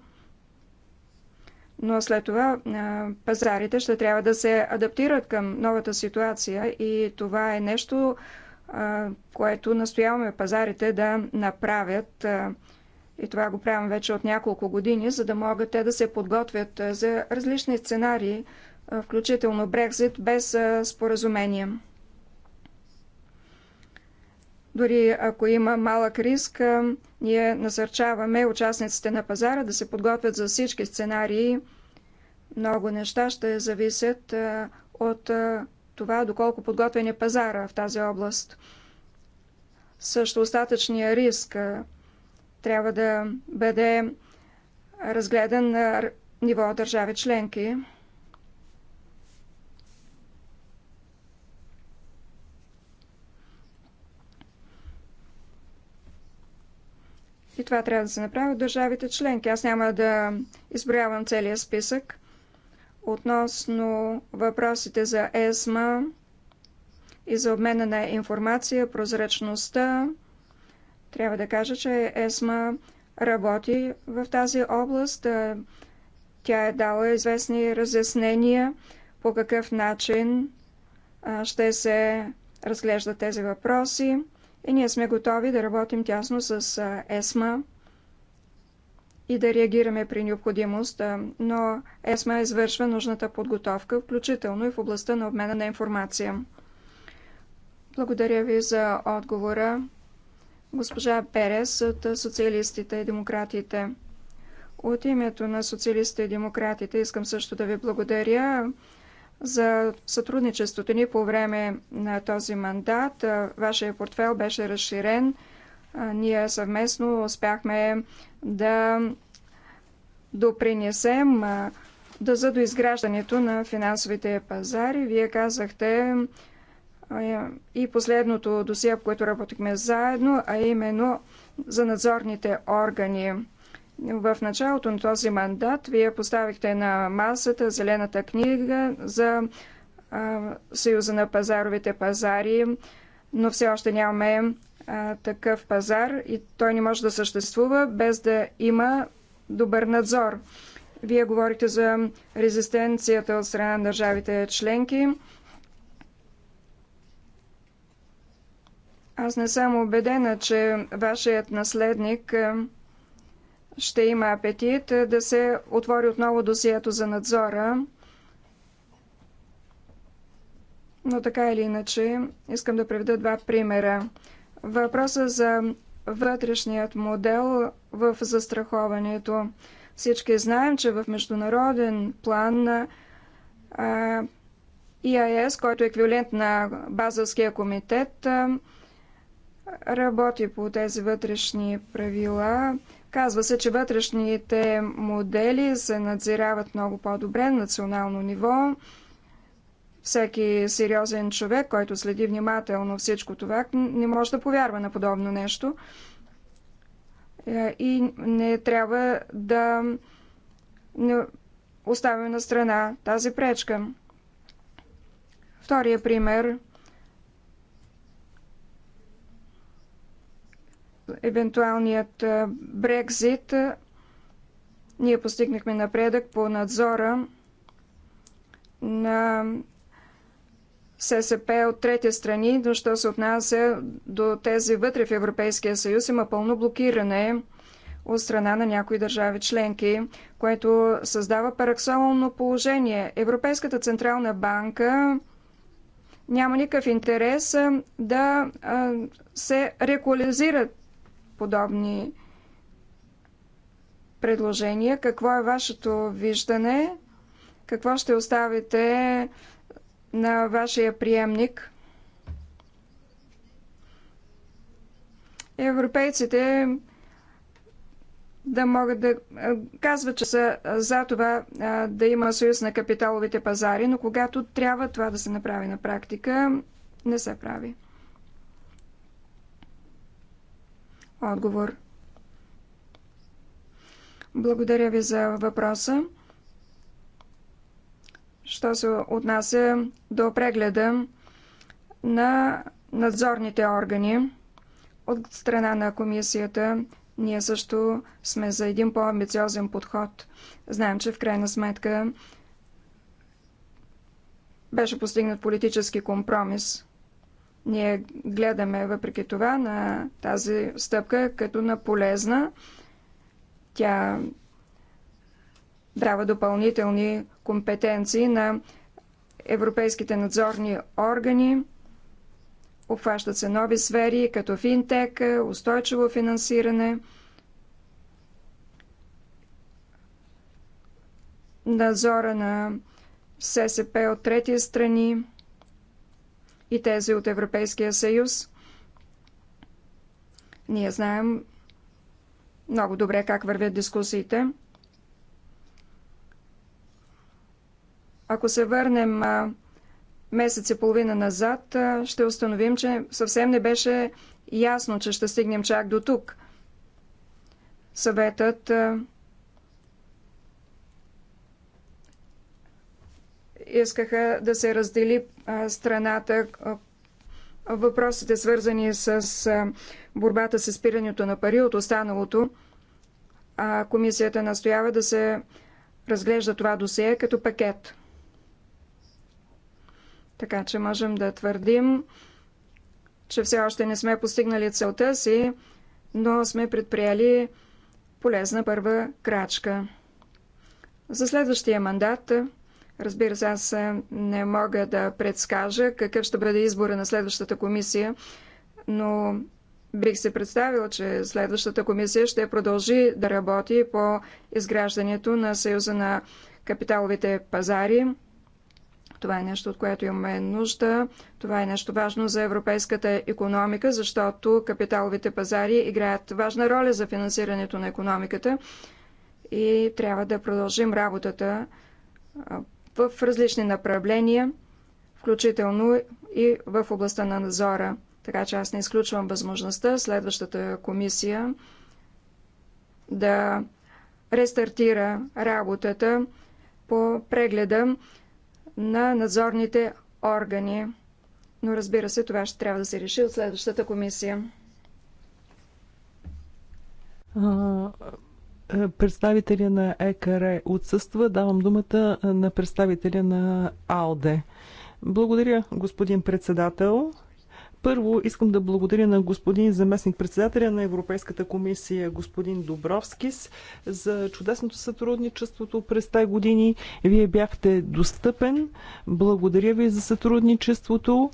Но след това пазарите ще трябва да се адаптират към новата ситуация и това е нещо, което настояваме пазарите да направят. И това го правим вече от няколко години, за да могат те да се подготвят за различни сценарии, включително Брекзит, без споразумение. Дори ако има малък риск, ние насърчаваме участниците на пазара да се подготвят за всички сценарии. Много неща ще зависят от това, доколко подготвен е пазара в тази област. Също остатъчния риск трябва да бъде разгледан на ниво държави членки. И това трябва да се направи от държавите членки. Аз няма да изброявам целия списък. Относно въпросите за ЕСМА и за обмена на информация, прозрачността, трябва да кажа, че ЕСМА работи в тази област. Тя е дала известни разяснения по какъв начин ще се разглеждат тези въпроси. И ние сме готови да работим тясно с ЕСМА и да реагираме при необходимост, но ЕСМА извършва нужната подготовка, включително и в областта на обмена на информация. Благодаря ви за отговора, госпожа Перес от Социалистите и Демократите. От името на Социалистите и Демократите искам също да ви благодаря за сътрудничеството ни по време на този мандат. Вашия портфел беше разширен. Ние съвместно успяхме да допринесем да за доизграждането на финансовите пазари. Вие казахте и последното досие, в което работихме заедно, а именно за надзорните органи. В началото на този мандат вие поставихте на масата зелената книга за Съюза на пазаровите пазари, но все още нямаме такъв пазар и той не може да съществува без да има добър надзор. Вие говорите за резистенцията от страна на държавите членки. Аз не съм убедена, че вашият наследник ще има апетит да се отвори отново досието за надзора. Но така или иначе, искам да приведа два примера. Въпроса за вътрешният модел в застраховането. Всички знаем, че в международен план на ИАС, който е еквивалент на Базълския комитет, работи по тези вътрешни правила. Казва се, че вътрешните модели се надзирават много по-добре на национално ниво. Всеки сериозен човек, който следи внимателно всичко това, не може да повярва на подобно нещо. Е, и не трябва да оставим на страна тази пречка. Втория пример – евентуалният Брекзит, ние постигнахме напредък по надзора на ССП от трети страни, но що се отнася до тези вътре в Европейския съюз, има пълно блокиране от страна на някои държави членки, което създава параксолно положение. Европейската Централна банка няма никакъв интерес да се рекуализират подобни предложения. Какво е вашето виждане? Какво ще оставите на вашия приемник? Европейците да могат да казват, че са за това да има съюз на капиталовите пазари, но когато трябва това да се направи на практика, не се прави. отговор. Благодаря ви за въпроса. Що се отнася до прегледа на надзорните органи от страна на комисията, ние също сме за един по-амбициозен подход. Знаем, че в крайна сметка беше постигнат политически компромис – ние гледаме въпреки това на тази стъпка като на полезна. Тя дава допълнителни компетенции на европейските надзорни органи. Обхващат се нови сфери, като финтек, устойчиво финансиране, надзора на ССП от трети страни и тези от Европейския съюз. Ние знаем много добре как вървят дискусиите. Ако се върнем месец и половина назад, ще установим, че съвсем не беше ясно, че ще стигнем чак до тук. Съветът искаха да се раздели страната. Въпросите, свързани с борбата с изпирането на пари от останалото, а комисията настоява да се разглежда това досие като пакет. Така че можем да твърдим, че все още не сме постигнали целта си, но сме предприели полезна първа крачка. За следващия мандат Разбира се, аз не мога да предскажа какъв ще бъде избора на следващата комисия, но бих се представил, че следващата комисия ще продължи да работи по изграждането на Съюза на капиталовите пазари. Това е нещо, от което имаме нужда. Това е нещо важно за европейската економика, защото капиталовите пазари играят важна роля за финансирането на економиката и трябва да продължим работата в различни направления, включително и в областта на надзора. Така че аз не изключвам възможността следващата комисия да рестартира работата по прегледа на надзорните органи. Но разбира се, това ще трябва да се реши от следващата комисия представителя на ЕКР отсъства. Давам думата на представителя на АЛДЕ. Благодаря, господин председател. Първо искам да благодаря на господин заместник председателя на Европейската комисия, господин Добровскис, за чудесното сътрудничеството през тези години. Вие бяхте достъпен. Благодаря ви за сътрудничеството.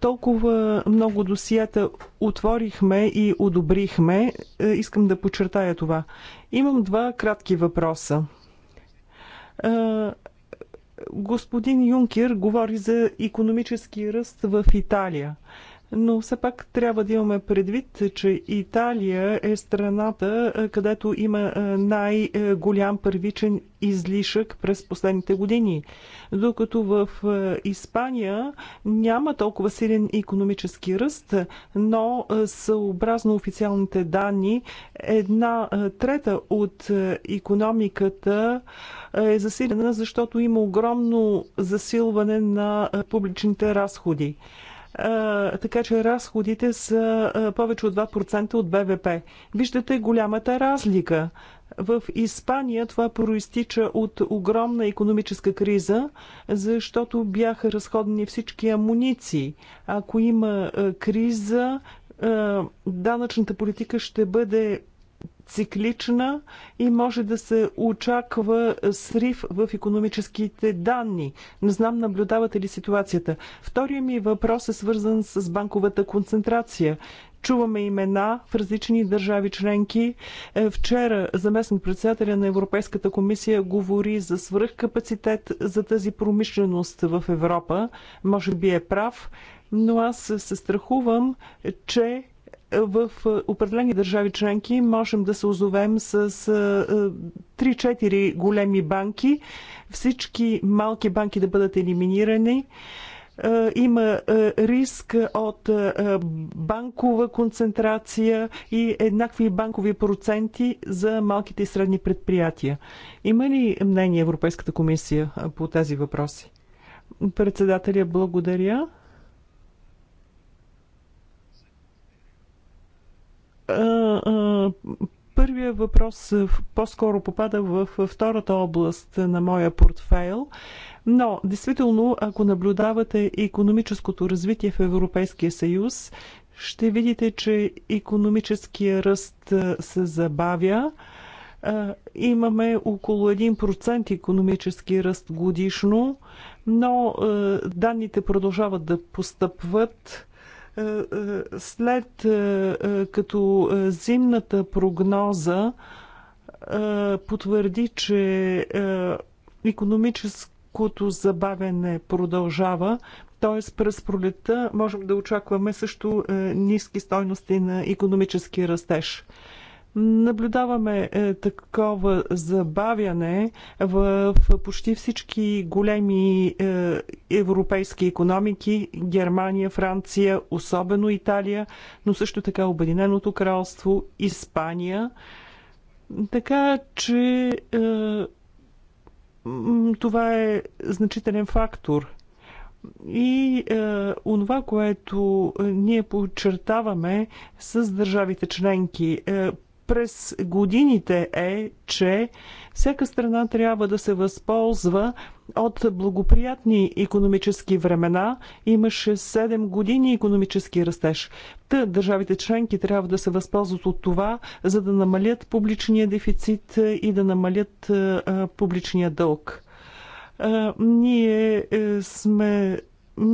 Толкова много досията отворихме и одобрихме. Искам да подчертая това. Имам два кратки въпроса Господин Юнкер говори за економически ръст в Италия но все пак трябва да имаме предвид, че Италия е страната, където има най-голям първичен излишък през последните години. Докато в Испания няма толкова силен економически ръст, но съобразно официалните данни, една трета от економиката е засилена, защото има огромно засилване на публичните разходи така че разходите са повече от 2% от БВП. Виждате голямата разлика. В Испания това проистича от огромна економическа криза, защото бяха разходени всички амуниции. Ако има криза, данъчната политика ще бъде циклична и може да се очаква срив в економическите данни. Не знам, наблюдавате ли ситуацията. Втория ми въпрос е свързан с банковата концентрация. Чуваме имена в различни държави членки. Е, вчера заместник председателя на Европейската комисия говори за свръхкапацитет за тази промишленост в Европа. Може би е прав, но аз се страхувам, че в е, определени държави членки можем да се озовем с 3-4 е, е, големи банки, всички малки банки да бъдат елиминирани. Има риск от банкова концентрация и еднакви банкови проценти за малките и средни предприятия. Има ли мнение Европейската комисия по тези въпроси? Председателя, благодаря. Първият въпрос по-скоро попада в втората област на моя портфейл, но действително, ако наблюдавате економическото развитие в Европейския съюз, ще видите, че економическия ръст се забавя. Имаме около 1% економически ръст годишно, но данните продължават да постъпват е, е, след е, като зимната прогноза потвърди, че економическото забавене продължава, т.е. през пролетта можем да очакваме също ниски стойности на економически растеж. Наблюдаваме е, такова забавяне в почти всички големи е, европейски економики Германия, Франция, особено Италия, но също така Обединеното кралство, Испания. Така че е, това е значителен фактор. И е, онова, което ние подчертаваме с държавите членки е, през годините е, че всяка страна трябва да се възползва от благоприятни економически времена. Имаше 7 години економически растеж. Та държавите членки трябва да се възползват от това, за да намалят публичния дефицит и да намалят публичния дълг. Ние е, сме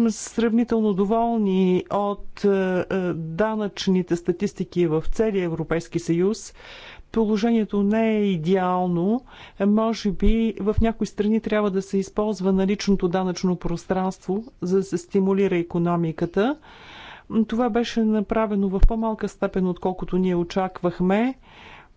сравнително доволни от е, е, данъчните статистики в целия Европейски съюз. Положението не е идеално. Може би в някои страни трябва да се използва наличното данъчно пространство, за да се стимулира економиката. Това беше направено в по-малка степен, отколкото ние очаквахме.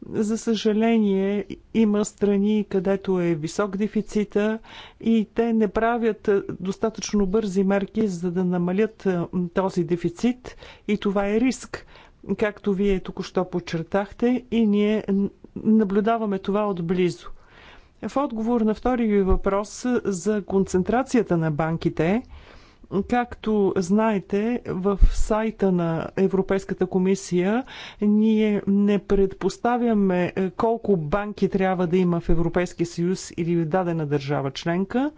За съжаление, има страни, където е висок дефицита и те не правят достатъчно бързи мерки, за да намалят този дефицит и това е риск. Както вие току-що подчертахте и ние наблюдаваме това отблизо. В отговор на втори ви въпрос за концентрацията на банките – Както знаете, в сайта на Европейската комисия ние не предпоставяме е, колко банки трябва да има в Европейския съюз или в дадена държава членка.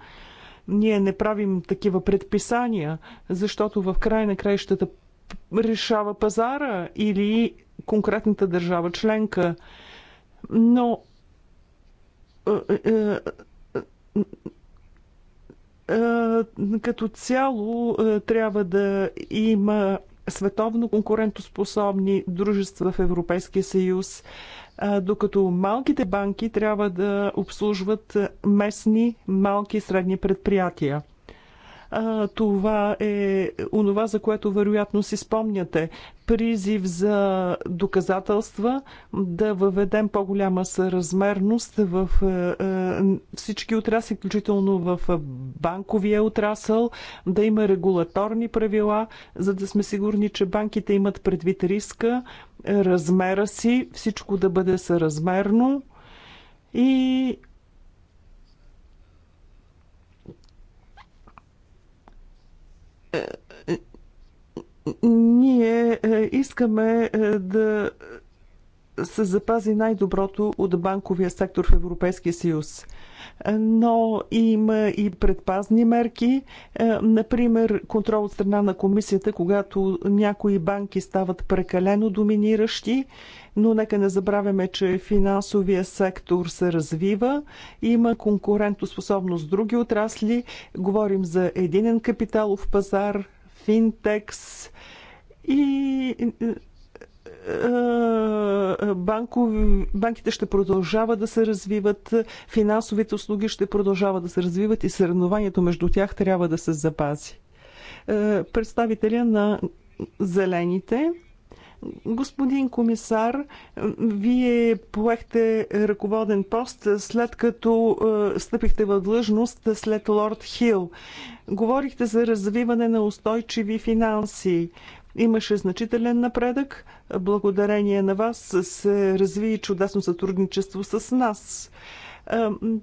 Ние не правим такива предписания, защото в край на краищата решава пазара или конкретната държава членка. Но е, е, е, като цяло е, трябва да има световно конкурентоспособни дружества в Европейския съюз, е, докато малките банки трябва да обслужват местни, малки и средни предприятия. Това е онова, за което вероятно си спомняте. Призив за доказателства, да въведем по-голяма съразмерност в е, е, всички отрасли, включително в банковия отрасъл, да има регулаторни правила, за да сме сигурни, че банките имат предвид риска, размера си, всичко да бъде съразмерно и Е, е, е, ние искаме да се запази най-доброто от банковия сектор в Европейския съюз. Но има и предпазни мерки, е, например контрол от страна на комисията, когато някои банки стават прекалено доминиращи, но нека не забравяме, че финансовия сектор се развива, има конкурентоспособност с други отрасли, говорим за единен капиталов пазар, финтекс, и е, е, банкови, банките ще продължават да се развиват, финансовите услуги ще продължават да се развиват и съревнованието между тях трябва да се запази. Е, представителя на зелените Господин комисар, вие поехте ръководен пост след като е, стъпихте в длъжност след Лорд Хил. Говорихте за развиване на устойчиви финанси. Имаше значителен напредък. Благодарение на вас се разви чудесно сътрудничество с нас.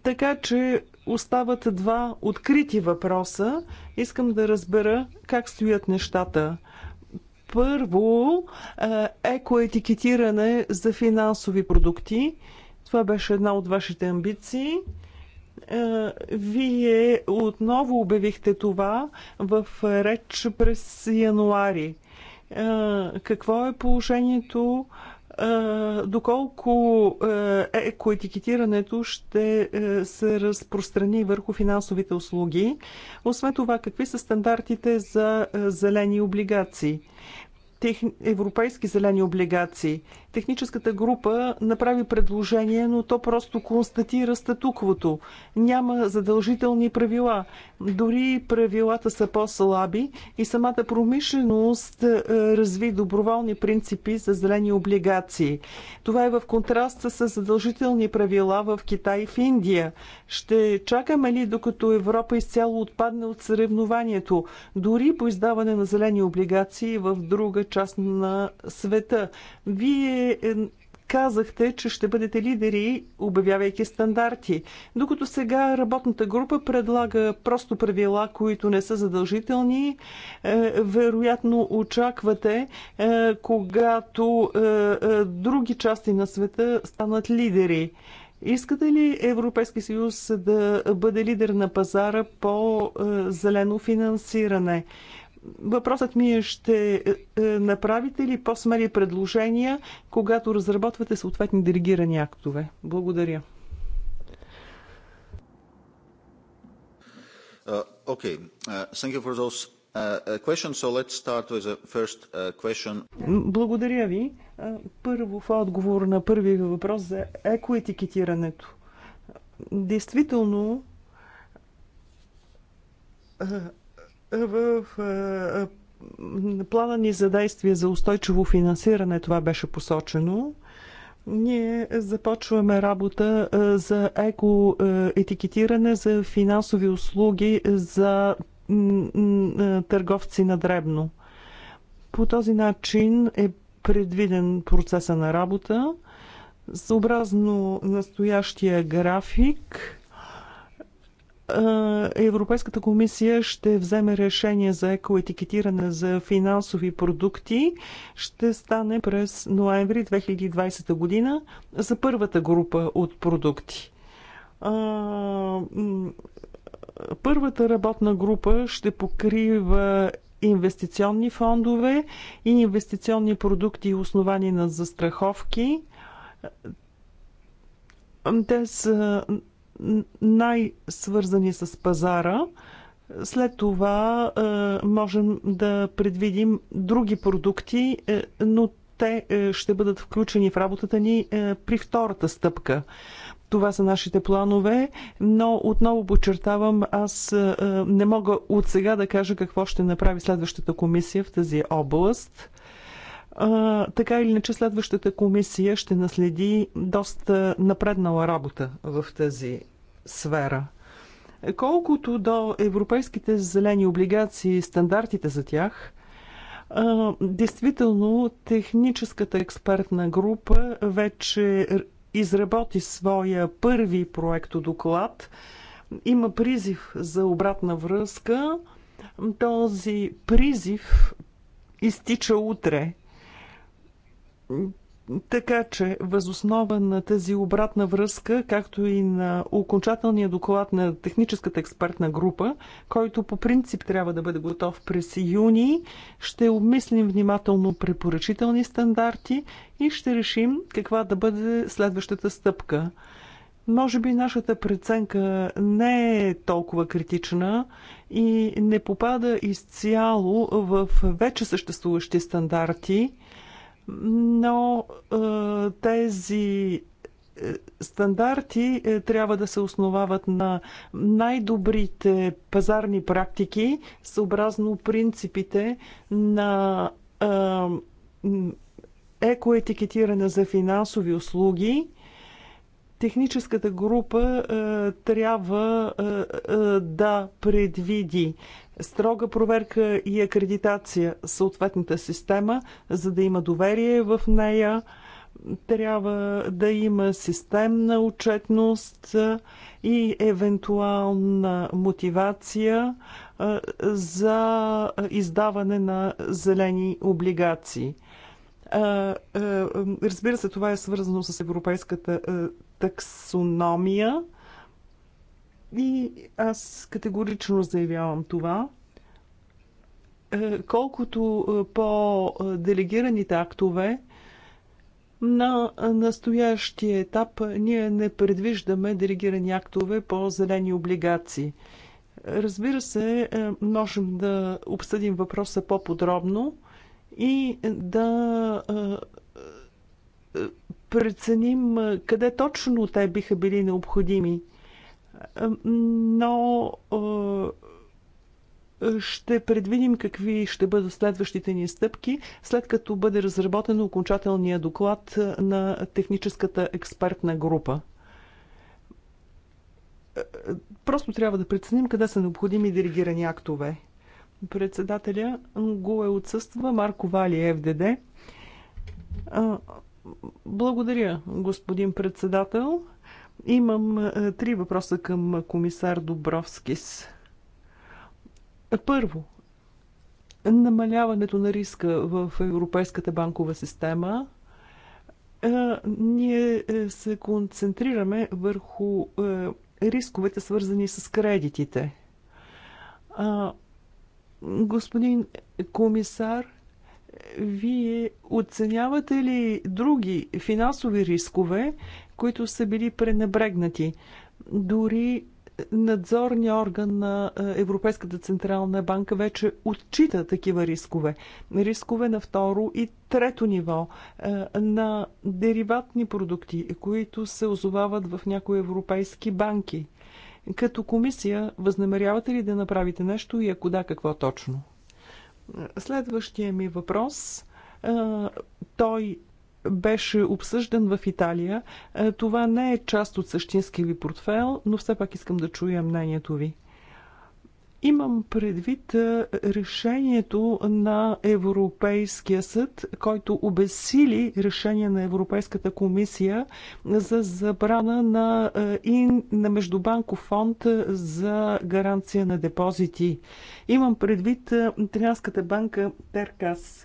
Така че остават два открити въпроса. Искам да разбера как стоят нещата. Първо, екоетикетиране за финансови продукти. Това беше една от вашите амбиции. Вие отново обявихте това в реч през януари. Е, какво е положението, е, доколко е, екоетикетирането ще се разпространи върху финансовите услуги. Освен това, какви са стандартите за зелени облигации? Европейски зелени облигации. Техническата група направи предложение, но то просто констатира статуквото. Няма задължителни правила. Дори правилата са по-слаби и самата промишленост е, разви доброволни принципи за зелени облигации. Това е в контраст с задължителни правила в Китай и в Индия. Ще чакаме ли докато Европа изцяло отпадне от съревнованието, дори по издаване на зелени облигации в друга част на света? Вие е, казахте, че ще бъдете лидери, обявявайки стандарти. Докато сега работната група предлага просто правила, които не са задължителни, е, вероятно очаквате, е, когато други части на света станат лидери. Искате ли Европейски съюз да бъде лидер на пазара по зелено финансиране? Въпросът ми е, ще е, е, направите ли по-смели предложения, когато разработвате съответни делегирани актове? Благодаря. Uh, okay. Uh, thank uh, uh, uh, Благодаря ви. Първо в отговор на първия въпрос за екоетикетирането. Действително, в плана ни за действие за устойчиво финансиране това беше посочено. Ние започваме работа за еко-етикетиране за финансови услуги за търговци на дребно. По този начин е предвиден процеса на работа. Съобразно настоящия график, е, Европейската комисия ще вземе решение за екоетикетиране за финансови продукти. Ще стане през ноември 2020 година за първата група от продукти. Първата работна група ще покрива инвестиционни фондове и инвестиционни продукти, основани на застраховки. Те са най-свързани с пазара. След това е, можем да предвидим други продукти, е, но те е, ще бъдат включени в работата ни е, при втората стъпка. Това са нашите планове, но отново подчертавам, аз е, е не мога от сега да кажа какво ще направи следващата комисия в тази област. А, така или иначе следващата комисия ще наследи доста напреднала работа в тази сфера. Колкото до европейските зелени облигации, стандартите за тях, а, действително техническата експертна група вече изработи своя първи проектодоклад. доклад. Има призив за обратна връзка. Този призив изтича утре. Така че, възоснова на тази обратна връзка, както и на окончателния доклад на техническата експертна група, който по принцип трябва да бъде готов през юни, ще обмислим внимателно препоръчителни стандарти и ще решим каква да бъде следващата стъпка. Може би нашата преценка не е толкова критична и не попада изцяло в вече съществуващи стандарти – но е, тези е, стандарти е, трябва да се основават на най-добрите пазарни практики, съобразно принципите на екоетикетиране за финансови услуги. Техническата група трябва да предвиди строга проверка и акредитация съответната система, за да има доверие в нея. Трябва да има системна отчетност и евентуална мотивация за издаване на зелени облигации. Разбира се, това е свързано с европейската таксономия и аз категорично заявявам това. Е, колкото е, по делегираните актове, на настоящия етап ние не предвиждаме делегирани актове по зелени облигации. Разбира се, е, можем да обсъдим въпроса по-подробно и да преценим къде точно те биха били необходими – но ще предвидим какви ще бъдат следващите ни стъпки, след като бъде разработен окончателният доклад на техническата експертна група. Просто трябва да преценим къде са необходими диригирани актове. Председателя го е отсъства Марко Вали ФДД. Благодаря, господин председател. Имам е, три въпроса към комисар Добровскис. Първо, намаляването на риска в Европейската банкова система. Е, ние е, се концентрираме върху рисковете, свързани с кредитите. Господин комисар, вие оценявате ли други финансови рискове, които са били пренебрегнати? Дори надзорния орган на е, Европейската централна банка вече отчита такива рискове. Рискове на второ и трето ниво е, на дериватни продукти, които се озовават в някои европейски банки. Като комисия, възнамерявате ли да направите нещо и ако да, какво точно? Следващия ми въпрос. Той беше обсъждан в Италия. Това не е част от същински ви портфел, но все пак искам да чуя мнението ви. Имам предвид решението на Европейския съд, който обесили решение на Европейската комисия за забрана на, и на Междубанков фонд за гаранция на депозити. Имам предвид Трианската банка Теркас.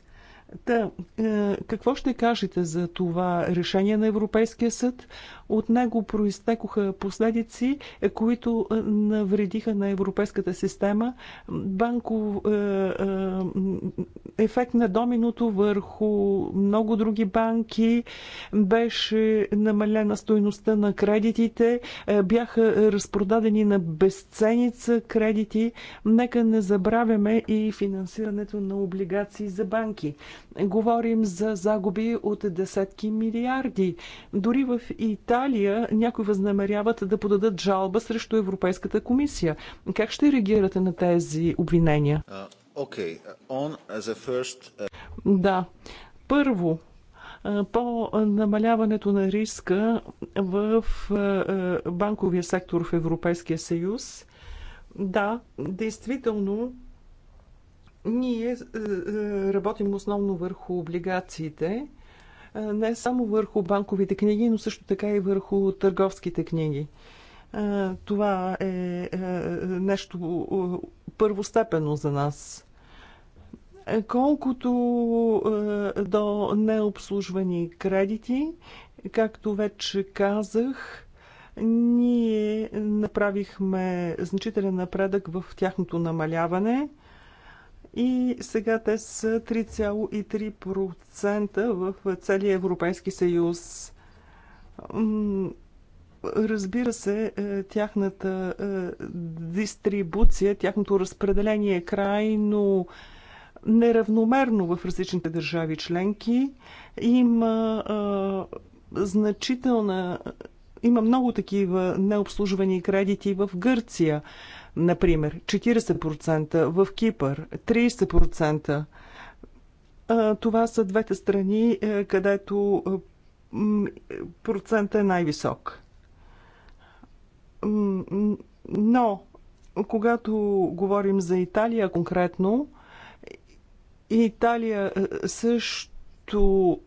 Та, е, какво ще кажете за това решение на Европейския съд? От него проистекоха последици, е, които е, навредиха на европейската система. Банков е, ефект на доминото върху много други банки беше намалена стоеността на кредитите, бяха разпродадени на безценица кредити. Нека не забравяме и финансирането на облигации за банки. Говорим за загуби от десетки милиарди. Дори в Италия Италия някои възнамеряват да подадат жалба срещу Европейската комисия. Как ще реагирате на тези обвинения? Okay. On the first... Да. Първо, по намаляването на риска в банковия сектор в Европейския съюз. Да, действително, ние работим основно върху облигациите не само върху банковите книги, но също така и върху търговските книги. Това е, е, е нещо е, първостепенно за нас. Колкото до необслужвани кредити, както вече казах, ние направихме значителен напредък в тяхното намаляване – и сега те са 3,3% в целия Европейски съюз. Разбира се, е, тяхната е, дистрибуция, тяхното разпределение е крайно неравномерно в различните държави членки. Има е, значителна. Има много такива необслужвани кредити в Гърция. Например, 40% в Кипър, 30%. Това са двете страни, е, където процентът е най-висок. Но, когато говорим за Италия конкретно, Италия е, също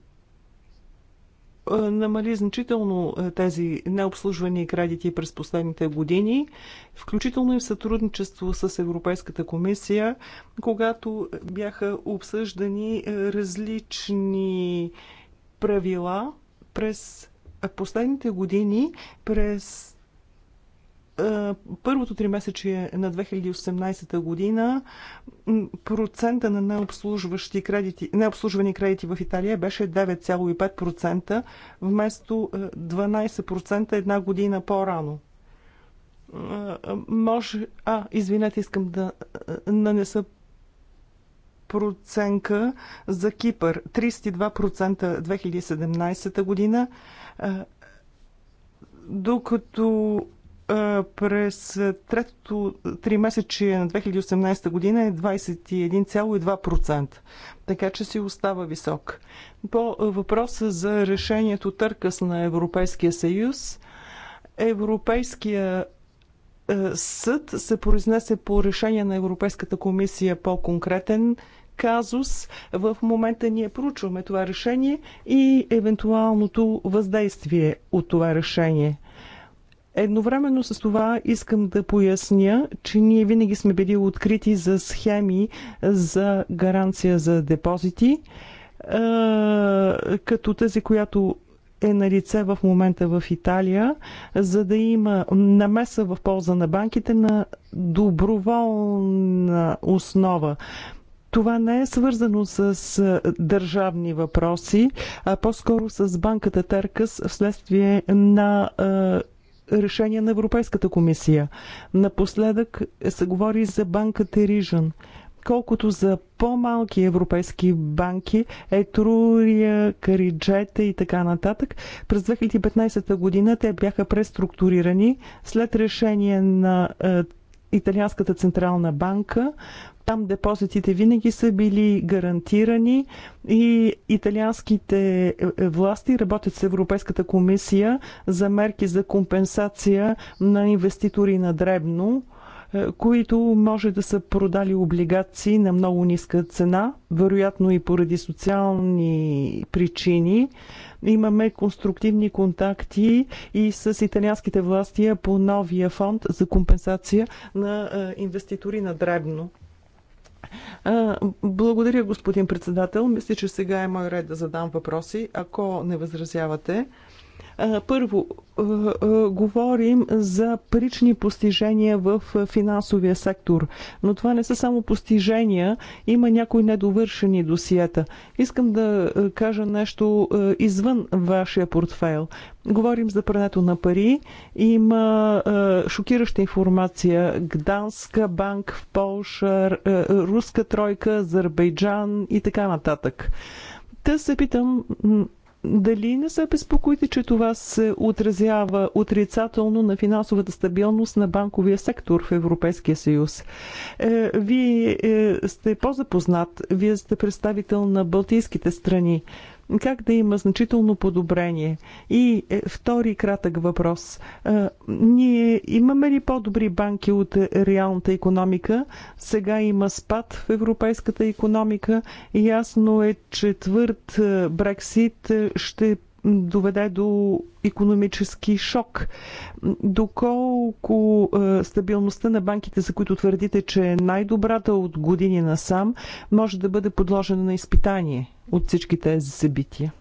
е, намали значително е, тези необслужвани кредити през последните години, включително и в сътрудничество с Европейската комисия, когато бяха обсъждани е, различни правила през последните години, през е, първото тримесечие месече на 2018 година процента на необслужващи кредити, необслужвани кредити в Италия беше 9,5% вместо 12% е, една година по-рано. Е, може... А, извинете, искам да нанеса проценка за Кипър. 32% 2017 година, докато през третото три месече на 2018 година е 21,2%, така че си остава висок. По въпроса за решението търкъс на Европейския съюз, Европейския съд се произнесе по решение на Европейската комисия по-конкретен казус. В момента ние проучваме това решение и евентуалното въздействие от това решение. Едновременно с това искам да поясня, че ние винаги сме били открити за схеми за гаранция за депозити, като тази, която е на лице в момента в Италия, за да има намеса в полза на банките на доброволна основа. Това не е свързано с държавни въпроси, а по-скоро с банката Теркас вследствие на решение на Европейската комисия. Напоследък се говори за банка Рижън. Колкото за по-малки европейски банки, Етрурия, Кариджета и така нататък, през 2015 година те бяха преструктурирани след решение на е, Италианската централна банка. Там депозитите винаги са били гарантирани и италианските е, е, власти работят с Европейската комисия за мерки за компенсация на инвеститори на дребно е, които може да са продали облигации на много ниска цена, вероятно и поради социални причини. Имаме конструктивни контакти и с италианските власти по новия фонд за компенсация на е, инвеститори на дребно. Е, благодаря, господин председател. Мисля, че сега е мой ред да задам въпроси, ако не възразявате. Първо, говорим за парични постижения в финансовия сектор, но това не са само постижения, има някои недовършени досиета. Искам да кажа нещо извън вашия портфейл. Говорим за прането на пари. Има шокираща информация. Гданска банк в Полша, Руска тройка, Азербайджан и така нататък. Те се питам, дали не се безпокоите, че това се отразява отрицателно на финансовата стабилност на банковия сектор в Европейския съюз? Е, вие е, сте по-запознат, вие сте представител на Балтийските страни как да има значително подобрение? И е, втори кратък въпрос. Е, ние имаме ли по-добри банки от реалната економика? Сега има спад в европейската економика. Ясно е, че твърд е, Брексит ще доведе до економически шок. Доколко е, стабилността на банките, за които твърдите, че е най-добрата от години насам, може да бъде подложена на изпитание от всички тези събития?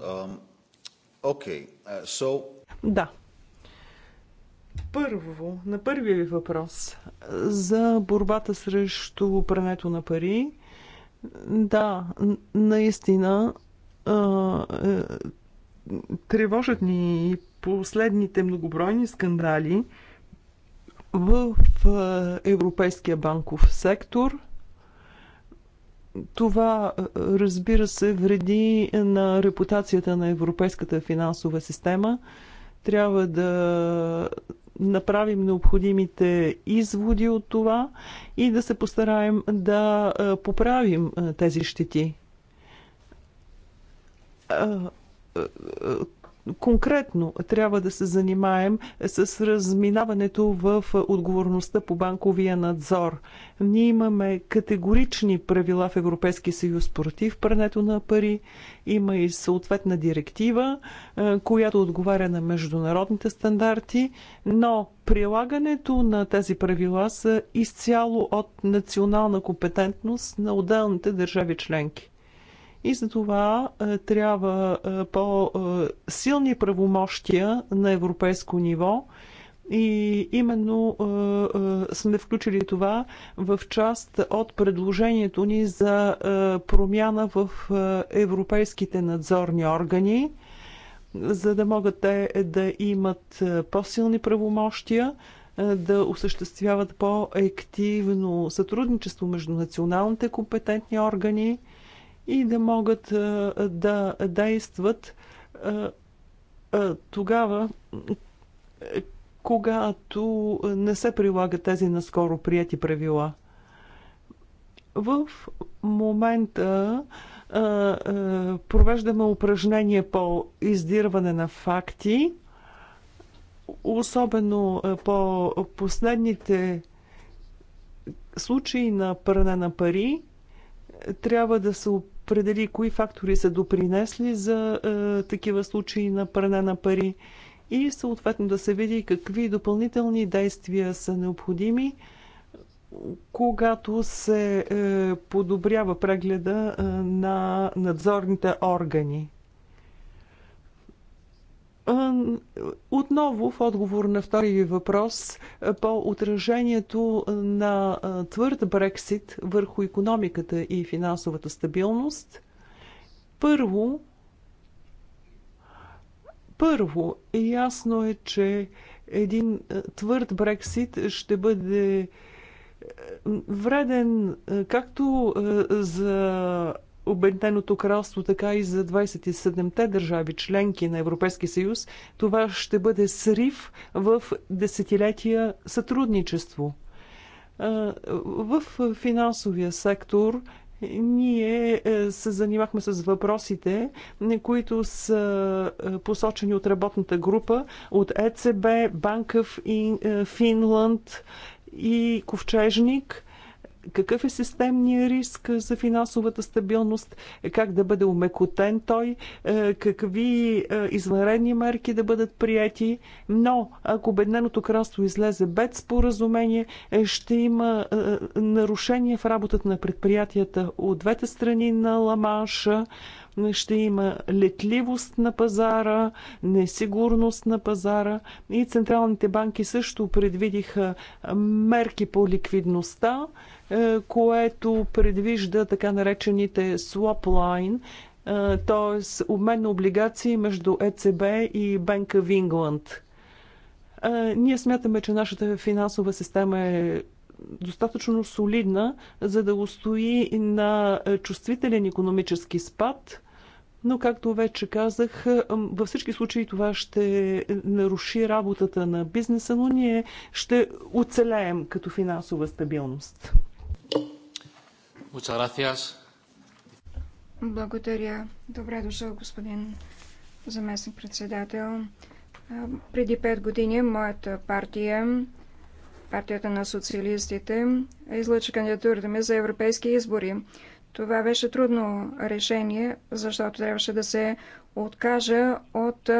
Um, okay. uh, so... Да. Първо, на първия ви въпрос за борбата срещу прането на пари. Да, наистина е, тревожат ни последните многобройни скандали в европейския банков сектор. Това, разбира се, вреди на репутацията на европейската финансова система. Трябва да направим необходимите изводи от това и да се постараем да поправим тези щети конкретно трябва да се занимаем с разминаването в отговорността по банковия надзор. Ние имаме категорични правила в Европейския съюз против прането на пари. Има и съответна директива, която отговаря на международните стандарти, но прилагането на тези правила са изцяло от национална компетентност на отделните държави членки и за това е, трябва е, по-силни правомощия на европейско ниво. И именно е, е, сме включили това в част от предложението ни за е, промяна в е, европейските надзорни органи, за да могат те да имат е, по-силни правомощия, е, да осъществяват по-активно сътрудничество между националните компетентни органи, и да могат да действат тогава, когато не се прилагат тези наскоро прияти правила. В момента провеждаме упражнение по издирване на факти, особено по последните случаи на пране на пари. Трябва да се опитаме определи кои фактори са допринесли за е, такива случаи на пране на пари и съответно да се види какви допълнителни действия са необходими, когато се е, подобрява прегледа е, на надзорните органи. Отново в отговор на втори ви въпрос по отражението на твърд Брексит върху економиката и финансовата стабилност. Първо, първо, ясно е, че един твърд Брексит ще бъде вреден както за Обединеното кралство, така и за 27-те държави членки на Европейския съюз, това ще бъде срив в десетилетия сътрудничество. В финансовия сектор ние е, се занимахме с въпросите, които са е, посочени от работната група от ЕЦБ, Банков, и е, Финланд и Ковчежник какъв е системният риск за финансовата стабилност, как да бъде умекотен той, е, какви е, извънредни мерки да бъдат прияти. Но ако Обединеното кралство излезе без споразумение, е, ще има нарушение в работата на предприятията от двете страни на Ламанша ще има летливост на пазара, несигурност на пазара и централните банки също предвидиха мерки по ликвидността, е, което предвижда така наречените swap line, е, т.е. обмен на облигации между ЕЦБ и Банка в Ингланд. Ние смятаме, че нашата финансова система е достатъчно солидна, за да устои на чувствителен економически спад но както вече казах, във всички случаи това ще наруши работата на бизнеса, но ние ще оцелеем като финансова стабилност. Благодаря. Добре дошъл, господин заместник председател. Преди пет години моята партия, партията на социалистите, излъчи кандидатурата ми за европейски избори. Това беше трудно решение, защото трябваше да се откажа от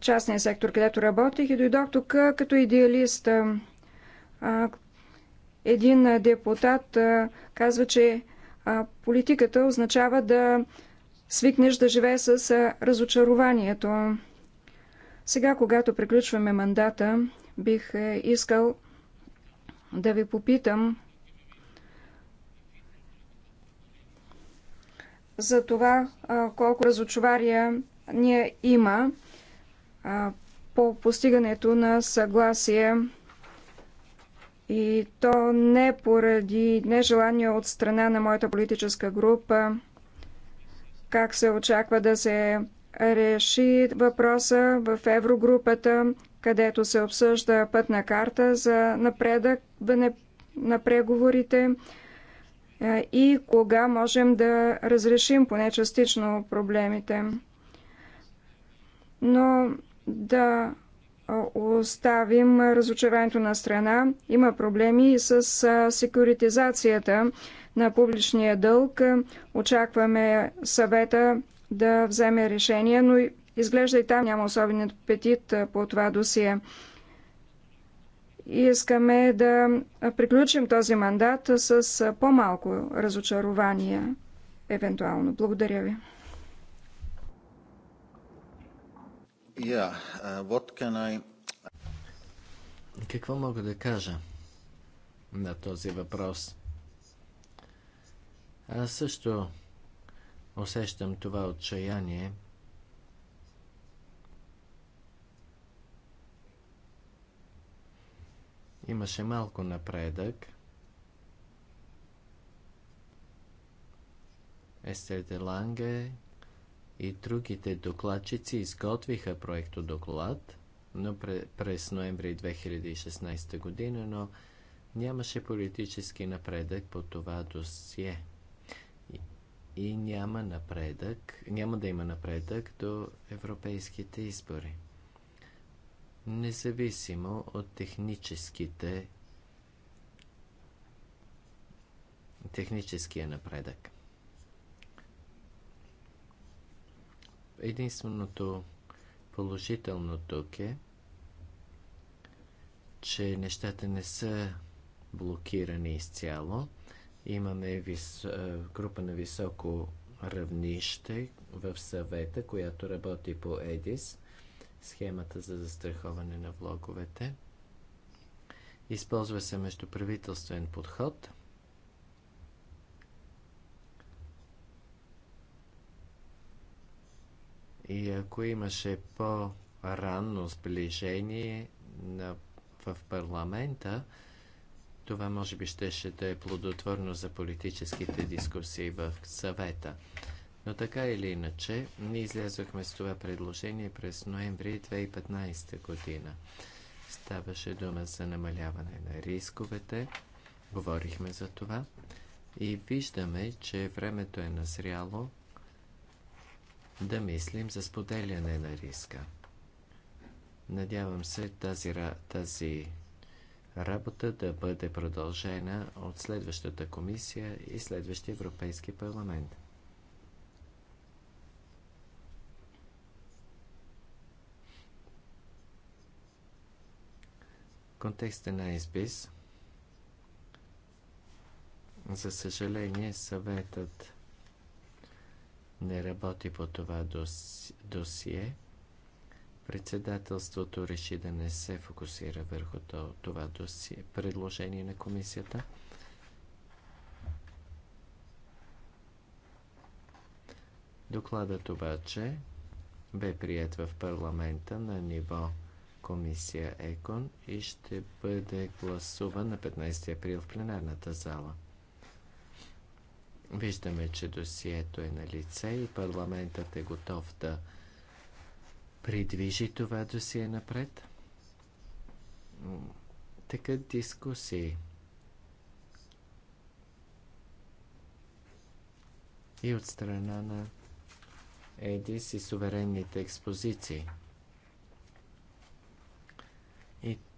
частния сектор, където работих и дойдох тук като идеалист. Един депутат казва, че политиката означава да свикнеш да живее с разочарованието. Сега, когато приключваме мандата, бих е, искал да ви попитам за това колко разочувария ние има по постигането на съгласие и то не поради нежелание от страна на моята политическа група, как се очаква да се реши въпроса в Еврогрупата, където се обсъжда пътна карта за напредък на преговорите и кога можем да разрешим поне частично проблемите. Но да оставим разочарованието на страна. Има проблеми и с секюритизацията на публичния дълг. Очакваме съвета да вземе решение, но изглежда и там няма особен апетит по това досие и искаме да приключим този мандат с по-малко разочарования евентуално. Благодаря ви. Yeah, uh, I... Какво мога да кажа на този въпрос? Аз също усещам това отчаяние, Имаше малко напредък. Естер Ланге и другите докладчици изготвиха проекто доклад, но през ноември 2016 година, но нямаше политически напредък по това досие. и няма напредък, няма да има напредък до европейските избори независимо от техническите техническия напредък. Единственото положително тук е, че нещата не са блокирани изцяло. Имаме вис... група на високо равнище в съвета, която работи по ЕДИС схемата за застраховане на влоговете. Използва се междуправителствен подход. И ако имаше по-ранно сближение на, в парламента, това може би щеше да е плодотворно за политическите дискусии в съвета. Но така или иначе, ние излязохме с това предложение през ноември 2015 година. Ставаше дума за намаляване на рисковете, говорихме за това и виждаме, че времето е назряло да мислим за споделяне на риска. Надявам се тази, тази работа да бъде продължена от следващата комисия и следващия Европейски парламент. контекста на Избис, за съжаление, съветът не работи по това досие. Председателството реши да не се фокусира върху това досие, предложение на комисията. Докладът обаче бе прият в парламента на ниво комисия ЕКОН и ще бъде гласуван на 15 април в пленарната зала. Виждаме, че досието е на лице и парламентът е готов да придвижи това досие напред. Така дискусии. И от страна на Едис и суверенните експозиции.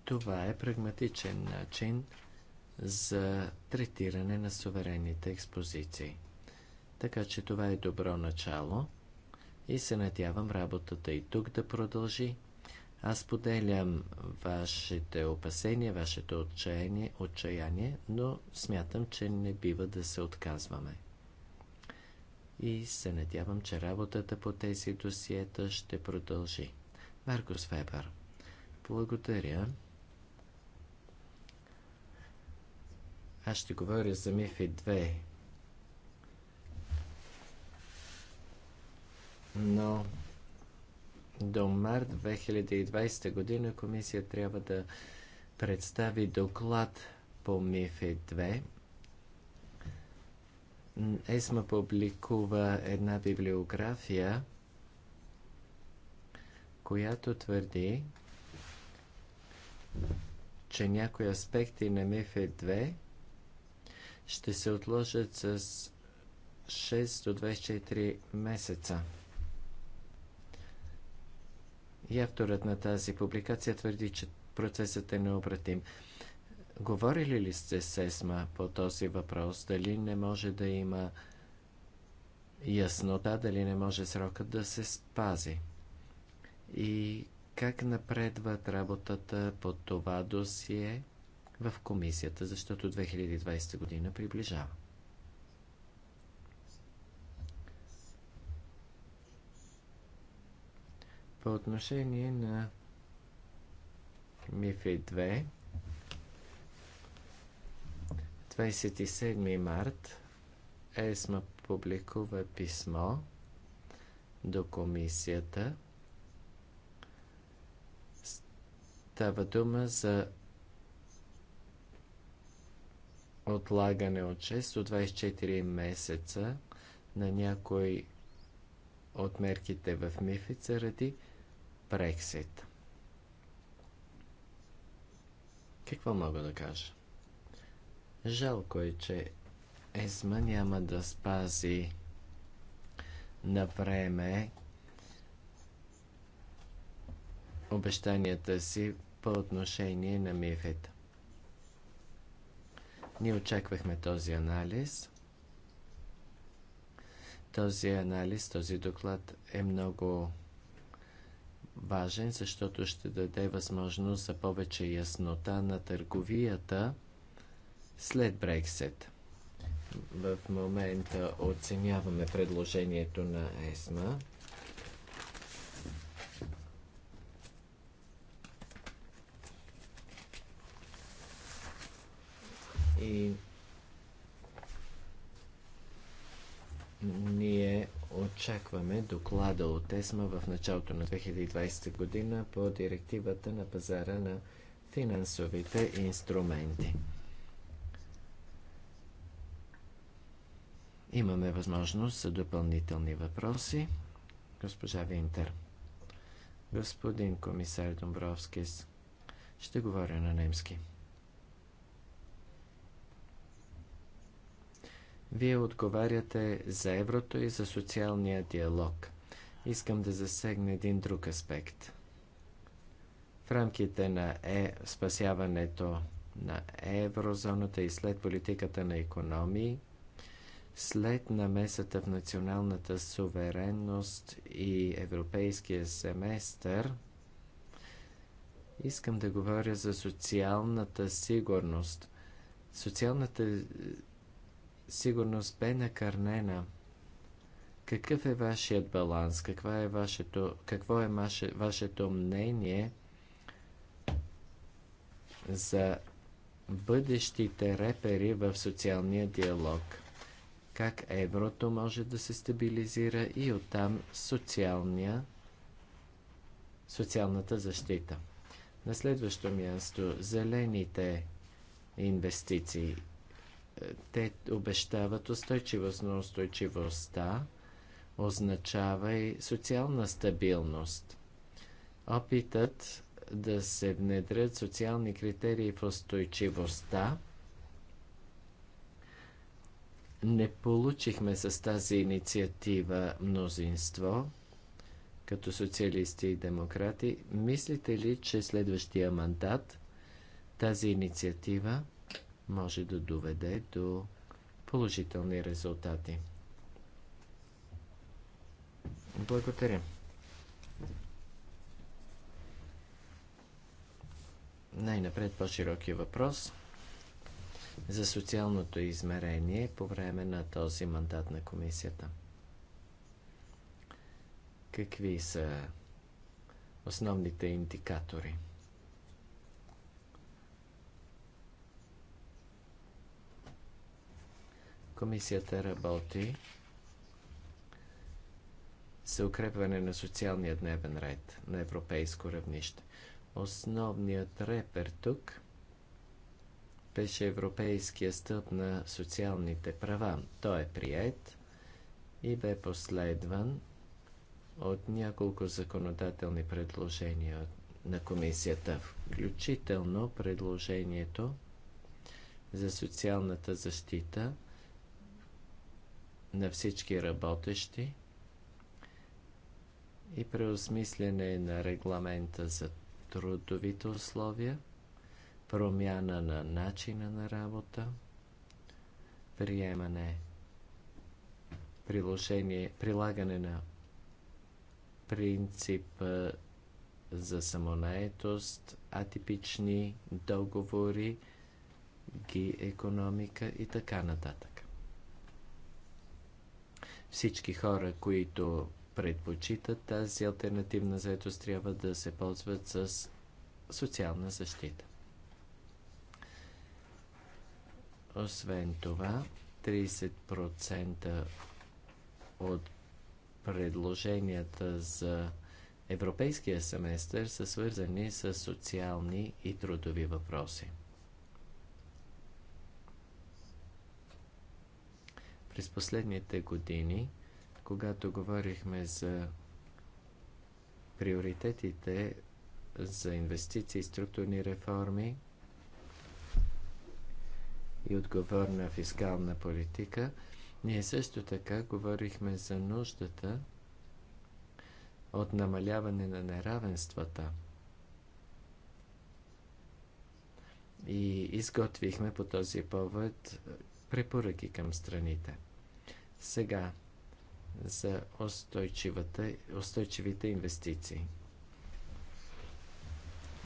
Това е прагматичен начин за третиране на суверенните експозиции. Така че това е добро начало и се надявам работата и тук да продължи. Аз поделям вашите опасения, вашето отчаяние, отчаяние, но смятам, че не бива да се отказваме. И се надявам, че работата по тези досиета ще продължи. Маркус Вебер. Благодаря. Аз ще говоря за МИФИ 2. Но до март 2020 година комисия трябва да представи доклад по МИФИ 2. ЕСМА публикува една библиография, която твърди, че някои аспекти на МИФИ 2 ще се отложат с 6 до 24 месеца. И авторът на тази публикация твърди, че процесът е необратим. Говорили ли сте с ЕСМА по този въпрос? Дали не може да има яснота, дали не може срокът да се спази? И как напредват работата по това досие – в комисията, защото 2020 година приближава. По отношение на МИФИ 2, 27 март ЕСМА публикува писмо до комисията. Става дума за отлагане от 6 до 24 месеца на някои от мерките в МИФИД заради Брексит. Какво мога да кажа? Жалко е, че Есма няма да спази на време обещанията си по отношение на Мифит. Ние очаквахме този анализ. Този анализ, този доклад е много важен, защото ще даде възможност за повече яснота на търговията след Брексит. В момента оценяваме предложението на ЕСМА. и ние очакваме доклада от ЕСМА в началото на 2020 година по директивата на пазара на финансовите инструменти. Имаме възможност за допълнителни въпроси. Госпожа Винтер. Господин комисар Домбровскис, ще говоря на немски. Вие отговаряте за еврото и за социалния диалог. Искам да засегна един друг аспект. В рамките на е, спасяването на еврозоната и след политиката на економии, след намесата в националната суверенност и европейския семестър, искам да говоря за социалната сигурност. Социалната сигурност бе накърнена. Какъв е вашият баланс? Каква е вашето, какво е ваше, вашето мнение за бъдещите репери в социалния диалог? Как еврото може да се стабилизира и оттам социалния, социалната защита? На следващо място, зелените инвестиции те обещават устойчивост, но устойчивостта означава и социална стабилност. Опитът да се внедрят социални критерии в устойчивостта не получихме с тази инициатива мнозинство като социалисти и демократи. Мислите ли, че следващия мандат тази инициатива може да доведе до положителни резултати. Благодаря. Най-напред по-широкия въпрос за социалното измерение по време на този мандат на комисията. Какви са основните индикатори? Комисията работи за укрепване на социалния дневен ред на европейско равнище. Основният репер тук беше Европейския стълб на социалните права. Той е прият и бе последван от няколко законодателни предложения на комисията, включително предложението за социалната защита – на всички работещи и преосмислене на регламента за трудовите условия, промяна на начина на работа, приемане, приложение, прилагане на принцип за самонаетост, атипични договори, ги економика и така нататък. Всички хора, които предпочитат тази альтернативна заетост, трябва да се ползват с социална защита. Освен това, 30% от предложенията за Европейския семестър са свързани с социални и трудови въпроси. През последните години, когато говорихме за приоритетите за инвестиции и структурни реформи и отговорна фискална политика, ние също така говорихме за нуждата от намаляване на неравенствата. И изготвихме по този повод препоръки към страните. Сега за устойчивите инвестиции.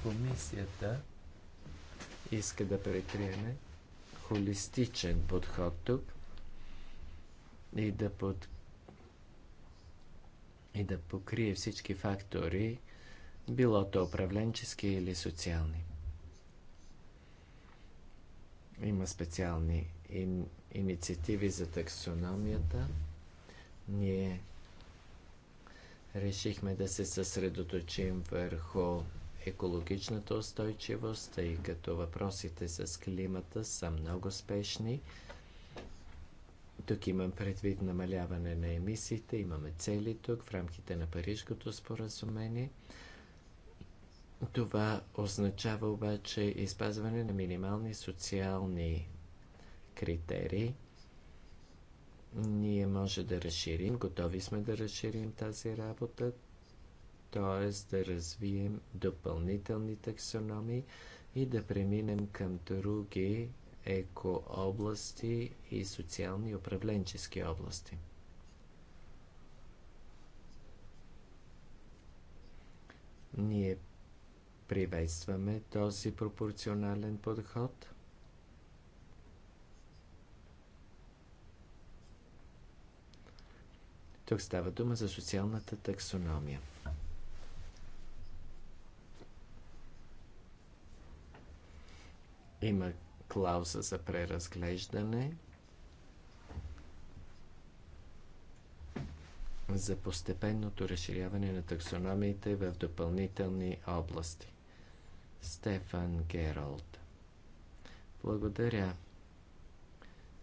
Комисията иска да предприеме холистичен подход тук и да, под... и да покрие всички фактори, било то управленчески или социални. Има специални инициативи за таксономията, ние решихме да се съсредоточим върху екологичната устойчивост, тъй като въпросите с климата са много спешни. Тук имам предвид намаляване на емисиите, имаме цели тук в рамките на Парижкото споразумение. Това означава обаче изпазване на минимални социални критерии. Ние може да разширим, готови сме да разширим тази работа, т.е. да развием допълнителни таксономии и да преминем към други екообласти и социални и управленчески области. Ние приветстваме този пропорционален подход. Тук става дума за социалната таксономия. Има клауза за преразглеждане, за постепенното разширяване на таксономиите в допълнителни области. Стефан Гералд. Благодаря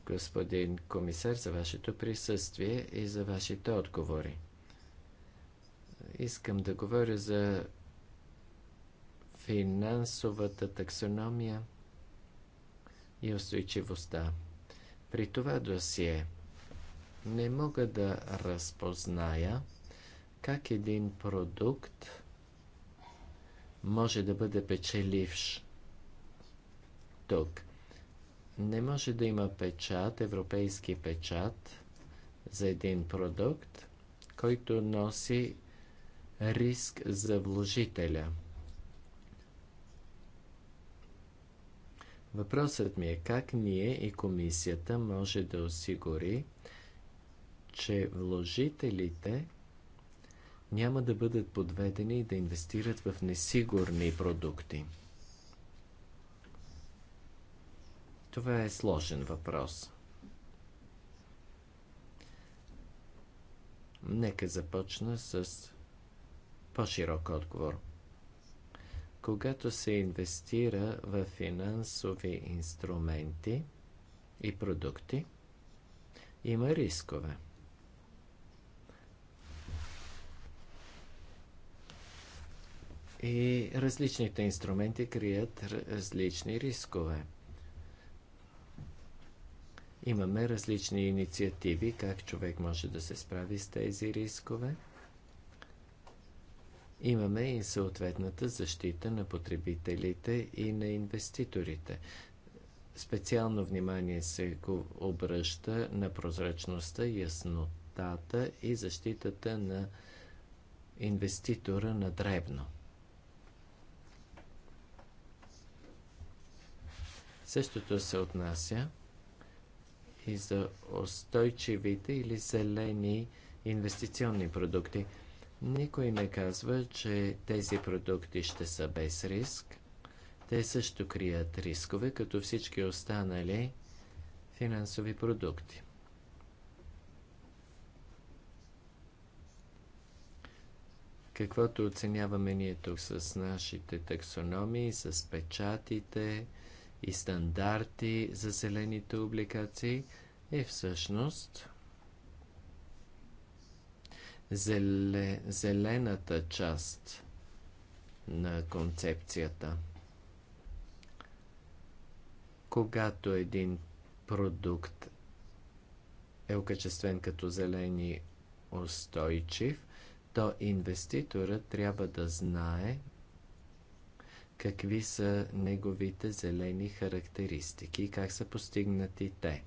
господин комисар, за вашето присъствие и за вашите отговори. Искам да говоря за финансовата таксономия и устойчивостта. При това досие не мога да разпозная как един продукт може да бъде печеливш тук – не може да има печат, европейски печат за един продукт, който носи риск за вложителя. Въпросът ми е как ние и комисията може да осигури, че вложителите няма да бъдат подведени да инвестират в несигурни продукти. Това е сложен въпрос. Нека започна с по-широк отговор. Когато се инвестира в финансови инструменти и продукти, има рискове. И различните инструменти крият различни рискове. Имаме различни инициативи, как човек може да се справи с тези рискове. Имаме и съответната защита на потребителите и на инвеститорите. Специално внимание се го обръща на прозрачността, яснотата и защитата на инвеститора на дребно. Същото се отнася и за устойчивите или зелени инвестиционни продукти. Никой не казва, че тези продукти ще са без риск. Те също крият рискове, като всички останали финансови продукти. Каквото оценяваме ние тук с нашите таксономии, с печатите, и стандарти за зелените облигации е всъщност зелената част на концепцията. Когато един продукт е окачествен като зелени устойчив, то инвеститорът трябва да знае какви са неговите зелени характеристики и как са постигнати те.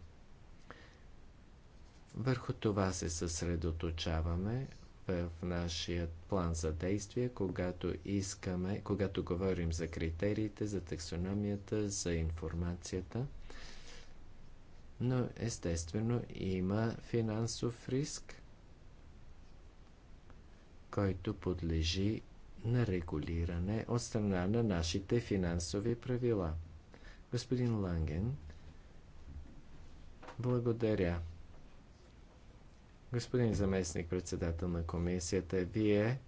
Върху това се съсредоточаваме в нашия план за действие, когато искаме, когато говорим за критериите, за таксономията, за информацията. Но естествено има финансов риск, който подлежи на регулиране от страна на нашите финансови правила. Господин Ланген, благодаря. Господин заместник председател на комисията, вие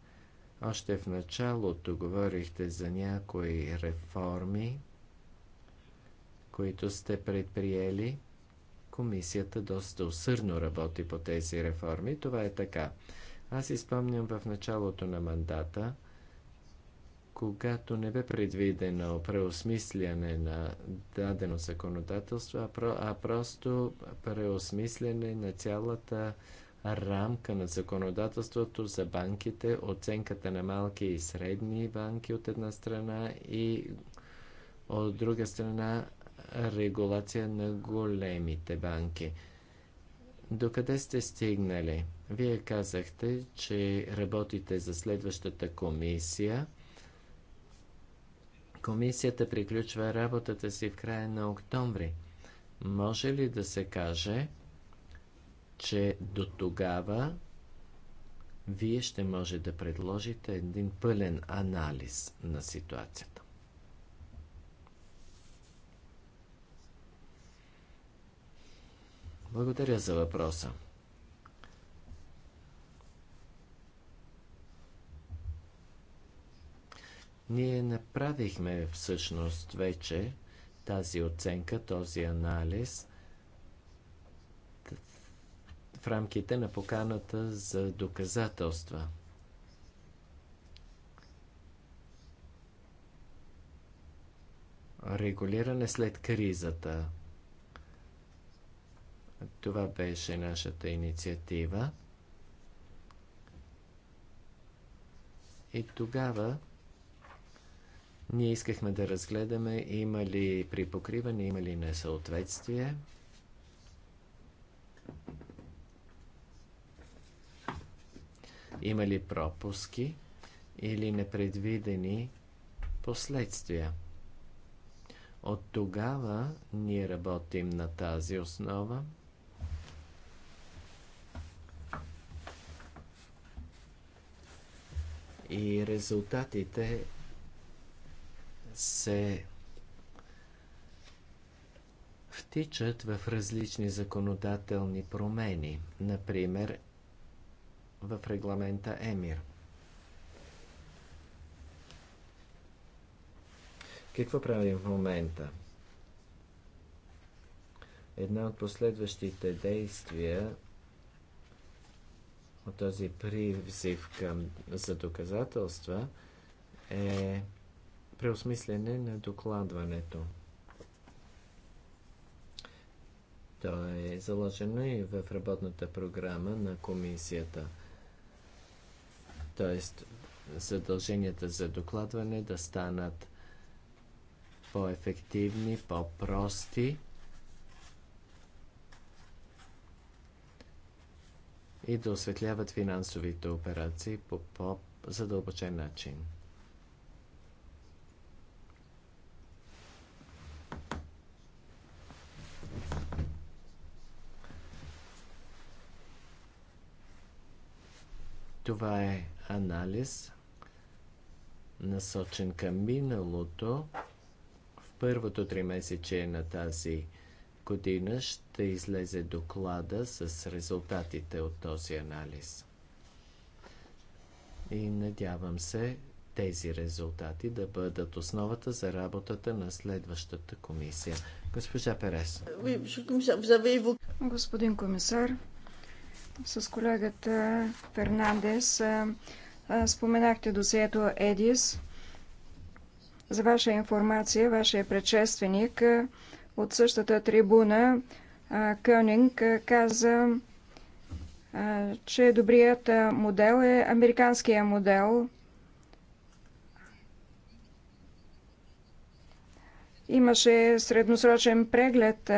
още в началото говорихте за някои реформи, които сте предприели. Комисията доста усърдно работи по тези реформи. Това е така. Аз изпомням в началото на мандата – когато не бе предвидено преосмисляне на дадено законодателство, а, про, а просто преосмисляне на цялата рамка на законодателството за банките, оценката на малки и средни банки от една страна и от друга страна регулация на големите банки. Докъде сте стигнали? Вие казахте, че работите за следващата комисия Комисията приключва работата си в края на октомври. Може ли да се каже, че до тогава вие ще може да предложите един пълен анализ на ситуацията? Благодаря за въпроса. Ние направихме всъщност вече тази оценка, този анализ в рамките на поканата за доказателства. Регулиране след кризата. Това беше нашата инициатива. И тогава ние искахме да разгледаме има ли припокриване, има ли несъответствие. Има ли пропуски или непредвидени последствия? От тогава ние работим на тази основа. И резултатите се втичат в различни законодателни промени, например в регламента ЕМИР. Какво правим в момента? Една от последващите действия от този призив към, за доказателства е преосмислене на докладването. То е заложено и в работната програма на комисията. Тоест, задълженията за докладване да станат по-ефективни, по-прости и да осветляват финансовите операции по по-задълбочен начин. Това е анализ, насочен към миналото. В първото три месече на тази година ще излезе доклада с резултатите от този анализ. И надявам се тези резултати да бъдат основата за работата на следващата комисия. Госпожа Перес. Господин комисар, с колегата Фернандес споменахте досието ЕДИС. За ваша информация, вашия предшественик от същата трибуна Кънинг, каза, че добрият модел е американския модел. Имаше средносрочен преглед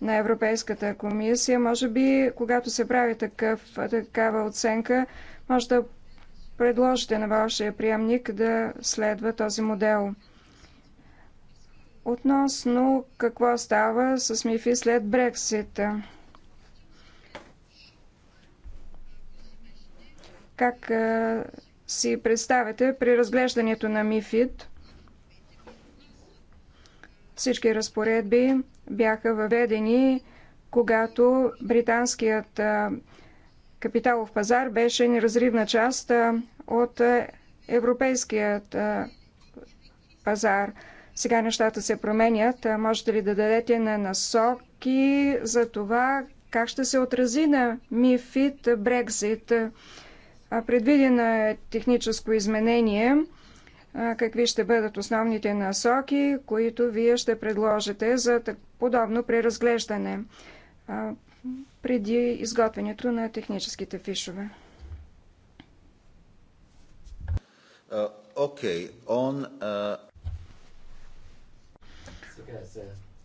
на Европейската комисия. Може би, когато се прави такъв, такава оценка, може да предложите на вашия приемник да следва този модел. Относно какво става с МИФИ след Брексита. Как си представяте при разглеждането на МИФИД всички разпоредби, бяха въведени, когато британският капиталов пазар беше неразривна част от европейският пазар. Сега нещата се променят. Можете ли да дадете на насоки за това как ще се отрази на Мифит Брекзит? Предвидено е техническо изменение – какви ще бъдат основните насоки, които вие ще предложите за подобно преразглеждане преди изготвянето на техническите фишове. Uh, okay. uh...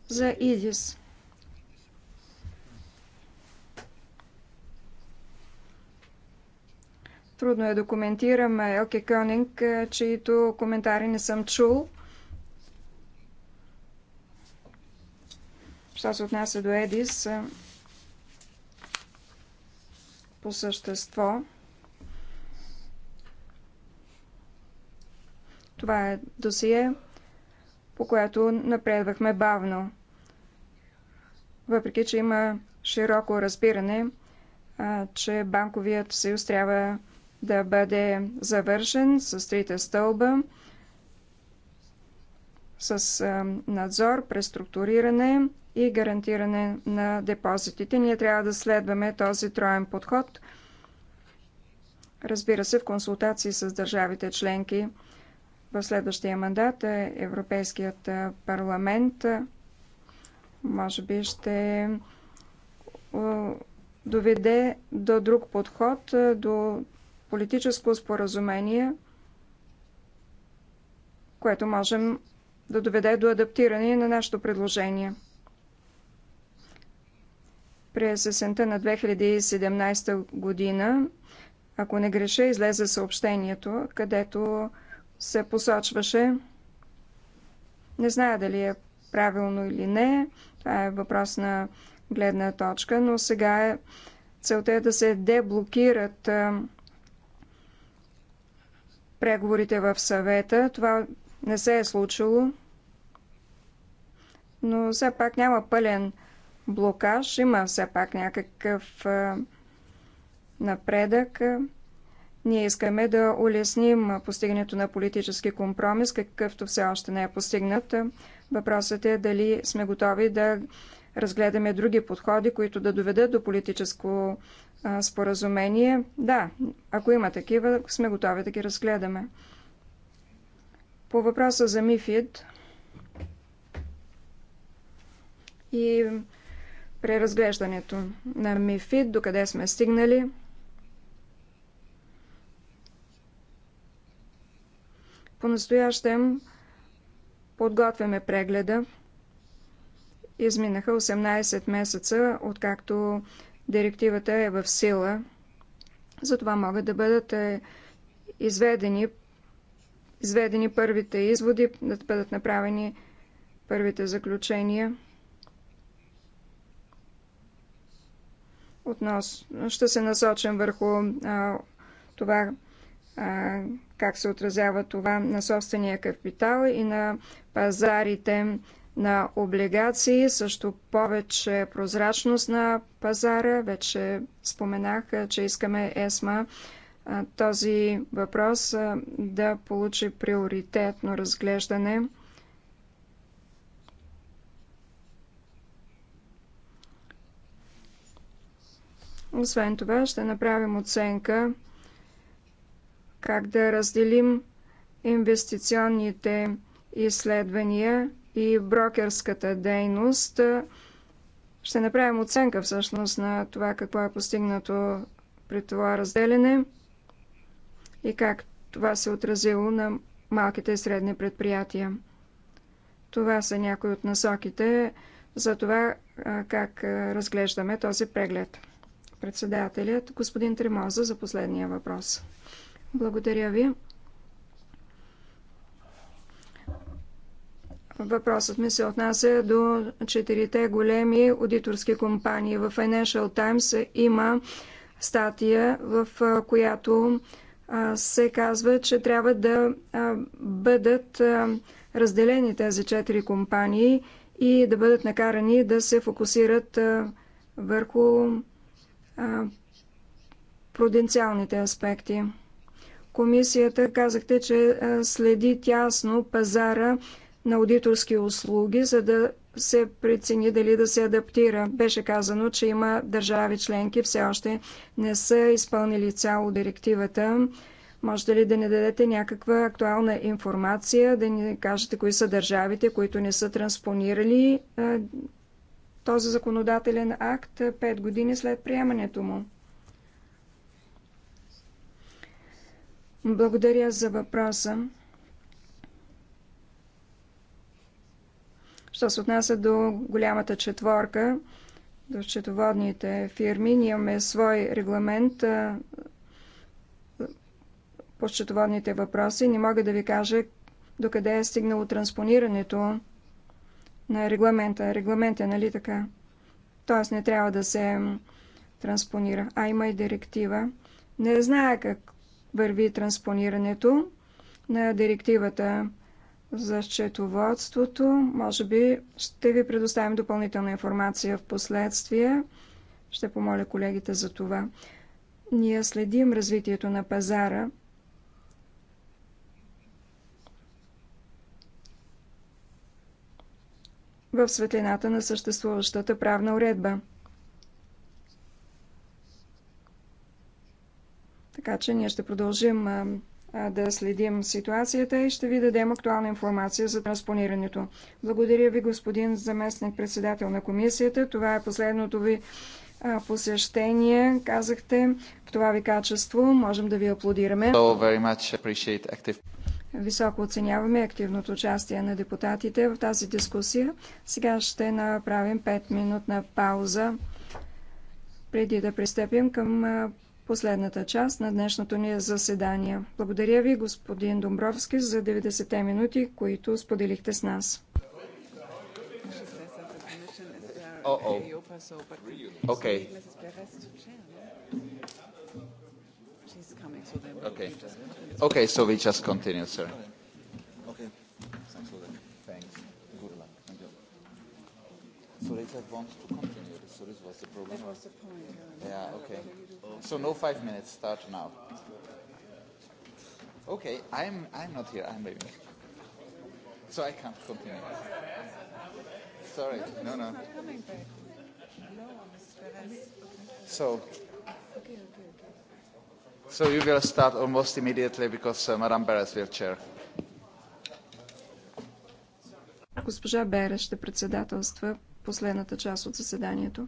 За ИДИС. Трудно е да коментирам Елке Кьонинг, е, чието коментари не съм чул. Що се отнася до Едис, е, по същество, това е досие, по което напредвахме бавно. Въпреки, че има широко разбиране, че банковият съюз трябва да бъде завършен с трите стълба, с надзор, преструктуриране и гарантиране на депозитите. Ние трябва да следваме този троен подход, разбира се, в консултации с държавите членки. В следващия мандат Европейският парламент може би ще доведе до друг подход, до политическо споразумение, което можем да доведе до адаптиране на нашето предложение. През есента на 2017 година, ако не греша, излезе съобщението, където се посочваше, не зная дали е правилно или не, това е въпрос на гледна точка, но сега е, целта е да се деблокират преговорите в съвета. Това не се е случило, но все пак няма пълен блокаж, има все пак някакъв напредък. Ние искаме да улесним постигането на политически компромис, какъвто все още не е постигнат. Въпросът е дали сме готови да разгледаме други подходи, които да доведат до политическо а, споразумение. Да, ако има такива, сме готови да ги разгледаме. По въпроса за МИФИД и преразглеждането на МИФИД, докъде сме стигнали. По-настоящем подготвяме прегледа Изминаха 18 месеца, откакто директивата е в сила. Затова могат да бъдат е, изведени, изведени първите изводи, да бъдат направени първите заключения. Относно, ще се насочим върху а, това, а, как се отразява това на собствения капитал и на пазарите на облигации, също повече прозрачност на пазара. Вече споменах, че искаме ЕСМА този въпрос да получи приоритетно разглеждане. Освен това, ще направим оценка как да разделим инвестиционните изследвания и брокерската дейност. Ще направим оценка всъщност на това какво е постигнато при това разделене и как това се е отразило на малките и средни предприятия. Това са някои от насоките за това как разглеждаме този преглед. Председателят господин Тримоза за последния въпрос. Благодаря ви. Въпросът ми се отнася до четирите големи аудиторски компании. В Financial Times има статия, в която се казва, че трябва да бъдат разделени тези четири компании и да бъдат накарани да се фокусират върху пруденциалните аспекти. Комисията казахте, че следи тясно пазара на аудиторски услуги, за да се прецени дали да се адаптира. Беше казано, че има държави членки, все още не са изпълнили цяло директивата. Можете ли да ни дадете някаква актуална информация, да ни кажете кои са държавите, които не са транспонирали този законодателен акт 5 години след приемането му? Благодаря за въпроса. Що се отнася до голямата четворка, до счетоводните фирми, ние имаме свой регламент по счетоводните въпроси. Не мога да ви кажа докъде е стигнало транспонирането на регламента. Регламент е, нали така? Тоест не трябва да се транспонира. А има и директива. Не зная как върви транспонирането на директивата за счетоводството. Може би ще ви предоставим допълнителна информация в последствие. Ще помоля колегите за това. Ние следим развитието на пазара. в светлината на съществуващата правна уредба. Така че ние ще продължим да следим ситуацията и ще ви дадем актуална информация за транспонирането. Благодаря ви, господин заместник председател на комисията. Това е последното ви посещение, казахте. В това ви качество можем да ви аплодираме. Високо оценяваме активното участие на депутатите в тази дискусия. Сега ще направим 5-минутна пауза преди да пристъпим към последната част на днешното ни заседание. Благодаря ви, господин Домбровски, за 90-те минути, които споделихте с нас. Okay. Okay, so we just continue, sir. So Rita wants to continue. So this was the problem. That was the point. Yeah, okay. So no five minutes. Start now. Okay, I'm I'm not here. I'm leaving. So I can't continue. Sorry. No, no. So. So you will start almost immediately because uh, Madame Beres will chair. Госпожа Бере ще председателства последната част от заседанието.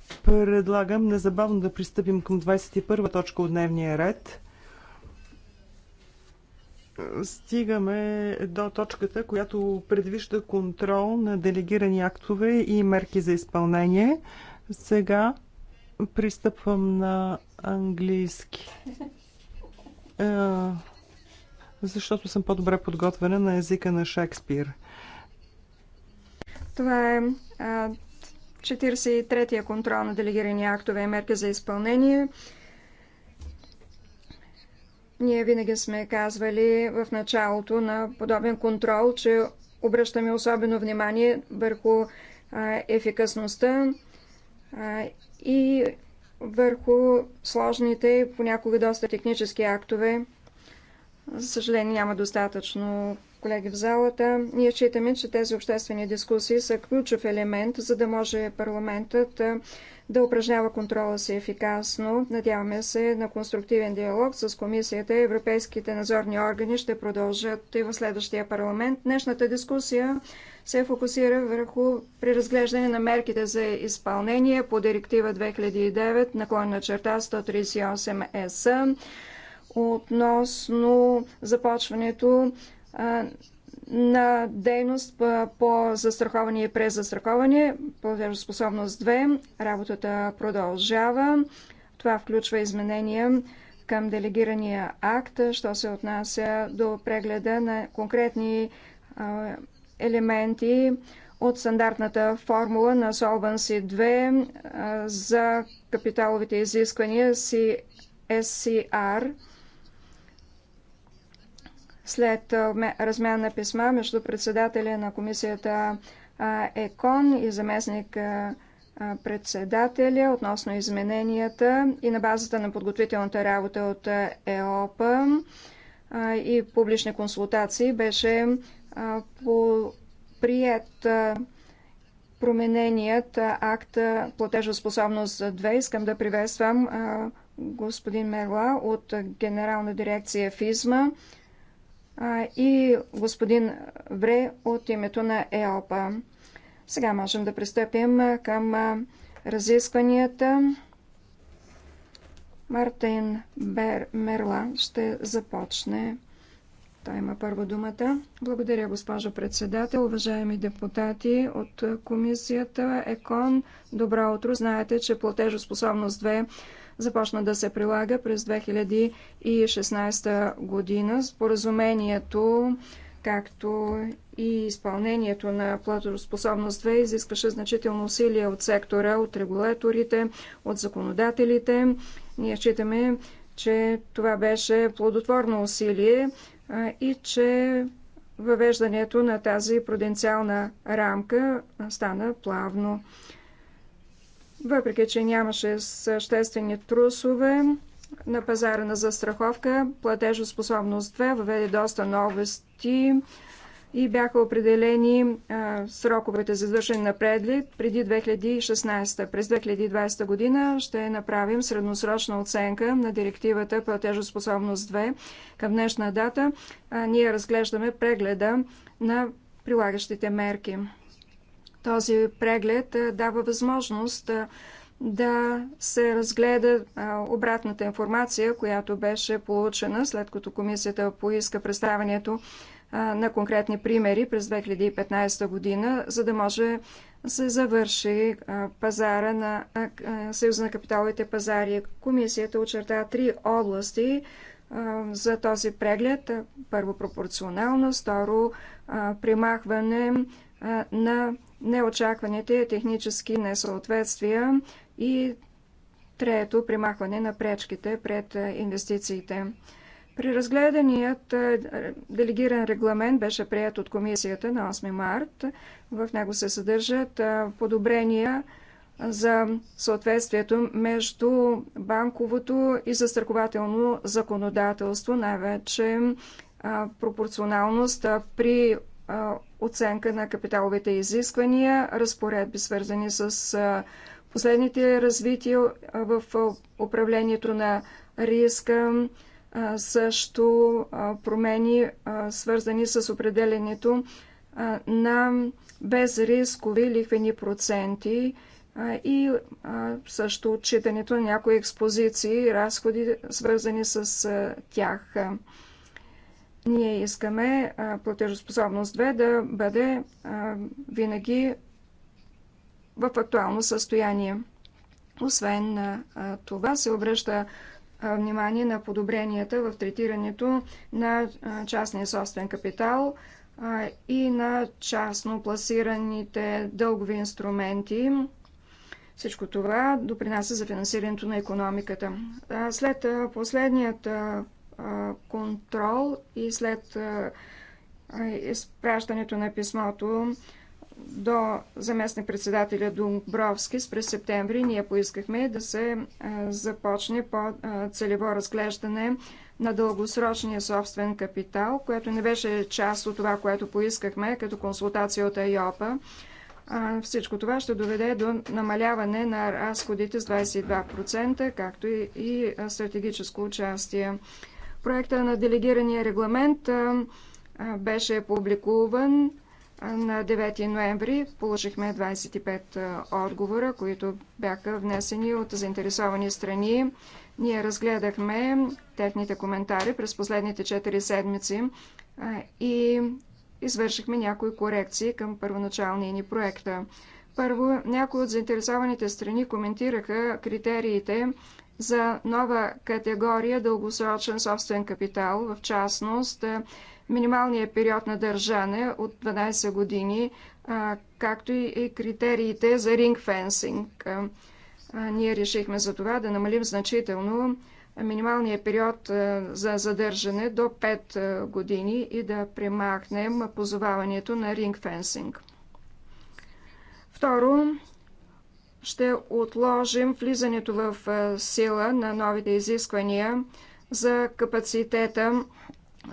Предлагам незабавно да пристъпим към 21 точка от дневния ред. Стигаме до точката, която предвижда контрол на делегирани актове и мерки за изпълнение. Сега пристъпвам на английски. Е, защото съм по-добре подготвена на езика на Шекспир. Това е 43-я контрол на делегирани актове и мерки за изпълнение. Ние винаги сме казвали в началото на подобен контрол, че обръщаме особено внимание върху ефикасността и върху сложните, понякога доста технически актове. За съжаление няма достатъчно колеги в залата, ние считаме, че тези обществени дискусии са ключов елемент, за да може парламентът да упражнява контрола си ефикасно. Надяваме се на конструктивен диалог с комисията. Европейските надзорни органи ще продължат и в следващия парламент. Днешната дискусия се фокусира върху преразглеждане на мерките за изпълнение по директива 2009 наклонна черта 138 ЕС относно започването на дейност по застраховане и презастраховане, платежоспособност 2. Работата продължава. Това включва изменения към делегирания акт, що се отнася до прегледа на конкретни елементи от стандартната формула на Solvency 2 за капиталовите изисквания CSCR след размяна на писма между председателя на комисията ЕКОН и заместник председателя относно измененията и на базата на подготвителната работа от ЕОП и публични консултации беше прият промененият акт платежоспособност 2. Искам да приветствам господин Мерла от Генерална дирекция ФИЗМА и господин Вре от името на ЕОПА. Сега можем да пристъпим към разискванията. Мартин Бер Мерла ще започне. Той има първо думата. Благодаря, госпожо председател, уважаеми депутати от комисията ЕКОН. Добро утро. Знаете, че платежоспособност 2 започна да се прилага през 2016 година. Споразумението, както и изпълнението на платоспособност 2 изискаше значително усилие от сектора, от регулаторите, от законодателите. Ние считаме, че това беше плодотворно усилие и че въвеждането на тази пруденциална рамка стана плавно. Въпреки, че нямаше съществени трусове на пазара на застраховка, платежоспособност 2 въведе доста новости и бяха определени а, сроковете за извършване на предлит преди 2016. През 2020 година ще направим средносрочна оценка на директивата Платежоспособност 2. Към днешна дата а, ние разглеждаме прегледа на прилагащите мерки. Този преглед дава възможност да се разгледа обратната информация, която беше получена след като комисията поиска представянето на конкретни примери през 2015 година, за да може се завърши пазара на Съюза на капиталовите пазари. Комисията очерта три области за този преглед. Първо пропорционално, второ примахване на неочакваните технически несъответствия и трето примахване на пречките пред е, инвестициите. разгледаният е, делегиран регламент беше прият от комисията на 8 март. В него се съдържат е, подобрения за съответствието между банковото и застрахователно законодателство, най-вече пропорционалност при оценка на капиталовите изисквания, разпоредби свързани с последните развития в управлението на риска, също промени свързани с определенето на безрискови лихвени проценти и също отчитането на някои експозиции и разходи свързани с тях. Ние искаме платежоспособност 2 да бъде винаги в актуално състояние. Освен това се обръща внимание на подобренията в третирането на частния собствен капитал и на частно пласираните дългови инструменти. Всичко това допринася за финансирането на економиката. След последният контрол и след изпращането на писмото до заместник председателя Думбровски през септември ние поискахме да се започне по целево разглеждане на дългосрочния собствен капитал, което не беше част от това, което поискахме като консултация от АЙОПА. Всичко това ще доведе до намаляване на разходите с 22%, както и стратегическо участие. Проекта на делегирания регламент беше публикуван на 9 ноември. Получихме 25 отговора, които бяха внесени от заинтересовани страни. Ние разгледахме техните коментари през последните 4 седмици и извършихме някои корекции към първоначалния ни проекта. Първо, някои от заинтересованите страни коментираха критериите за нова категория дългосрочен собствен капитал, в частност е, минималният период на държане от 12 години, както и критериите за ринг фенсинг. Ние решихме за това да намалим значително минималния период за задържане до 5 години и да премахнем позоваването на ринг фенсинг. Второ, ще отложим влизането в сила на новите изисквания за капацитета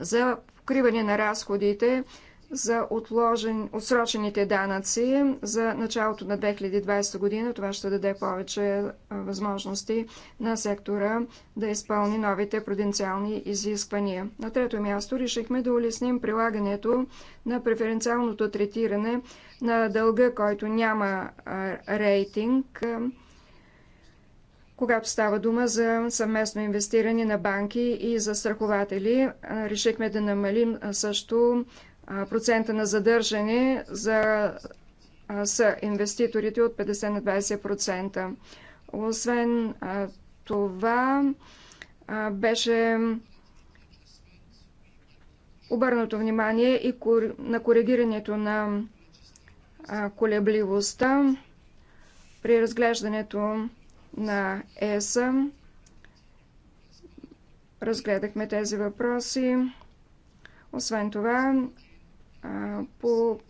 за покриване на разходите за отложен, отсрочените данъци за началото на 2020 година. Това ще даде повече възможности на сектора да изпълни новите пруденциални изисквания. На трето място решихме да улесним прилагането на преференциалното третиране на дълга, който няма рейтинг, когато става дума за съвместно инвестиране на банки и за страхователи, решихме да намалим също процента на задържане за са инвеститорите от 50 на 20%. Освен това, беше обърнато внимание и на коригирането на колебливостта при разглеждането на ЕСА. Разгледахме тези въпроси. Освен това, по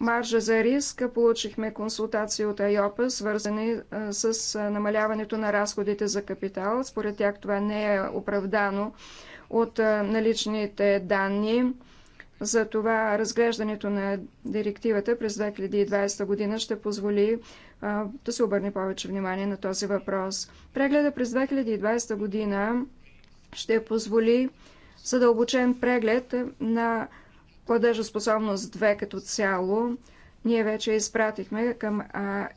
маржа за риск получихме консултации от Айопа, свързани с намаляването на разходите за капитал. Според тях това не е оправдано от наличните данни. Затова разглеждането на директивата през 2020 година ще позволи да се обърне повече внимание на този въпрос. Прегледа през 2020 година ще позволи задълбочен преглед на платежоспособност 2 като цяло, ние вече изпратихме към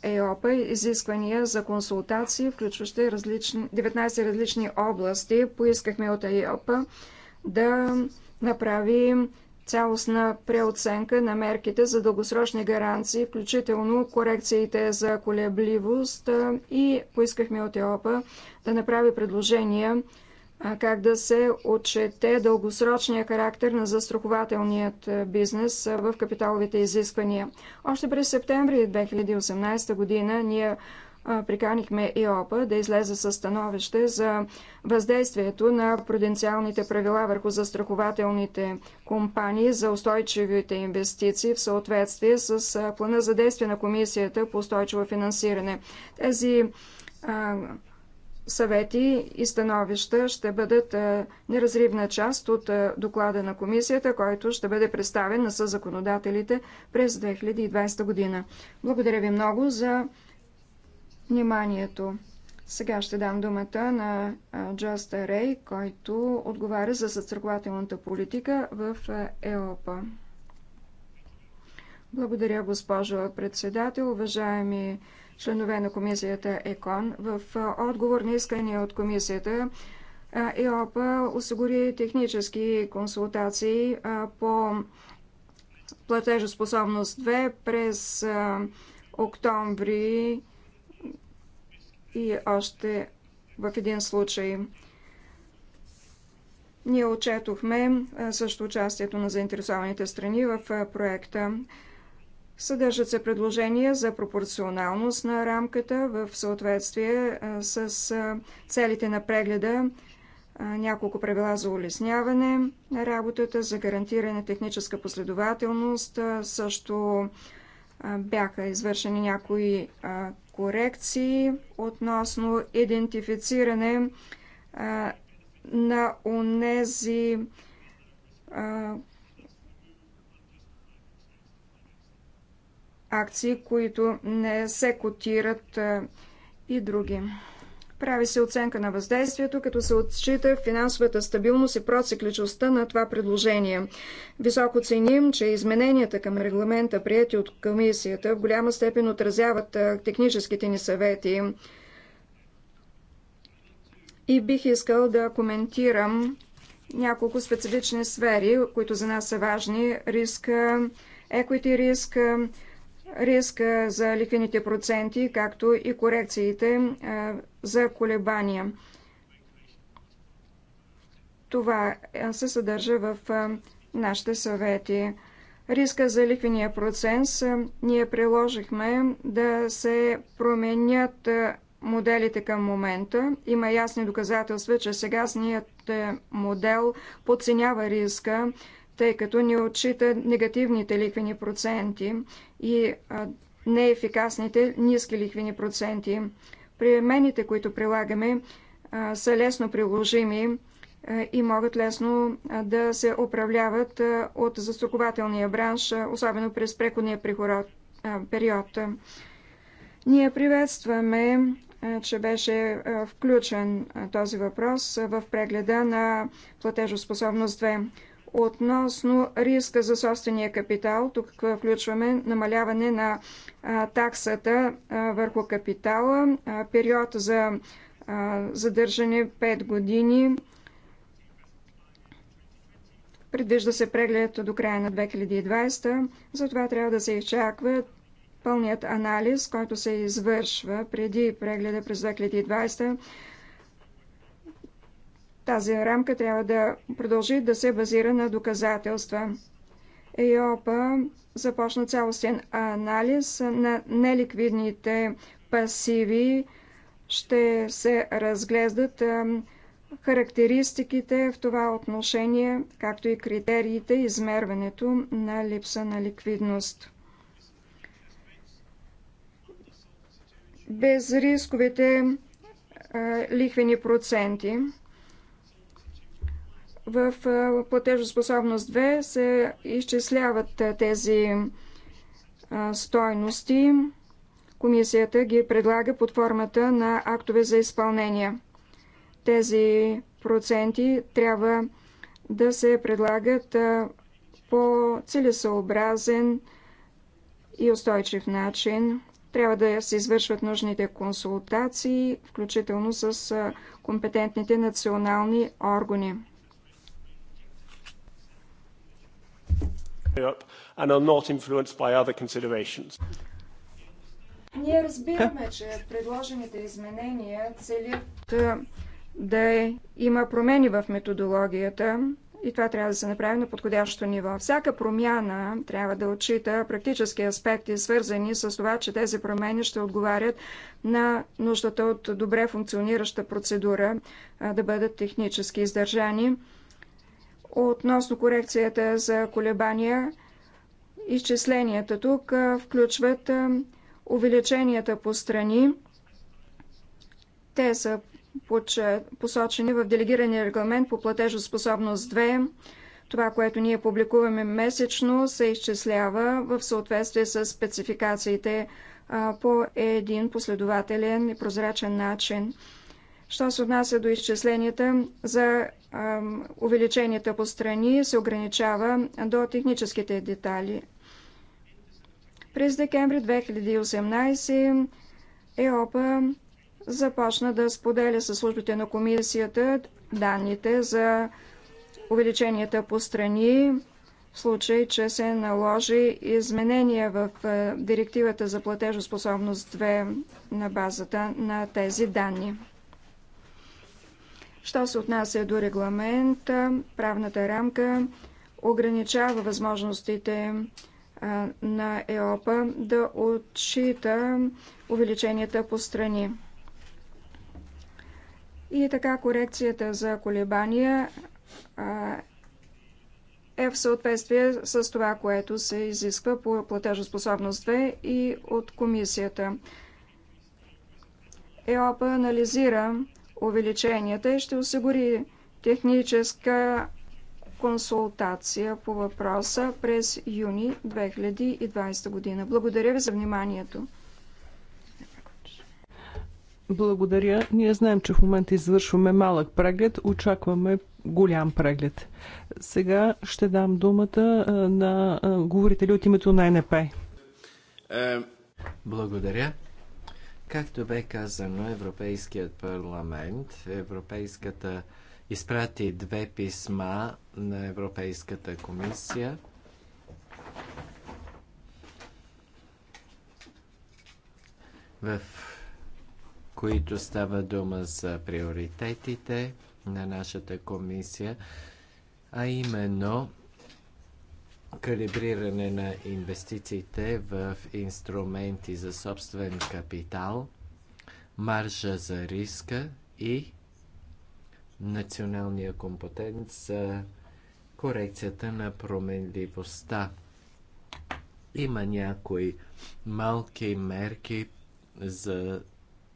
ЕОПА изисквания за консултации, включващи различни, 19 различни области. Поискахме от ЕОПА да направи цялостна преоценка на мерките за дългосрочни гаранции, включително корекциите за колебливост и поискахме от ЕОПА да направи предложения как да се отчете дългосрочния характер на застрахователният е, бизнес е, в капиталовите изисквания. Още през септември 2018 година ние е, приканихме ИОПА да излезе със становище за въздействието на пруденциалните правила върху застрахователните компании за устойчивите инвестиции в съответствие с плана за действие на Комисията по устойчиво финансиране. Тези съвети и становища ще бъдат е, неразривна част от е, доклада на комисията, който ще бъде представен на съзаконодателите през 2020 година. Благодаря ви много за вниманието. Сега ще дам думата на е, Джоста Рей, който отговаря за съцърквателната политика в ЕОПА. Благодаря, госпожо председател, уважаеми членове на комисията ЕКОН. В отговор на искания от комисията ЕОПА осигури технически консултации по платежоспособност 2 през октомври и още в един случай. Ние отчетохме също участието на заинтересованите страни в проекта. Съдържат се предложения за пропорционалност на рамката в съответствие с целите на прегледа, няколко правила за улесняване на работата, за гарантиране техническа последователност, също бяха извършени някои корекции относно идентифициране на онези акции, които не се котират и други. Прави се оценка на въздействието, като се отчита финансовата стабилност и процикличността на това предложение. Високо ценим, че измененията към регламента, прияти от комисията, в голяма степен отразяват техническите ни съвети. И бих искал да коментирам няколко специфични сфери, които за нас са важни. Риска, equity риска, риска за лихвените проценти, както и корекциите за колебания. Това се съдържа в нашите съвети. Риска за лихвения процент ние приложихме да се променят моделите към момента. Има ясни доказателства, че сегашният е, модел подценява риска тъй като не отчита негативните лихвени проценти и неефикасните ниски лихвени проценти. Примените, които прилагаме, са лесно приложими и могат лесно да се управляват от застрахователния бранш, особено през преходния период. Ние приветстваме, че беше включен този въпрос в прегледа на платежоспособност 2. Относно риска за собствения капитал, тук включваме намаляване на таксата върху капитала, период за задържане 5 години. Предвижда се преглед до края на 2020, затова трябва да се изчаква пълният анализ, който се извършва преди прегледа през 2020 тази рамка трябва да продължи да се базира на доказателства. ЕОПА започна цялостен анализ на неликвидните пасиви. Ще се разглеждат характеристиките в това отношение, както и критериите, измерването на липса на ликвидност. Безрисковите лихвени проценти – в платежоспособност 2 се изчисляват тези стойности. Комисията ги предлага под формата на актове за изпълнение. Тези проценти трябва да се предлагат по целесообразен и устойчив начин. Трябва да се извършват нужните консултации, включително с компетентните национални органи. Europe and are not influenced by other considerations. Ние разбираме, че предложените изменения целят да е, има промени в методологията и това трябва да се направи на подходящо ниво. Всяка промяна трябва да отчита практически аспекти, свързани с това, че тези промени ще отговарят на нуждата от добре функционираща процедура, да бъдат технически издържани Относно корекцията за колебания, изчисленията тук включват увеличенията по страни. Те са посочени в делегирания регламент по платежоспособност 2. Това, което ние публикуваме месечно, се изчислява в съответствие с спецификациите по един последователен и прозрачен начин. Що се отнася до изчисленията за увеличенията по страни, се ограничава до техническите детали. През декември 2018 ЕОПА започна да споделя със службите на комисията данните за увеличенията по страни, в случай, че се наложи изменение в директивата за платежоспособност 2 на базата на тези данни. Що се отнася до регламента, правната рамка ограничава възможностите на ЕОПА да отчита увеличенията по страни. И така корекцията за колебания е в съответствие с това, което се изисква по платежоспособност 2 и от комисията. ЕОПА анализира увеличенията и ще осигури техническа консултация по въпроса през юни 2020 година. Благодаря ви за вниманието. Благодаря. Ние знаем, че в момента извършваме малък преглед. Очакваме голям преглед. Сега ще дам думата на говорители от името на НП. Е, благодаря. Както бе казано, Европейският парламент, Европейската изпрати две писма на Европейската комисия. в които става дума за приоритетите на нашата комисия, а именно калибриране на инвестициите в инструменти за собствен капитал, маржа за риска и националния компетент за корекцията на променливостта. Има някои малки мерки за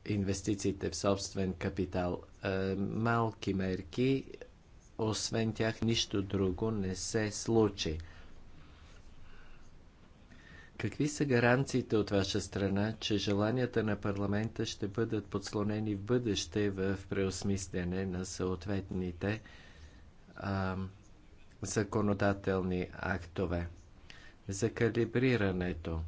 инвестициите в собствен капитал. Е, малки мерки, освен тях нищо друго не се случи. Какви са гаранциите от ваша страна, че желанията на парламента ще бъдат подслонени в бъдеще в преосмислене на съответните а, законодателни актове? За калибрирането.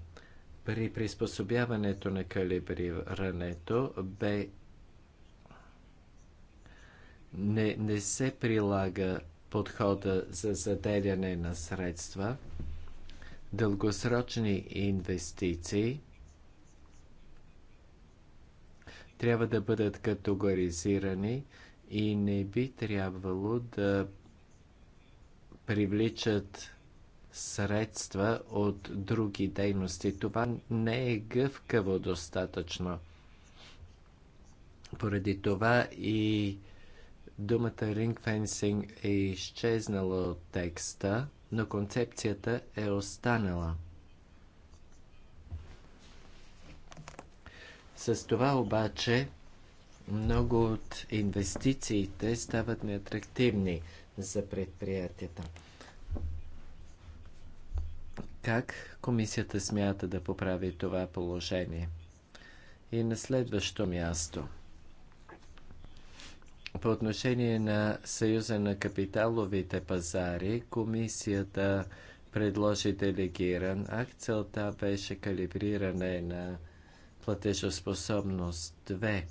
При приспособяването на калибрирането бе не, не се прилага подхода за заделяне на средства – дългосрочни инвестиции трябва да бъдат категоризирани и не би трябвало да привличат средства от други дейности. Това не е гъвкаво достатъчно. Поради това и думата ring fencing е изчезнала от текста – но концепцията е останала. С това обаче много от инвестициите стават неатрактивни за предприятията. Как комисията смята да поправи това положение? И на следващо място – по отношение на Съюза на капиталовите пазари, комисията предложи делегиран акт. Целта беше калибриране на платежоспособност 2.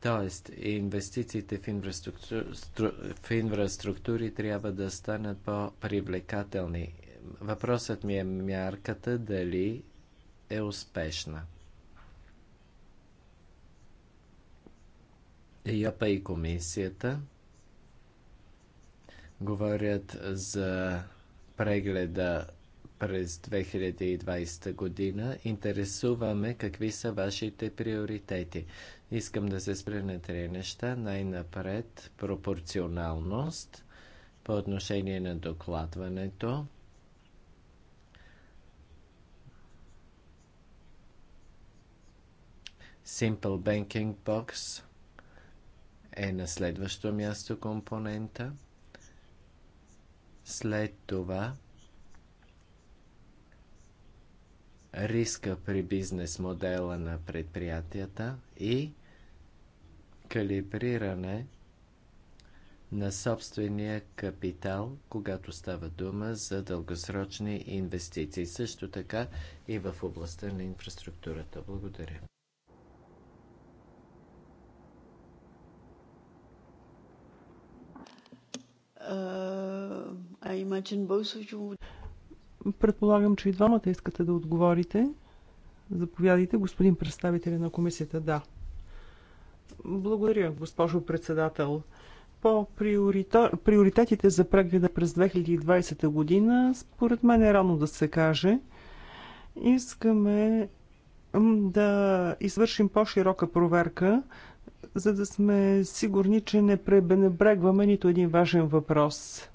Тоест, инвестициите в, инфраструктури, в инфраструктури трябва да станат по-привлекателни. Въпросът ми е мярката дали е успешна. Япа и комисията говорят за прегледа през 2020 година. Интересуваме какви са вашите приоритети. Искам да се спре на три неща. Най-напред пропорционалност по отношение на докладването. Simple Banking Box – е на следващо място компонента. След това риска при бизнес модела на предприятията и калибриране на собствения капитал, когато става дума за дългосрочни инвестиции. Също така и в областта на инфраструктурата. Благодаря. Предполагам, че и двамата искате да отговорите. Заповядайте, господин представителя на комисията. Да. Благодаря, госпожо председател. По приоритетите за прегледа през 2020 година, според мен е рано да се каже. Искаме да извършим по-широка проверка, за да сме сигурни, че не пренебрегваме нито един важен въпрос.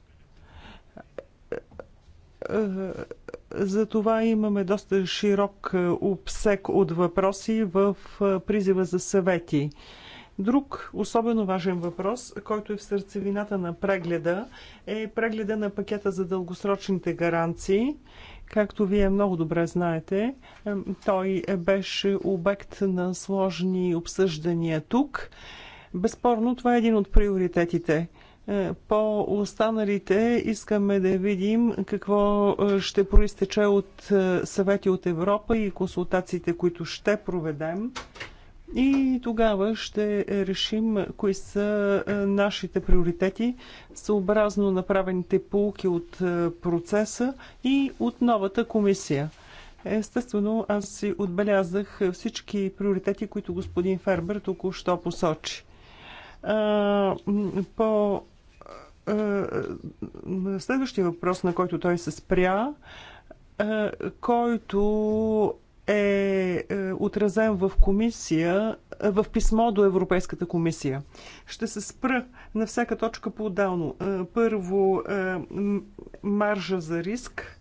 За това имаме доста широк е, обсек от въпроси в е, призива за съвети. Друг особено важен въпрос, който е в сърцевината на прегледа, е прегледа на пакета за дългосрочните гаранции Както вие много добре знаете, той беше обект на сложни обсъждания тук. Безспорно, това е един от приоритетите. Е, по останалите искаме да видим какво е, ще проистече от е, съвети от Европа и консултациите, които ще проведем. И тогава ще решим кои са е, нашите приоритети, съобразно направените полки от е, процеса и от новата комисия. Естествено, аз си отбелязах всички приоритети, които господин Фербер току-що посочи. По следващия въпрос, на който той се спря, който е, е отразен в комисия, е, в писмо до Европейската комисия. Ще се спра на всяка точка по-отдално. Е, първо, маржа за риск.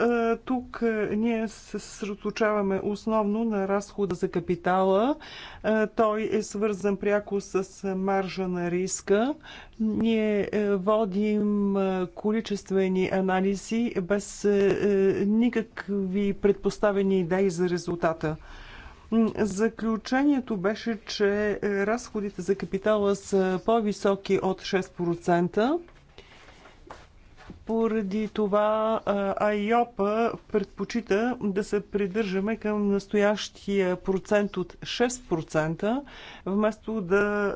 Е, тук е, ние се съсредоточаваме основно на разхода за капитала. Е, той е свързан пряко с маржа на риска. Ние водим количествени анализи без никакви предпоставени идеи за резултата. Заключението беше, че разходите за капитала са по-високи от 6%. Поради това АИОПА предпочита да се придържаме към настоящия процент от 6%, вместо да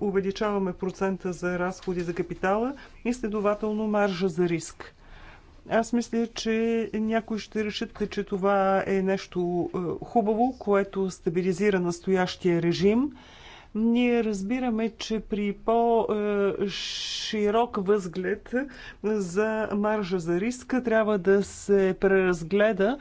увеличаваме процента за разходи за капитала и следователно маржа за риск. Аз мисля, че някои ще решат, че това е нещо хубаво, което стабилизира настоящия режим – ние разбираме, че при по-широк възглед за маржа за риск трябва да се преразгледа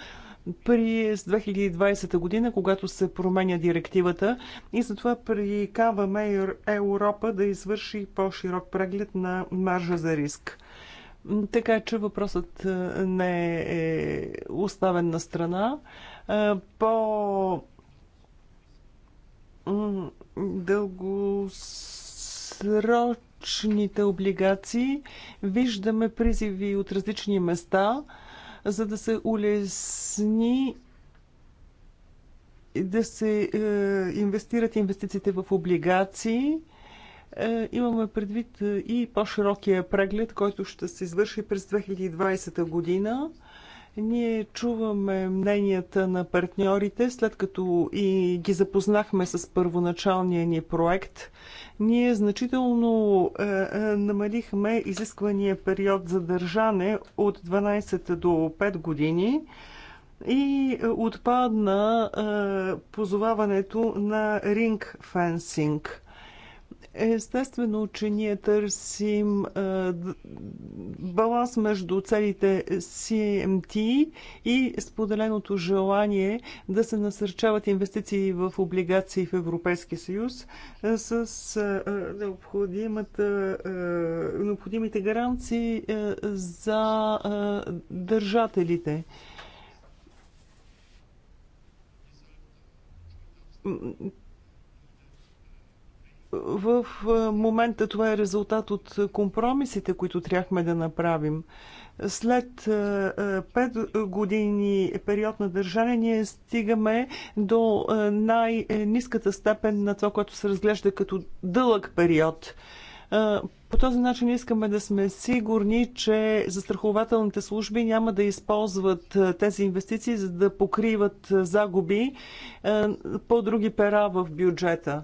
при 2020 година, когато се променя директивата и затова прикаваме Европа да извърши по-широк преглед на маржа за риск. Така че въпросът е, не е, е оставен на страна. Е, по дългосрочните облигации виждаме призиви от различни места, за да се улесни да се е, инвестират инвестициите в облигации. Е, имаме предвид е, и по-широкия преглед, който ще се извърши през 2020 година. Ние чуваме мненията на партньорите, след като и ги запознахме с първоначалния ни проект. Ние значително е, е, намалихме изисквания период за държане от 12 до 5 години и отпадна е, позоваването на ринг фенсинг. Естествено, че ние търсим баланс между целите CMT и споделеното желание да се насърчават инвестиции в облигации в Европейския съюз с необходимите гаранции за държателите. В момента това е резултат от компромисите, които трябвахме да направим. След 5 години период на държане ние стигаме до най-низката степен на това, което се разглежда като дълъг период. По този начин искаме да сме сигурни, че застрахователните служби няма да използват тези инвестиции, за да покриват загуби по други пера в бюджета.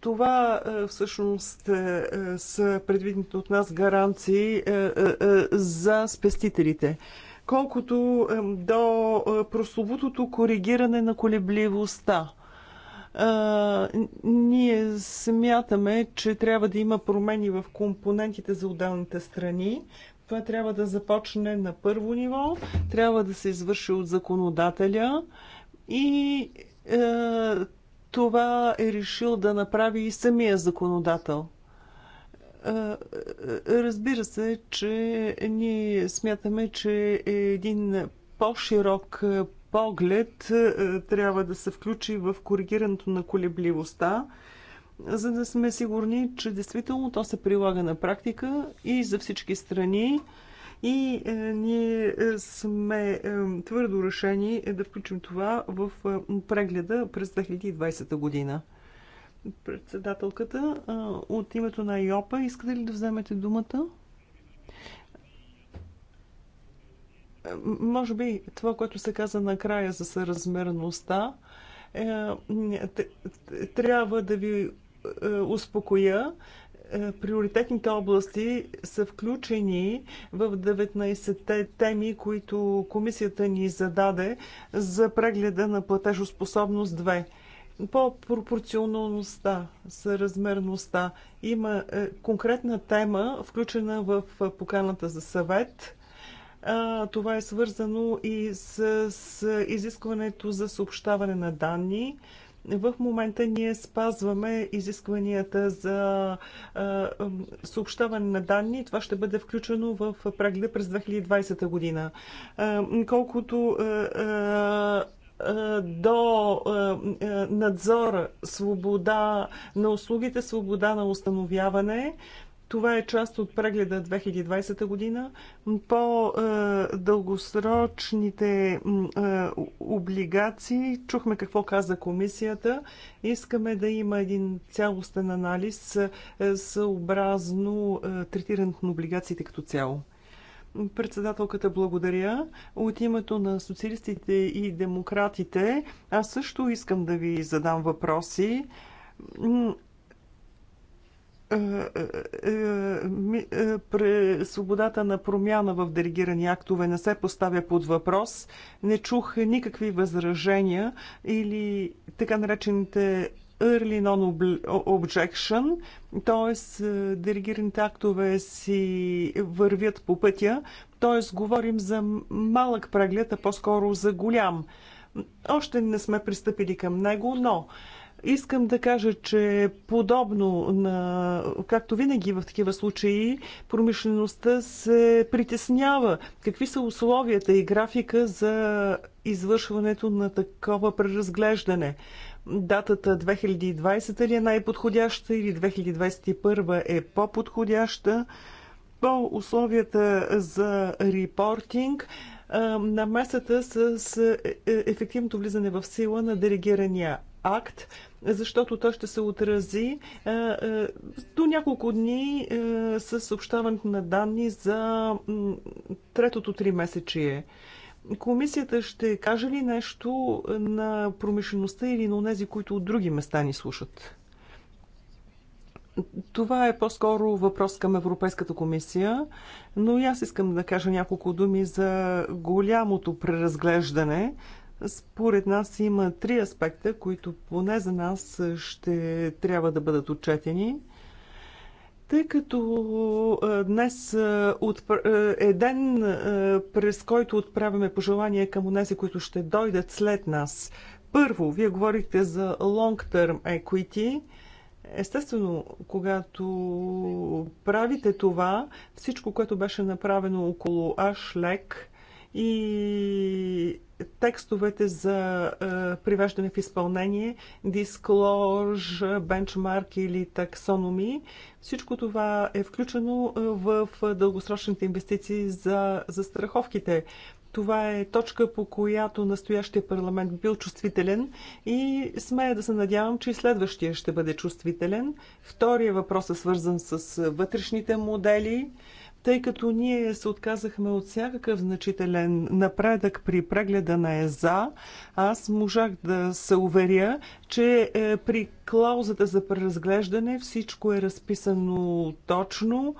Това всъщност е, е, са предвидните от нас гаранции е, за спестителите. Колкото до прословутото коригиране на колебливостта – ние смятаме, че трябва да има промени в компонентите за отделните страни. Това трябва да започне на първо ниво, трябва да се извърши от законодателя и това е решил да направи и самия законодател. Е, е, разбира се, че ние смятаме, че е един по-широк поглед трябва да се включи в коригирането на колебливостта, за да сме сигурни, че действително то се прилага на практика и за всички страни и е, ние е, сме е, твърдо решени да включим това в прегледа през 2020 година. Председателката от името на ИОПА, искате ли да вземете думата? Може би това, което се каза накрая за съразмерността, трябва да ви успокоя. Е, приоритетните области са включени в 19-те теми, които комисията ни зададе за прегледа на платежоспособност 2 по пропорционалността, съразмерността. Има е, конкретна тема, включена в поканата за съвет. това е свързано и с изискването за съобщаване на данни. В момента ние спазваме изискванията за съобщаване на данни. Това ще бъде включено в прегледа през 2020 година. Колкото до надзора, свобода на услугите, свобода на установяване. Това е част от прегледа 2020 година по е, дългосрочните е, облигации. Чухме какво каза комисията. Искаме да има един цялостен анализ е, съобразно третирането на облигациите като цяло. Председателката благодаря. От името на социалистите и демократите аз също искам да ви задам въпроси е, е, е, свободата на промяна в делегирани актове не се поставя под въпрос. Не чух никакви възражения или така наречените early non-objection, т.е. делегираните актове си вървят по пътя, т.е. говорим за малък преглед, а по-скоро за голям. Още не сме пристъпили към него, но Искам да кажа, че подобно на, както винаги в такива случаи, промишлеността се притеснява. Какви са условията и графика за извършването на такова преразглеждане? Датата 2020 ли е най-подходяща или 2021 е по-подходяща? По условията за репортинг, намесата с е, е, ефективното влизане в сила на делегирания акт защото то ще се отрази е, е, до няколко дни е, с съобщаването на данни за третото три месечие. Комисията ще каже ли нещо на промишлеността или на тези, които от други места ни слушат? Това е по-скоро въпрос към Европейската комисия, но и аз искам да кажа няколко думи за голямото преразглеждане, според нас има три аспекта, които поне за нас ще трябва да бъдат отчетени. Тъй като днес е ден, през който отправяме пожелания към онези, които ще дойдат след нас. Първо, вие говорихте за long-term equity. Естествено, когато правите това, всичко, което беше направено около Ашлек и текстовете за е, привеждане в изпълнение, дисклож, бенчмарк или таксономи. Всичко това е включено е, в дългосрочните инвестиции за, за страховките. Това е точка, по която настоящия парламент бил чувствителен и смея да се надявам, че и следващия ще бъде чувствителен. Втория въпрос е свързан с вътрешните модели тъй като ние се отказахме от всякакъв значителен напредък при прегледа на ЕЗА, аз можах да се уверя, че е, при клаузата за преразглеждане всичко е разписано точно,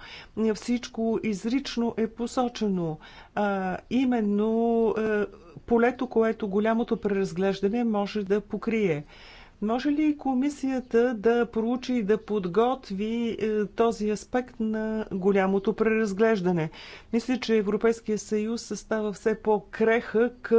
всичко изрично е посочено. А, именно е, полето, което голямото преразглеждане може да покрие. Може ли комисията да проучи и да подготви е, този аспект на голямото преразглеждане? Мисля, че Европейския съюз става все по-крехък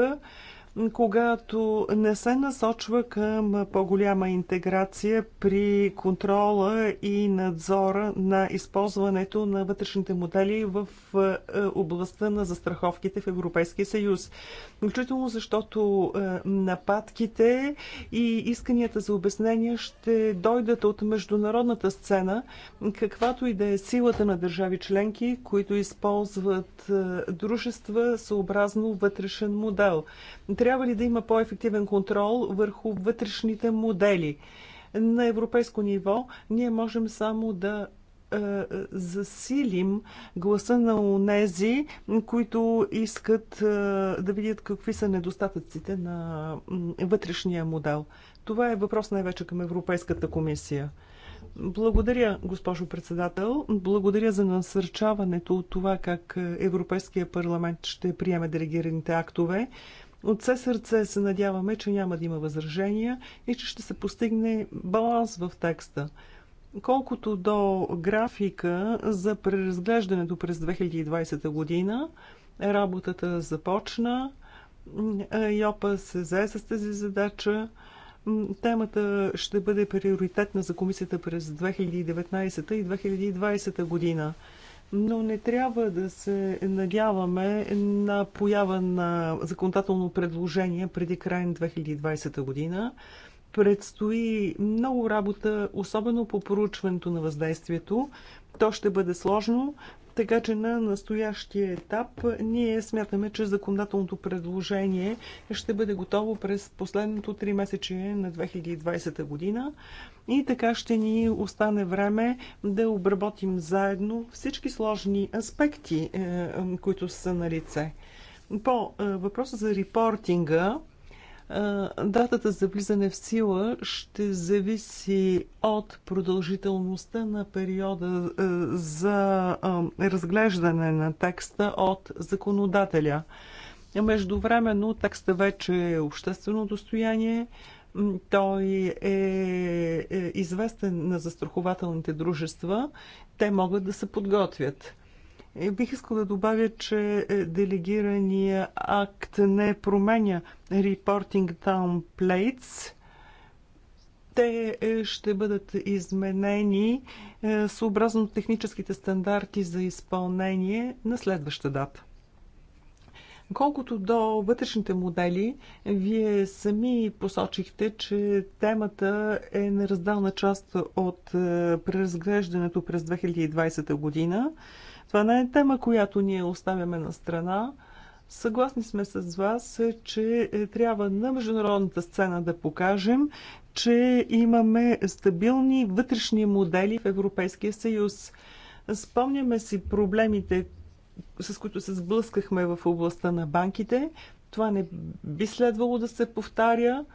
когато не се насочва към по-голяма интеграция при контрола и надзора на използването на вътрешните модели в е, областта на застраховките в Европейския съюз. Включително защото е, нападките и исканията за обяснения ще дойдат от международната сцена, каквато и да е силата на държави членки, които използват е, дружества съобразно вътрешен модел. Трябва ли да има по-ефективен контрол върху вътрешните модели? На европейско ниво ние можем само да е, засилим гласа на онези, които искат е, да видят какви са недостатъците на вътрешния модел. Това е въпрос най-вече към Европейската комисия. Благодаря, госпожо председател. Благодаря за насърчаването от това как Европейския парламент ще приеме делегираните актове. От все сърце се надяваме, че няма да има възражения и че ще се постигне баланс в текста. Колкото до графика за преразглеждането през 2020 година, работата започна. ЙОПА се зае с тази задача. Темата ще бъде приоритетна за комисията през 2019 и 2020 година но не трябва да се надяваме на поява на законодателно предложение преди край на 2020 година. Предстои много работа, особено по поручването на въздействието. То ще бъде сложно, така че на настоящия етап ние смятаме, че законодателното предложение ще бъде готово през последното три месече на 2020 година и така ще ни остане време да обработим заедно всички сложни аспекти, е, които са на лице. По е, въпроса за репортинга, Датата за влизане в сила ще зависи от продължителността на периода за разглеждане на текста от законодателя. Междувременно текста вече е обществено достояние. Той е, е известен на застрахователните дружества. Те могат да се подготвят. Бих искал да добавя, че е, делегирания акт не променя Reporting Plates. Те е, ще бъдат изменени е, съобразно техническите стандарти за изпълнение на следваща дата. Колкото до вътрешните модели, вие сами посочихте, че темата е неразделна част от преразглеждането през 2020 година. Това не е тема, която ние оставяме на страна. Съгласни сме с вас, че е, трябва на международната сцена да покажем, че имаме стабилни вътрешни модели в Европейския съюз. Спомняме си проблемите, с които се сблъскахме в областта на банките. Това не би следвало да се повтаря.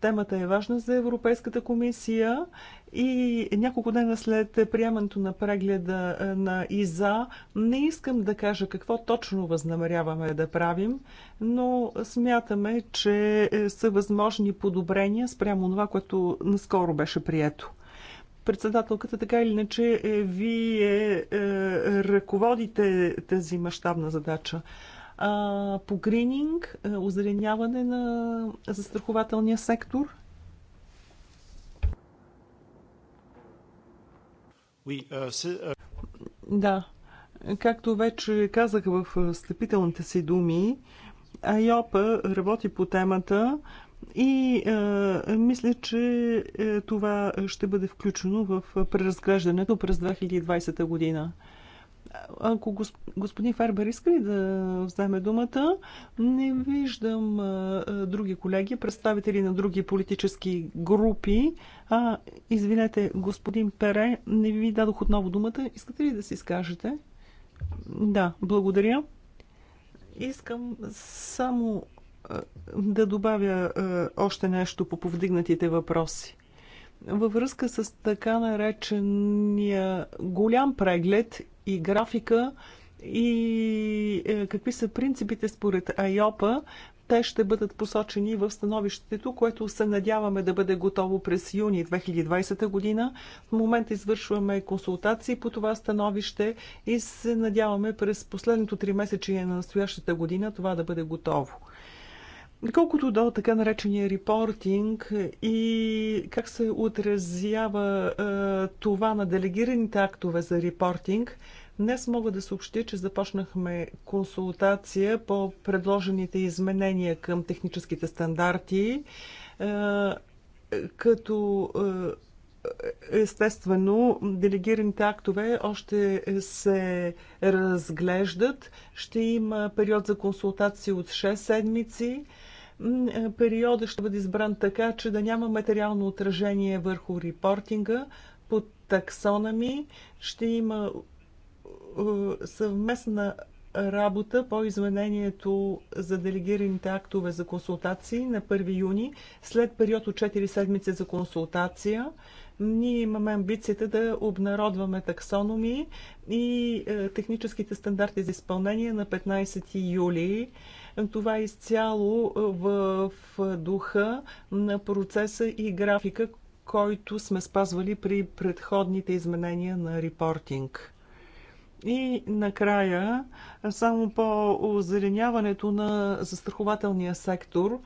Темата е важна за Европейската комисия и няколко дена след приемането на прегледа е, на ИЗА не искам да кажа какво точно възнамеряваме да правим, но смятаме, че е, са възможни подобрения спрямо това, което наскоро беше прието председателката, така или иначе, е, вие е, ръководите тази мащабна задача по грининг, озеленяване на застрахователния сектор? Euh, euh, да, както вече казах в слепителните си думи, Айопа работи по темата и е, мисля, че е, това ще бъде включено в преразглеждането през 2020 година. Ако господин Фербер иска ли да вземе думата, не виждам други колеги, представители на други политически групи. А, извинете, господин Пере, не ви дадох отново думата. Искате ли да си изкажете? Да, благодаря. Искам само да добавя още нещо по повдигнатите въпроси във връзка с така наречения голям преглед и графика и е, какви са принципите според АЙОПа, те ще бъдат посочени в становището, което се надяваме да бъде готово през юни 2020 година. В момента извършваме консултации по това становище и се надяваме през последното три месече на настоящата година това да бъде готово. Колкото до така наречения репортинг и как се отразява е, това на делегираните актове за репортинг, днес мога да съобщя, че започнахме консултация по предложените изменения към техническите стандарти, е, като е, естествено делегираните актове още се разглеждат. Ще има период за консултации от 6 седмици. Е, периода ще бъде избран така, че да няма материално отражение върху репортинга таксона таксонами. Ще има е, съвместна работа по изменението за делегираните актове за консултации на 1 юни, след период от 4 седмици за консултация. Ние имаме амбицията да обнародваме таксономи и е, техническите стандарти за изпълнение на 15 юли. Това е изцяло в духа на процеса и графика, който сме спазвали при предходните изменения на репортинг. И накрая, само по озеленяването на застрахователния сектор,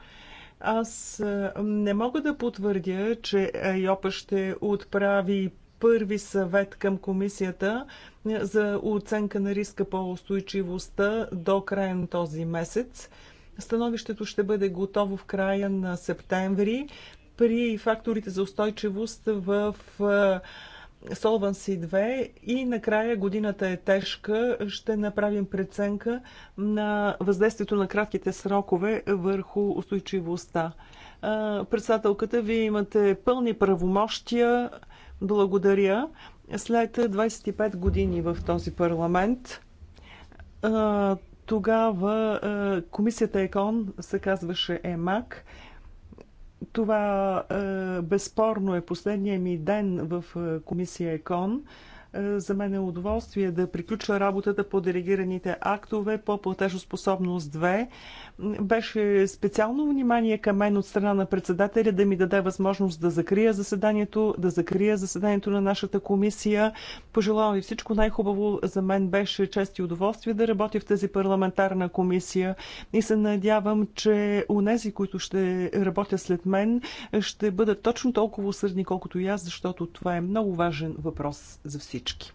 аз не мога да потвърдя, че Айопа ще отправи първи съвет към комисията е, за оценка на риска по устойчивостта до края на този месец. Становището ще бъде готово в края на септември при факторите за устойчивост в е, Solvency 2 и накрая годината е тежка. Ще направим преценка на въздействието на кратките срокове върху устойчивостта. Е, председателката, вие имате пълни правомощия благодаря. След 25 години в този парламент, тогава комисията ЕКОН се казваше ЕМАК. Това безспорно е последния ми ден в комисия ЕКОН. Е, за мен е удоволствие да приключа работата по делегираните актове по платежоспособност 2. Беше специално внимание към мен от страна на председателя да ми даде възможност да закрия заседанието, да закрия заседанието на нашата комисия. Пожелавам ви всичко най-хубаво. За мен беше чест и удоволствие да работя в тази парламентарна комисия и се надявам, че унези, които ще работя след мен, ще бъдат точно толкова усърдни, колкото и аз, защото това е много важен въпрос за всички всички.